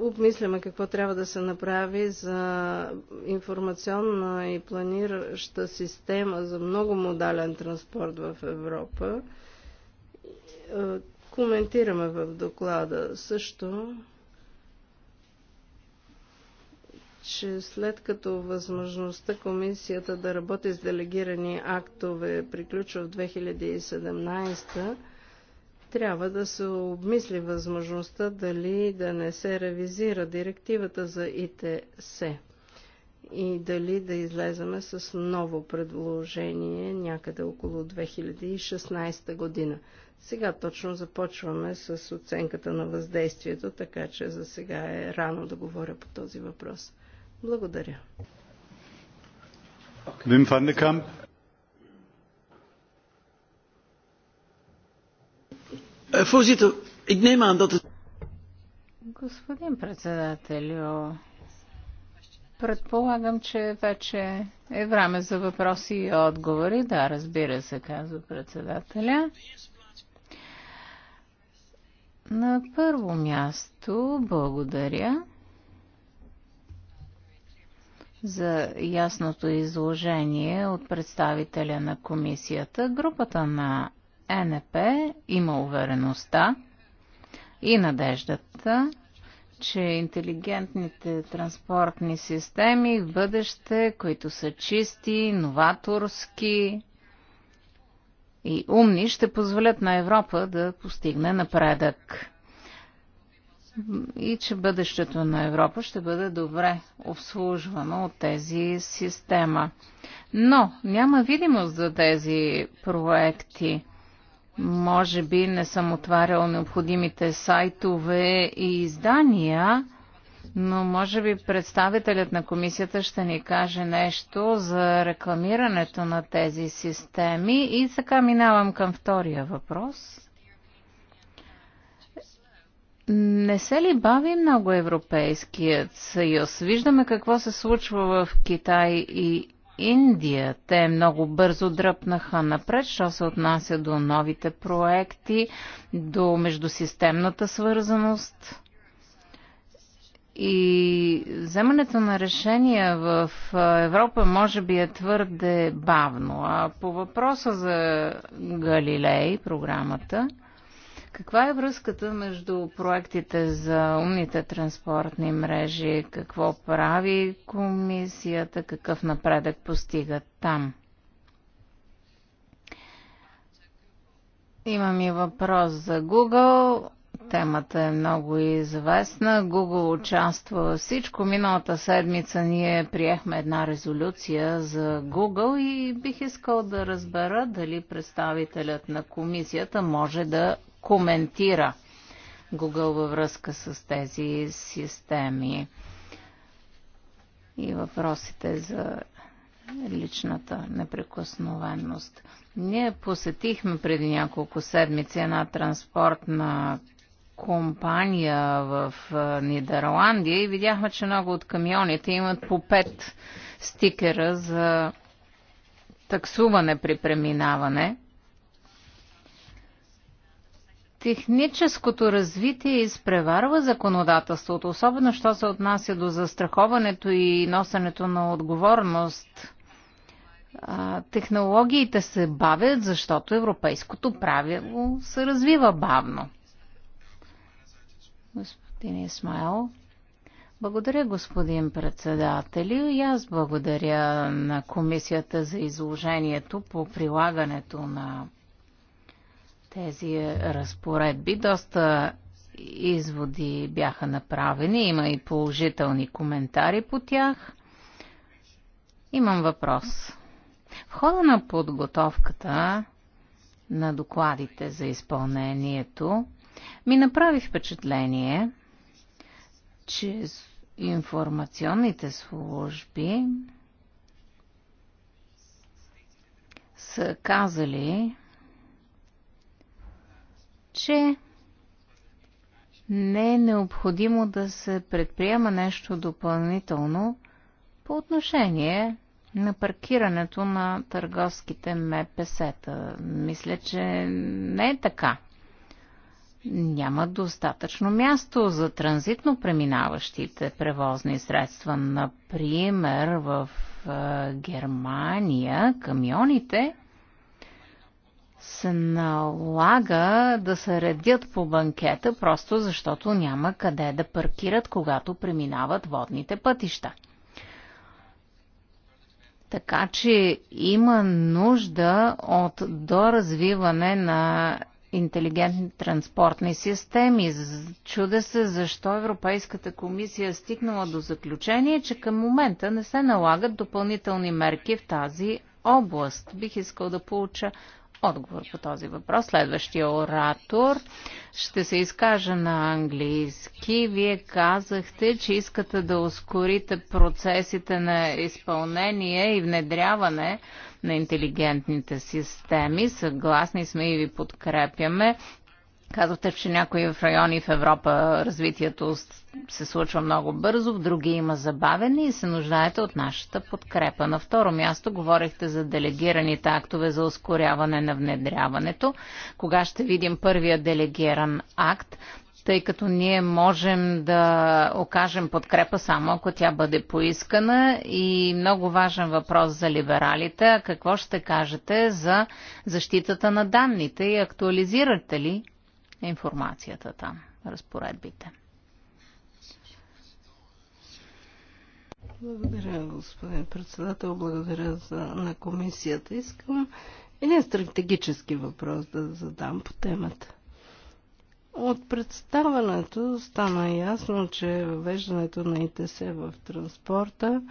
обмисляме какво трябва да се направи за информационна и планираща система за много модален транспорт в Европа – е, коментираме в доклада също, че след като възможността комисията да работи с делегирани актове приключва в 2017, трябва да се обмисли възможността дали да не се ревизира директивата за ИТС и дали да излеземе с ново предложение някъде около 2016 година. Сега точно започваме с оценката на въздействието, така че за сега е рано да говоря по този въпрос. Благодаря. Вим е, Господин председателю, предполагам, че вече е време за въпроси и отговори. Да, разбира се, казва председателя. На първо място благодаря за ясното изложение от представителя на комисията. Групата на НП има увереността и надеждата, че интелигентните транспортни системи в бъдеще, които са чисти, новаторски, и умни ще позволят на Европа да постигне напредък. И че бъдещето на Европа ще бъде добре обслужвано от тези система. Но няма видимост за тези проекти. Може би не съм отварял необходимите сайтове и издания, но може би представителят на комисията ще ни каже нещо за рекламирането на тези системи. И така минавам към втория въпрос. Не се ли бави много Европейският съюз? Виждаме какво се случва в Китай и Индия. Те много бързо дръпнаха напред, що се отнася до новите проекти, до междусистемната свързаност. И вземането на решения в Европа може би е твърде бавно. А по въпроса за Галилей, програмата, каква е връзката между проектите за умните транспортни мрежи? Какво прави комисията? Какъв напредък постига там? Имам и въпрос за Google. Темата е много известна. Google участва всичко. Миналата седмица ние приехме една резолюция за Google и бих искал да разбера дали представителят на комисията може да коментира Google във връзка с тези системи и въпросите за личната неприкосновеност. Ние посетихме преди няколко седмици една транспортна компания в Нидерландия и видяхме, че много от камионите имат по пет стикера за таксуване при преминаване. Техническото развитие изпреварва законодателството, особено що се отнася до застраховането и носенето на отговорност. Технологиите се бавят, защото европейското правило се развива бавно господин Исмайл. Благодаря, господин председател, И аз благодаря на комисията за изложението по прилагането на тези разпоредби. Доста изводи бяха направени. Има и положителни коментари по тях. Имам въпрос. В хода на подготовката на докладите за изпълнението, ми направи впечатление, че информационните служби са казали, че не е необходимо да се предприема нещо допълнително по отношение на паркирането на търговските МПС-та. Мисля, че не е така няма достатъчно място за транзитно преминаващите превозни средства. Например, в Германия камионите се налага да се редят по банкета, просто защото няма къде да паркират, когато преминават водните пътища. Така че има нужда от доразвиване на интелигентни транспортни системи. Чуда се защо Европейската комисия е стигнала до заключение, че към момента не се налагат допълнителни мерки в тази област. Бих искал да получа отговор по този въпрос. Следващия оратор ще се изкаже на английски. Вие казахте, че искате да ускорите процесите на изпълнение и внедряване на интелигентните системи. Съгласни сме и ви подкрепяме. Казвате, че някои в райони в Европа развитието се случва много бързо, в други има забавени и се нуждаете от нашата подкрепа. На второ място говорихте за делегираните актове за ускоряване на внедряването. Кога ще видим първия делегиран акт? тъй като ние можем да окажем подкрепа само ако тя бъде поискана. И много важен въпрос за либералите. Какво ще кажете за защитата на данните и актуализирате ли информацията там, разпоредбите? Благодаря, господин председател. Благодаря за, на комисията. Искам един стратегически въпрос да задам по темата. От представането стана ясно, че въвеждането на ИТС в транспорта,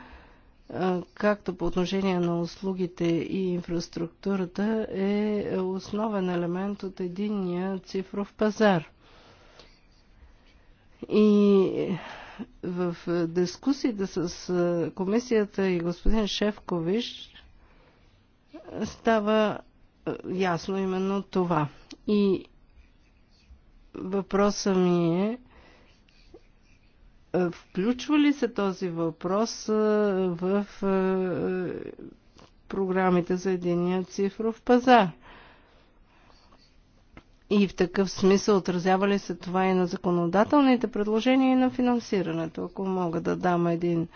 както по отношение на услугите и инфраструктурата, е основен елемент от единния цифров пазар. И в дискусията с комисията и господин Шефкович става ясно именно това. И Въпросът ми е, е, включва ли се този въпрос е, в е, програмите за единия цифров пазар? И в такъв смисъл отразява ли се това и на законодателните предложения и на финансирането? Ако мога да дам един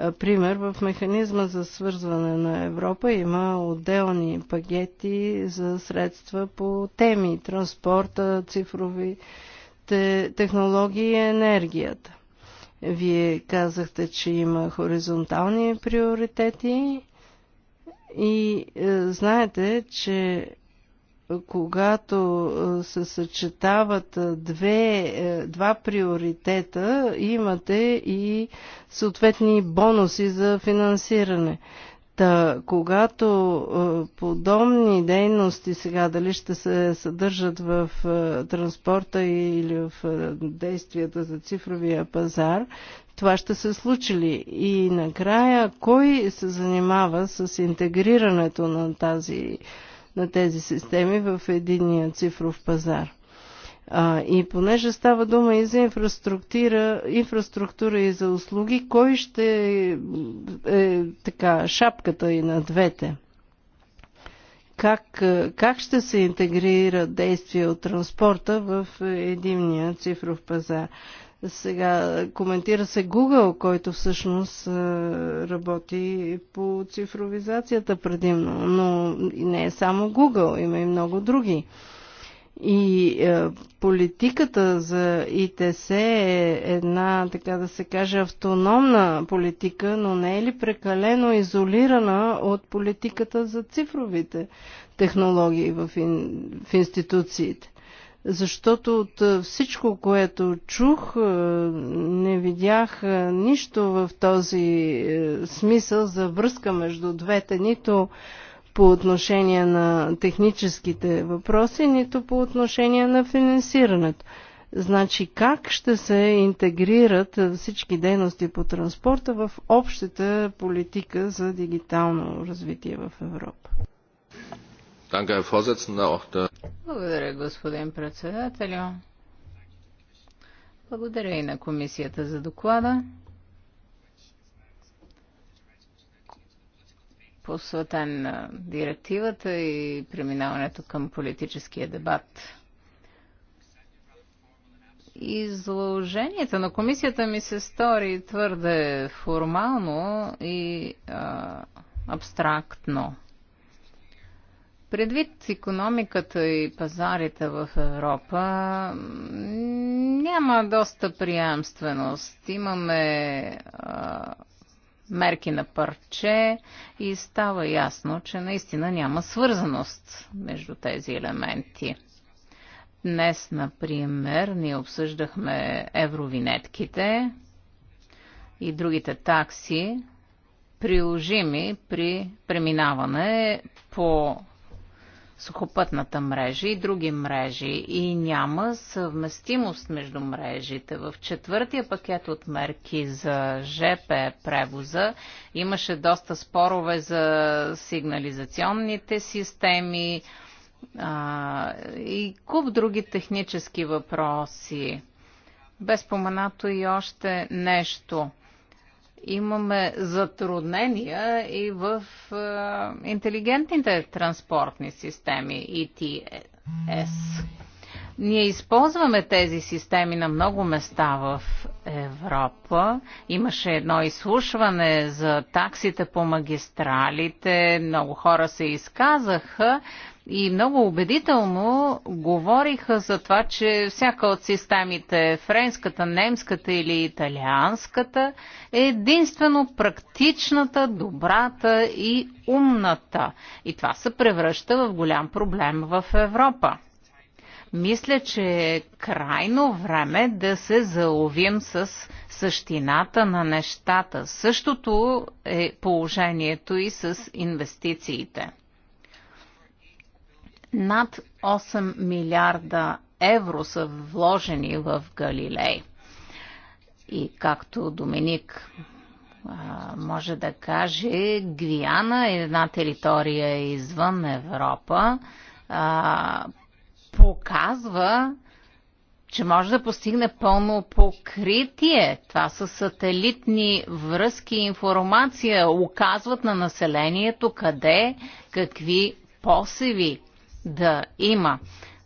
е, пример, в механизма за свързване на Европа има отделни пакети за средства по теми транспорта, цифрови технологии и енергията. Вие казахте, че има хоризонтални приоритети и е, знаете, че когато се съчетават две, е, два приоритета, имате и съответни бонуси за финансиране. Та, когато подобни дейности сега дали ще се съдържат в транспорта или в действията за цифровия пазар, това ще се случи ли? И накрая, кой се занимава с интегрирането на тази на тези системи в единия цифров пазар. А, и понеже става дума и за инфраструктура, инфраструктура и за услуги, кой ще е, е така шапката и на двете? Как, е, как ще се интегрира действие от транспорта в единния цифров пазар? Сега коментира се Google, който всъщност е, работи по цифровизацията предимно, но не е само Google, има и много други. И е, политиката за ИТС е една, така да се каже, автономна политика, но не е ли прекалено изолирана от политиката за цифровите технологии в, ин, в институциите? защото от е, всичко, което чух, е, не видях е, нищо в този смисъл за връзка между двете, нито по отношение на техническите въпроси, нито по отношение на финансирането. Значи как ще се интегрират всички дейности по транспорта в общата политика за дигитално развитие в Европа? Благодаря, господин председателю. Благодаря и на комисията за доклада. Посветен на директивата и преминаването към политическия дебат. Изложението на комисията ми се стори твърде формално и а, абстрактно. Предвид економиката и пазарите в Европа, няма доста приемственост. Имаме а, мерки на парче и става ясно, че наистина няма свързаност между тези елементи. Днес, например, ние обсъждахме евровинетките и другите такси, приложими при преминаване по сухопътната мрежа и други мрежи и няма съвместимост между мрежите. В четвъртия пакет от мерки за ЖП превоза имаше доста спорове за сигнализационните системи а, и куп други технически въпроси. Без споменато и още нещо – имаме затруднения и в е, интелигентните транспортни системи ETS. Ние използваме тези системи на много места в Европа. Имаше едно изслушване за таксите по магистралите. Много хора се изказаха и много убедително говориха за това, че всяка от системите, френската, немската или италианската, е единствено практичната, добрата и умната. И това се превръща в голям проблем в Европа. Мисля, че е крайно време да се заловим с същината на нещата. Същото е положението и с инвестициите. Над 8 милиарда евро са вложени в Галилей. И както Доминик може да каже, Гвиана е една територия извън Европа, показва, че може да постигне пълно покритие. Това са сателитни връзки и информация. Оказват на населението къде, какви посеви да има.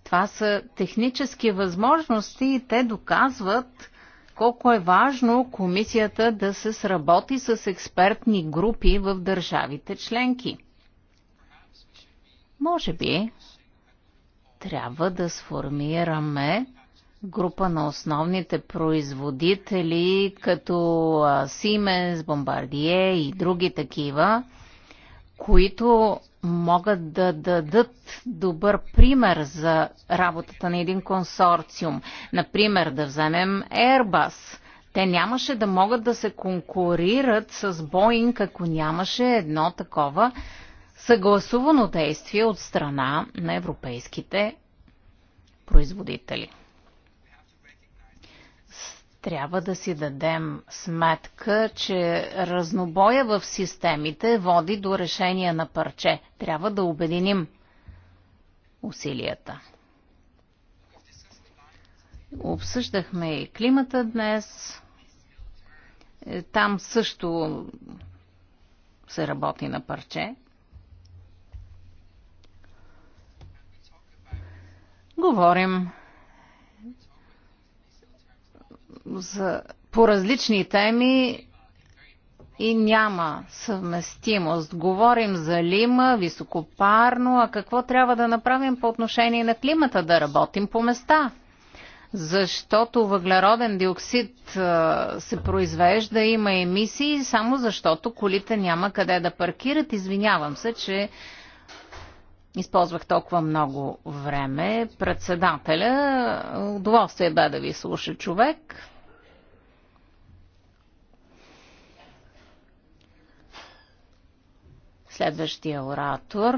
Това са технически възможности и те доказват колко е важно комисията да се сработи с експертни групи в държавите членки. Може би трябва да сформираме група на основните производители, като Сименс, Бомбардие и други такива, които могат да дадат добър пример за работата на един консорциум. Например, да вземем Airbus. Те нямаше да могат да се конкурират с Boeing, ако нямаше едно такова съгласувано действие от страна на европейските производители. Трябва да си дадем сметка, че разнобоя в системите води до решение на парче. Трябва да обединим усилията. Обсъждахме и климата днес. Е, там също се работи на парче. говорим за, по различни теми и няма съвместимост. Говорим за Лима, високопарно, а какво трябва да направим по отношение на климата? Да работим по места. Защото въглероден диоксид се произвежда, има емисии, само защото колите няма къде да паркират. Извинявам се, че използвах толкова много време. Председателя, удоволствие бе да ви слуша човек. Следващия оратор.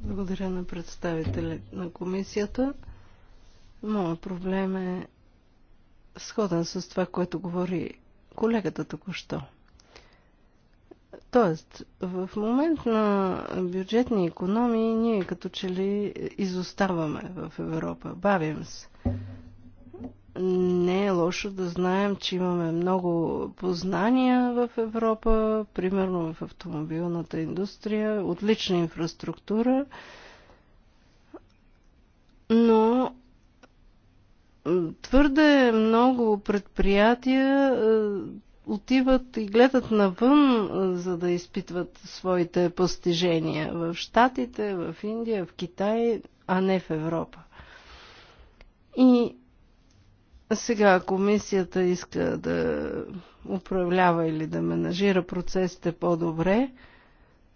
Благодаря на представителя на комисията. Моят проблем е сходен с това, което говори колегата току-що. Тоест, в момент на бюджетни економии ние като че ли изоставаме в Европа, бавим се. Не е лошо да знаем, че имаме много познания в Европа, примерно в автомобилната индустрия, отлична инфраструктура, но твърде много предприятия е, отиват и гледат навън, е, за да изпитват своите постижения в Штатите, в Индия, в Китай, а не в Европа. И сега комисията иска да управлява или да менажира процесите по-добре,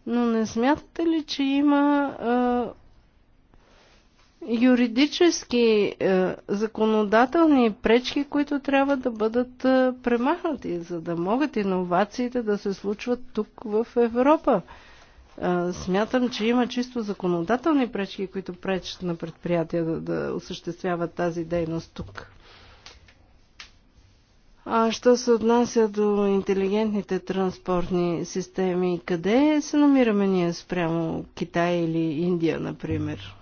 но не смятате ли, че има е, юридически е, законодателни пречки, които трябва да бъдат е, премахнати, за да могат иновациите да се случват тук в Европа. Е, смятам, че има чисто законодателни пречки, които пречат на предприятия да, да осъществяват тази дейност тук. А що се отнася до интелигентните транспортни системи, къде се намираме ние спрямо Китай или Индия, например?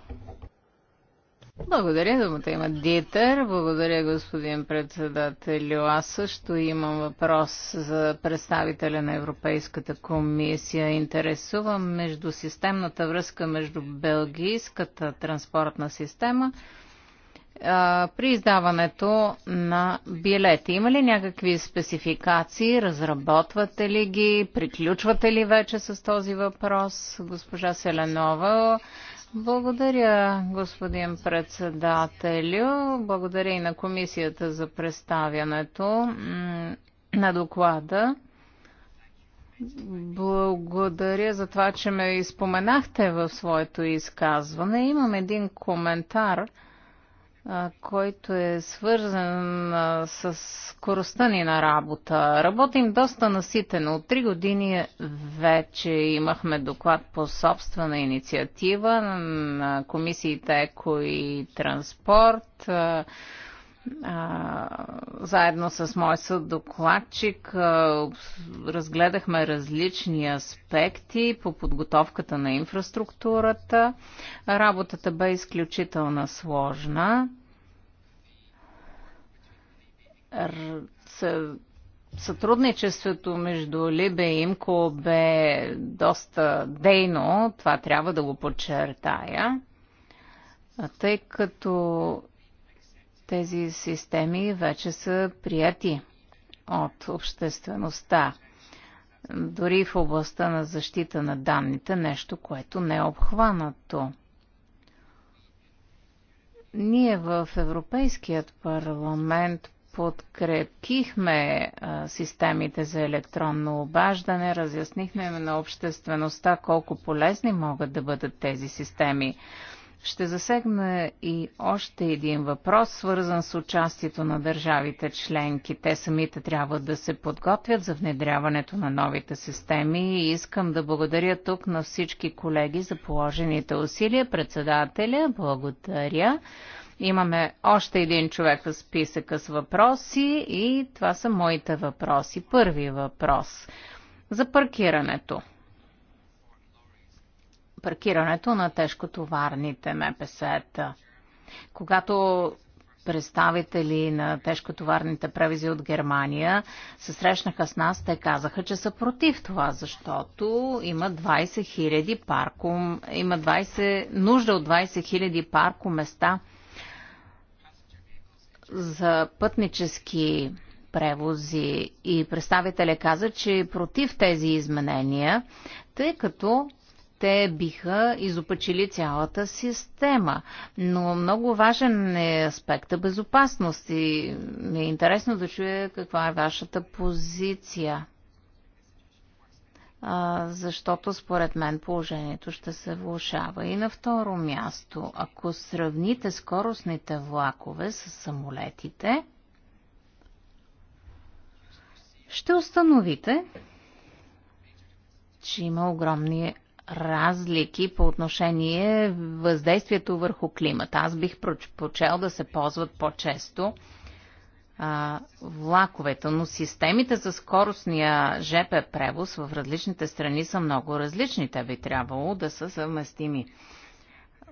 Благодаря, думата има Дитър. Благодаря, господин председател. Аз също имам въпрос за представителя на Европейската комисия. Интересувам между системната връзка между Белгийската транспортна система при издаването на билети. Има ли някакви спецификации? Разработвате ли ги? Приключвате ли вече с този въпрос? Госпожа Селенова благодаря, господин председателю. Благодаря и на комисията за представянето на доклада. Благодаря за това, че ме изпоменахте в своето изказване. Имам един коментар – който е свързан с скоростта ни на работа. Работим доста наситено. От три години вече имахме доклад по собствена инициатива на комисиите Еко и Транспорт заедно с мой съд докладчик разгледахме различни аспекти по подготовката на инфраструктурата. Работата бе изключително сложна. Сътрудничеството между Либе и Имко бе доста дейно, това трябва да го подчертая, тъй като тези системи вече са прияти от обществеността. Дори в областта на защита на данните, нещо, което не е обхванато. Ние в Европейският парламент подкрепихме а, системите за електронно обаждане, разяснихме на обществеността колко полезни могат да бъдат тези системи ще засегна и още един въпрос, свързан с участието на държавите членки. Те самите трябва да се подготвят за внедряването на новите системи и искам да благодаря тук на всички колеги за положените усилия. Председателя, благодаря. Имаме още един човек в списъка с въпроси и това са моите въпроси. Първи въпрос за паркирането паркирането на тежкотоварните МПС-та. Когато представители на тежкотоварните превизи от Германия се срещнаха с нас, те казаха, че са против това, защото има 20 000 парко, има 20, нужда от 20 000 парко места за пътнически превози и представителя каза, че е против тези изменения, тъй като те биха изопачили цялата система. Но много важен е аспекта безопасност и ми е интересно да чуя каква е вашата позиция. А, защото според мен положението ще се влушава. И на второ място, ако сравните скоростните влакове с самолетите, ще установите, че има огромни разлики по отношение въздействието върху климата. Аз бих почел да се ползват по-често влаковете, но системите за скоростния ЖП превоз в различните страни са много различни. Те би трябвало да са съвместими.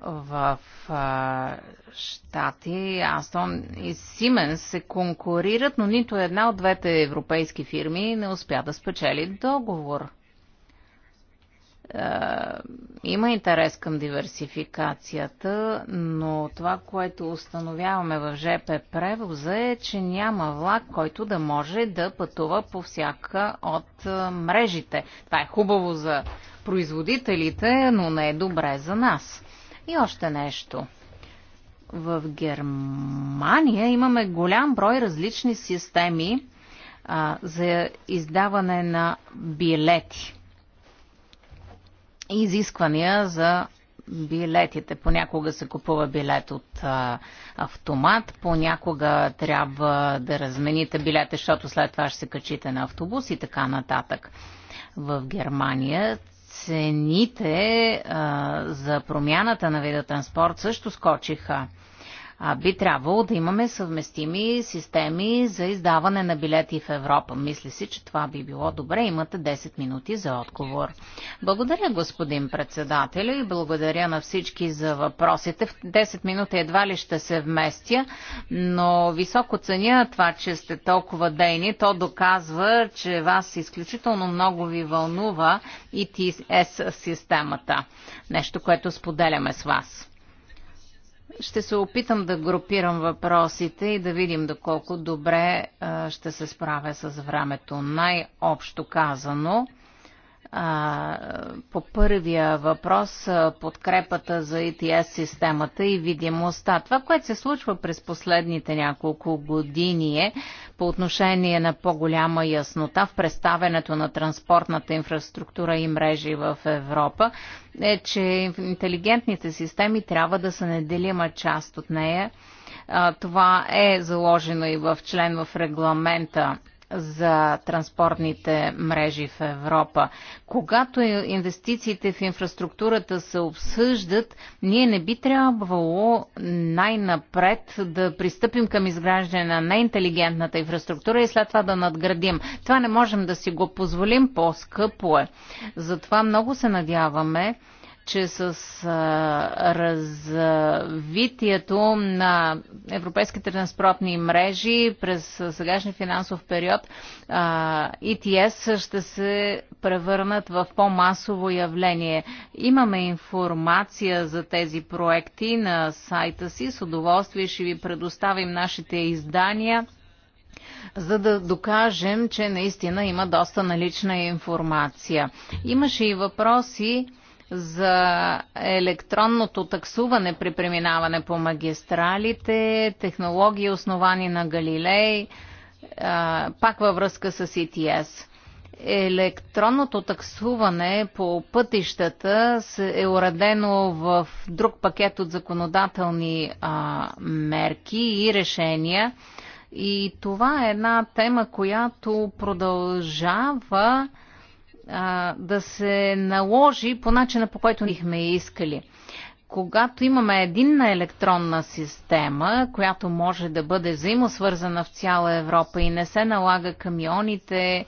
В а, Штати Астон и Сименс се конкурират, но нито една от двете европейски фирми не успя да спечели договор. Е, има интерес към диверсификацията, но това, което установяваме в ЖП превоза е, че няма влак, който да може да пътува по всяка от е, мрежите. Това е хубаво за производителите, но не е добре за нас. И още нещо. В Германия имаме голям брой различни системи а, за издаване на билети изисквания за билетите. Понякога се купува билет от а, автомат, понякога трябва да размените билета, защото след това ще се качите на автобус и така нататък. В Германия цените а, за промяната на вида транспорт също скочиха. А би трябвало да имаме съвместими системи за издаване на билети в Европа. Мисля си, че това би било добре. Имате 10 минути за отговор. Благодаря, господин председател, и благодаря на всички за въпросите. В 10 минути едва ли ще се вместя, но високо ценя това, че сте толкова дейни. То доказва, че вас изключително много ви вълнува и ТС системата. Нещо, което споделяме с вас. Ще се опитам да групирам въпросите и да видим доколко добре ще се справя с времето. Най-общо казано, а, по първия въпрос подкрепата за ETS системата и видимостта. Това, което се случва през последните няколко години е по отношение на по-голяма яснота в представенето на транспортната инфраструктура и мрежи в Европа, е, че интелигентните системи трябва да са неделима част от нея. А, това е заложено и в член в регламента за транспортните мрежи в Европа. Когато е- инвестициите в инфраструктурата се обсъждат, ние не би трябвало най-напред да пристъпим към изграждане на неинтелигентната инфраструктура и след това да надградим. Това не можем да си го позволим, по-скъпо е. Затова много се надяваме, че с а, развитието на европейските транспортни мрежи през сегашния финансов период а, ETS ще се превърнат в по-масово явление. Имаме информация за тези проекти на сайта си. С удоволствие ще ви предоставим нашите издания за да докажем, че наистина има доста налична информация. Имаше и въпроси за електронното таксуване при преминаване по магистралите, технологии основани на Галилей, пак във връзка с ETS. Електронното таксуване по пътищата е уредено в друг пакет от законодателни а, мерки и решения. И това е една тема, която продължава а, да се наложи по начина по който бихме искали. Когато имаме единна електронна система, която може да бъде взаимосвързана в цяла Европа и не се налага камионите,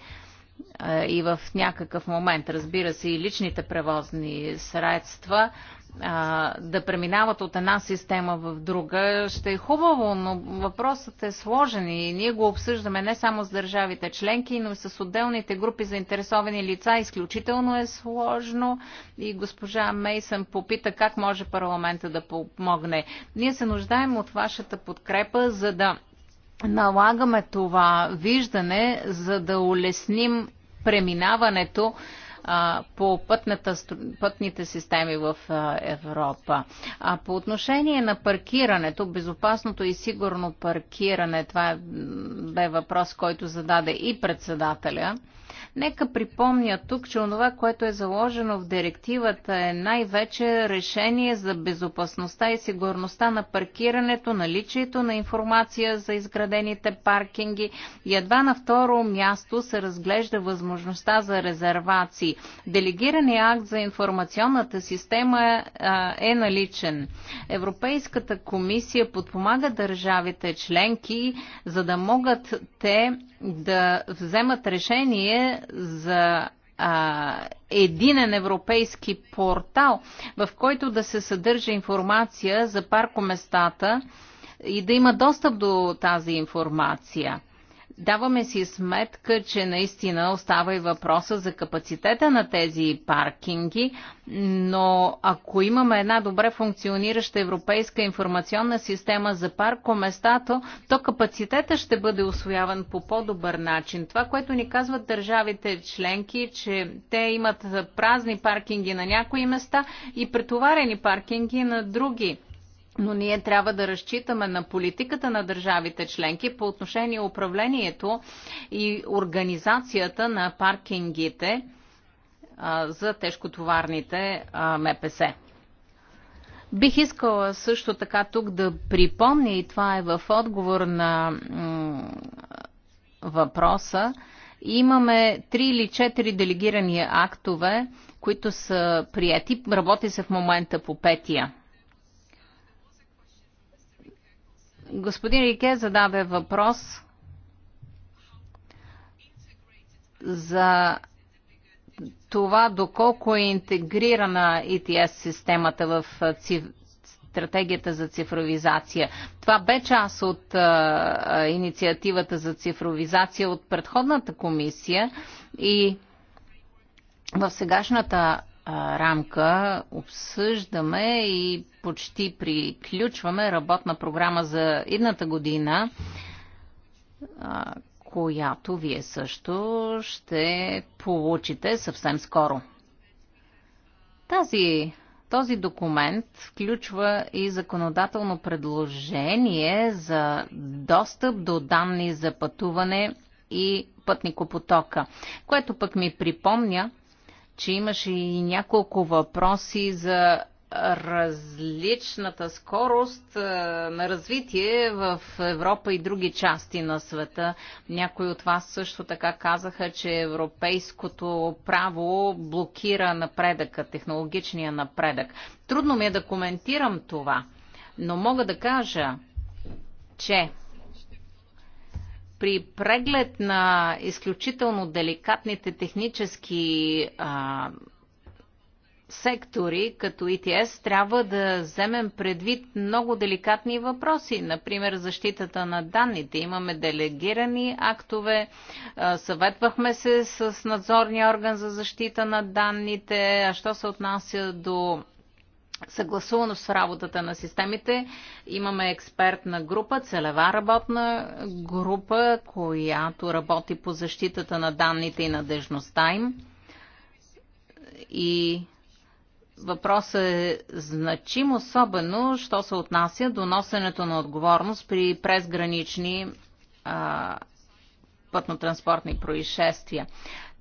и в някакъв момент, разбира се, и личните превозни средства а, да преминават от една система в друга, ще е хубаво, но въпросът е сложен и ние го обсъждаме не само с държавите членки, но и с отделните групи заинтересовани лица. Изключително е сложно и госпожа Мейсън попита как може парламента да помогне. Ние се нуждаем от вашата подкрепа, за да налагаме това виждане, за да улесним преминаването а, по пътната, пътните системи в а, Европа. А по отношение на паркирането, безопасното и сигурно паркиране, това бе въпрос, който зададе и председателя. Нека припомня тук, че онова, което е заложено в директивата е най-вече решение за безопасността и сигурността на паркирането, наличието на информация за изградените паркинги и едва на второ място се разглежда възможността за резервации. Делегираният акт за информационната система е, е наличен. Европейската комисия подпомага държавите членки, за да могат те да вземат решение за а, единен европейски портал, в който да се съдържа информация за паркоместата и да има достъп до тази информация. Даваме си сметка, че наистина остава и въпроса за капацитета на тези паркинги, но ако имаме една добре функционираща европейска информационна система за паркоместато, то капацитета ще бъде освояван по по-добър начин. Това, което ни казват държавите членки, че те имат празни паркинги на някои места и претоварени паркинги на други но ние трябва да разчитаме на политиката на държавите членки по отношение управлението и организацията на паркингите за тежкотоварните МПС. Бих искала също така тук да припомня, и това е в отговор на въпроса, имаме три или четири делегирани актове, които са прияти. Работи се в момента по петия Господин Рике зададе въпрос за това доколко е интегрирана ETS системата в стратегията за цифровизация. Това бе част от а, инициативата за цифровизация от предходната комисия и в сегашната рамка обсъждаме и почти приключваме работна програма за едната година, която вие също ще получите съвсем скоро. Тази, този документ включва и законодателно предложение за достъп до данни за пътуване и пътникопотока, което пък ми припомня, че имаше и няколко въпроси за различната скорост на развитие в Европа и други части на света. Някои от вас също така казаха, че европейското право блокира напредъка, технологичния напредък. Трудно ми е да коментирам това, но мога да кажа, че при преглед на изключително деликатните технически а, сектори, като ETS, трябва да вземем предвид много деликатни въпроси, например защитата на данните. Имаме делегирани актове, съветвахме се с надзорния орган за защита на данните, а що се отнася до съгласувано с работата на системите. Имаме експертна група, целева работна група, която работи по защитата на данните и надежността им. И въпросът е значим, особено, що се отнася до носенето на отговорност при презгранични пътно-транспортни происшествия.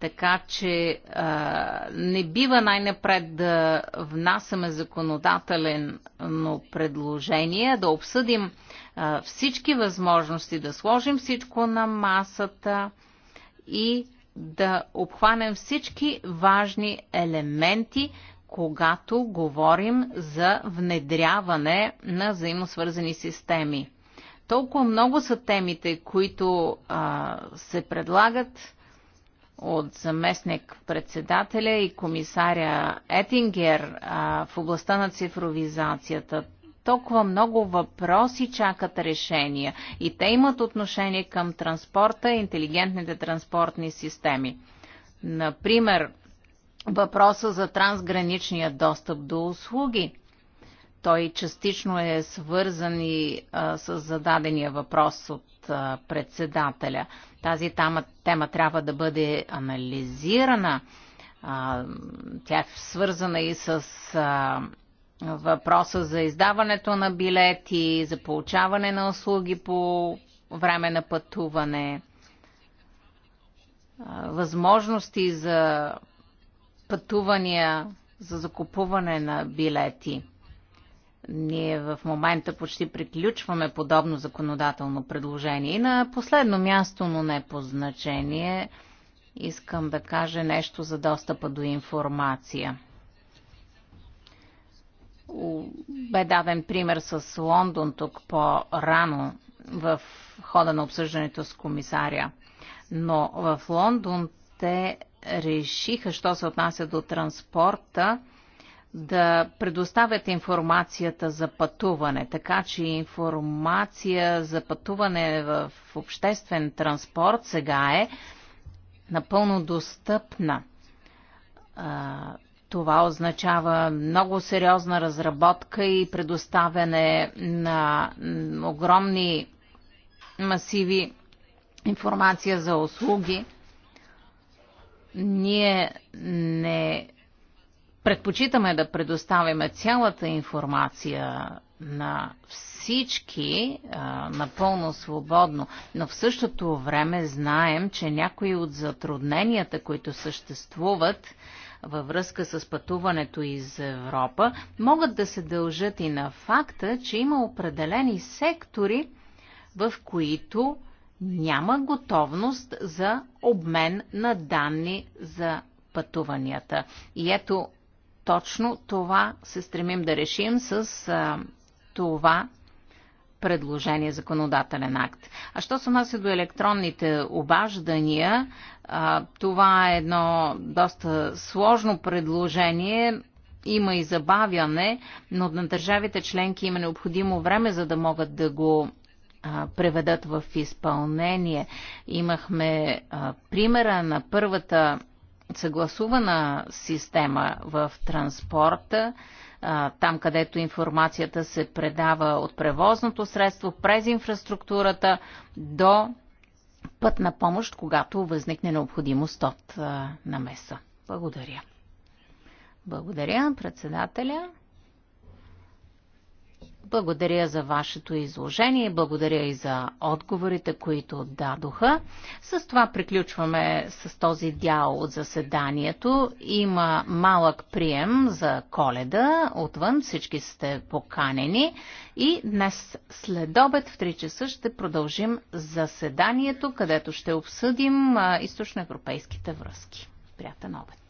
Така че а, не бива най-напред да внасяме законодателено предложение, да обсъдим а, всички възможности, да сложим всичко на масата и да обхванем всички важни елементи, когато говорим за внедряване на взаимосвързани системи. Толкова много са темите, които а, се предлагат от заместник председателя и комисаря Етингер а, в областта на цифровизацията. Толкова много въпроси чакат решения и те имат отношение към транспорта и интелигентните транспортни системи. Например, въпроса за трансграничния достъп до услуги – той частично е свързан и а, с зададения въпрос от а, председателя. Тази тема, тема трябва да бъде анализирана. А, тя е свързана и с а, въпроса за издаването на билети, за получаване на услуги по време на пътуване, възможности за пътувания, за закупуване на билети. Ние в момента почти приключваме подобно законодателно предложение. И на последно място, но не по значение, искам да кажа нещо за достъпа до информация. Бе даден пример с Лондон тук по-рано в хода на обсъждането с комисаря. Но в Лондон те решиха, що се отнася до транспорта, да предоставят информацията за пътуване, така че информация за пътуване в обществен транспорт сега е напълно достъпна. Това означава много сериозна разработка и предоставяне на огромни масиви информация за услуги. Ние не предпочитаме да предоставяме цялата информация на всички а, напълно свободно, но в същото време знаем, че някои от затрудненията, които съществуват във връзка с пътуването из Европа, могат да се дължат и на факта, че има определени сектори, в които няма готовност за обмен на данни за пътуванията. И ето точно това се стремим да решим с а, това предложение законодателен акт. А що се нася до електронните обаждания, а, това е едно доста сложно предложение. Има и забавяне, но на държавите членки има необходимо време, за да могат да го преведат в изпълнение. Имахме а, примера на първата съгласувана система в транспорта, там където информацията се предава от превозното средство през инфраструктурата до път на помощ, когато възникне необходимост от намеса. Благодаря. Благодаря, председателя. Благодаря за вашето изложение, благодаря и за отговорите, които дадоха. С това приключваме с този дял от заседанието. Има малък прием за коледа. Отвън всички сте поканени. И днес след обед в 3 часа ще продължим заседанието, където ще обсъдим източноевропейските връзки. Приятен обед!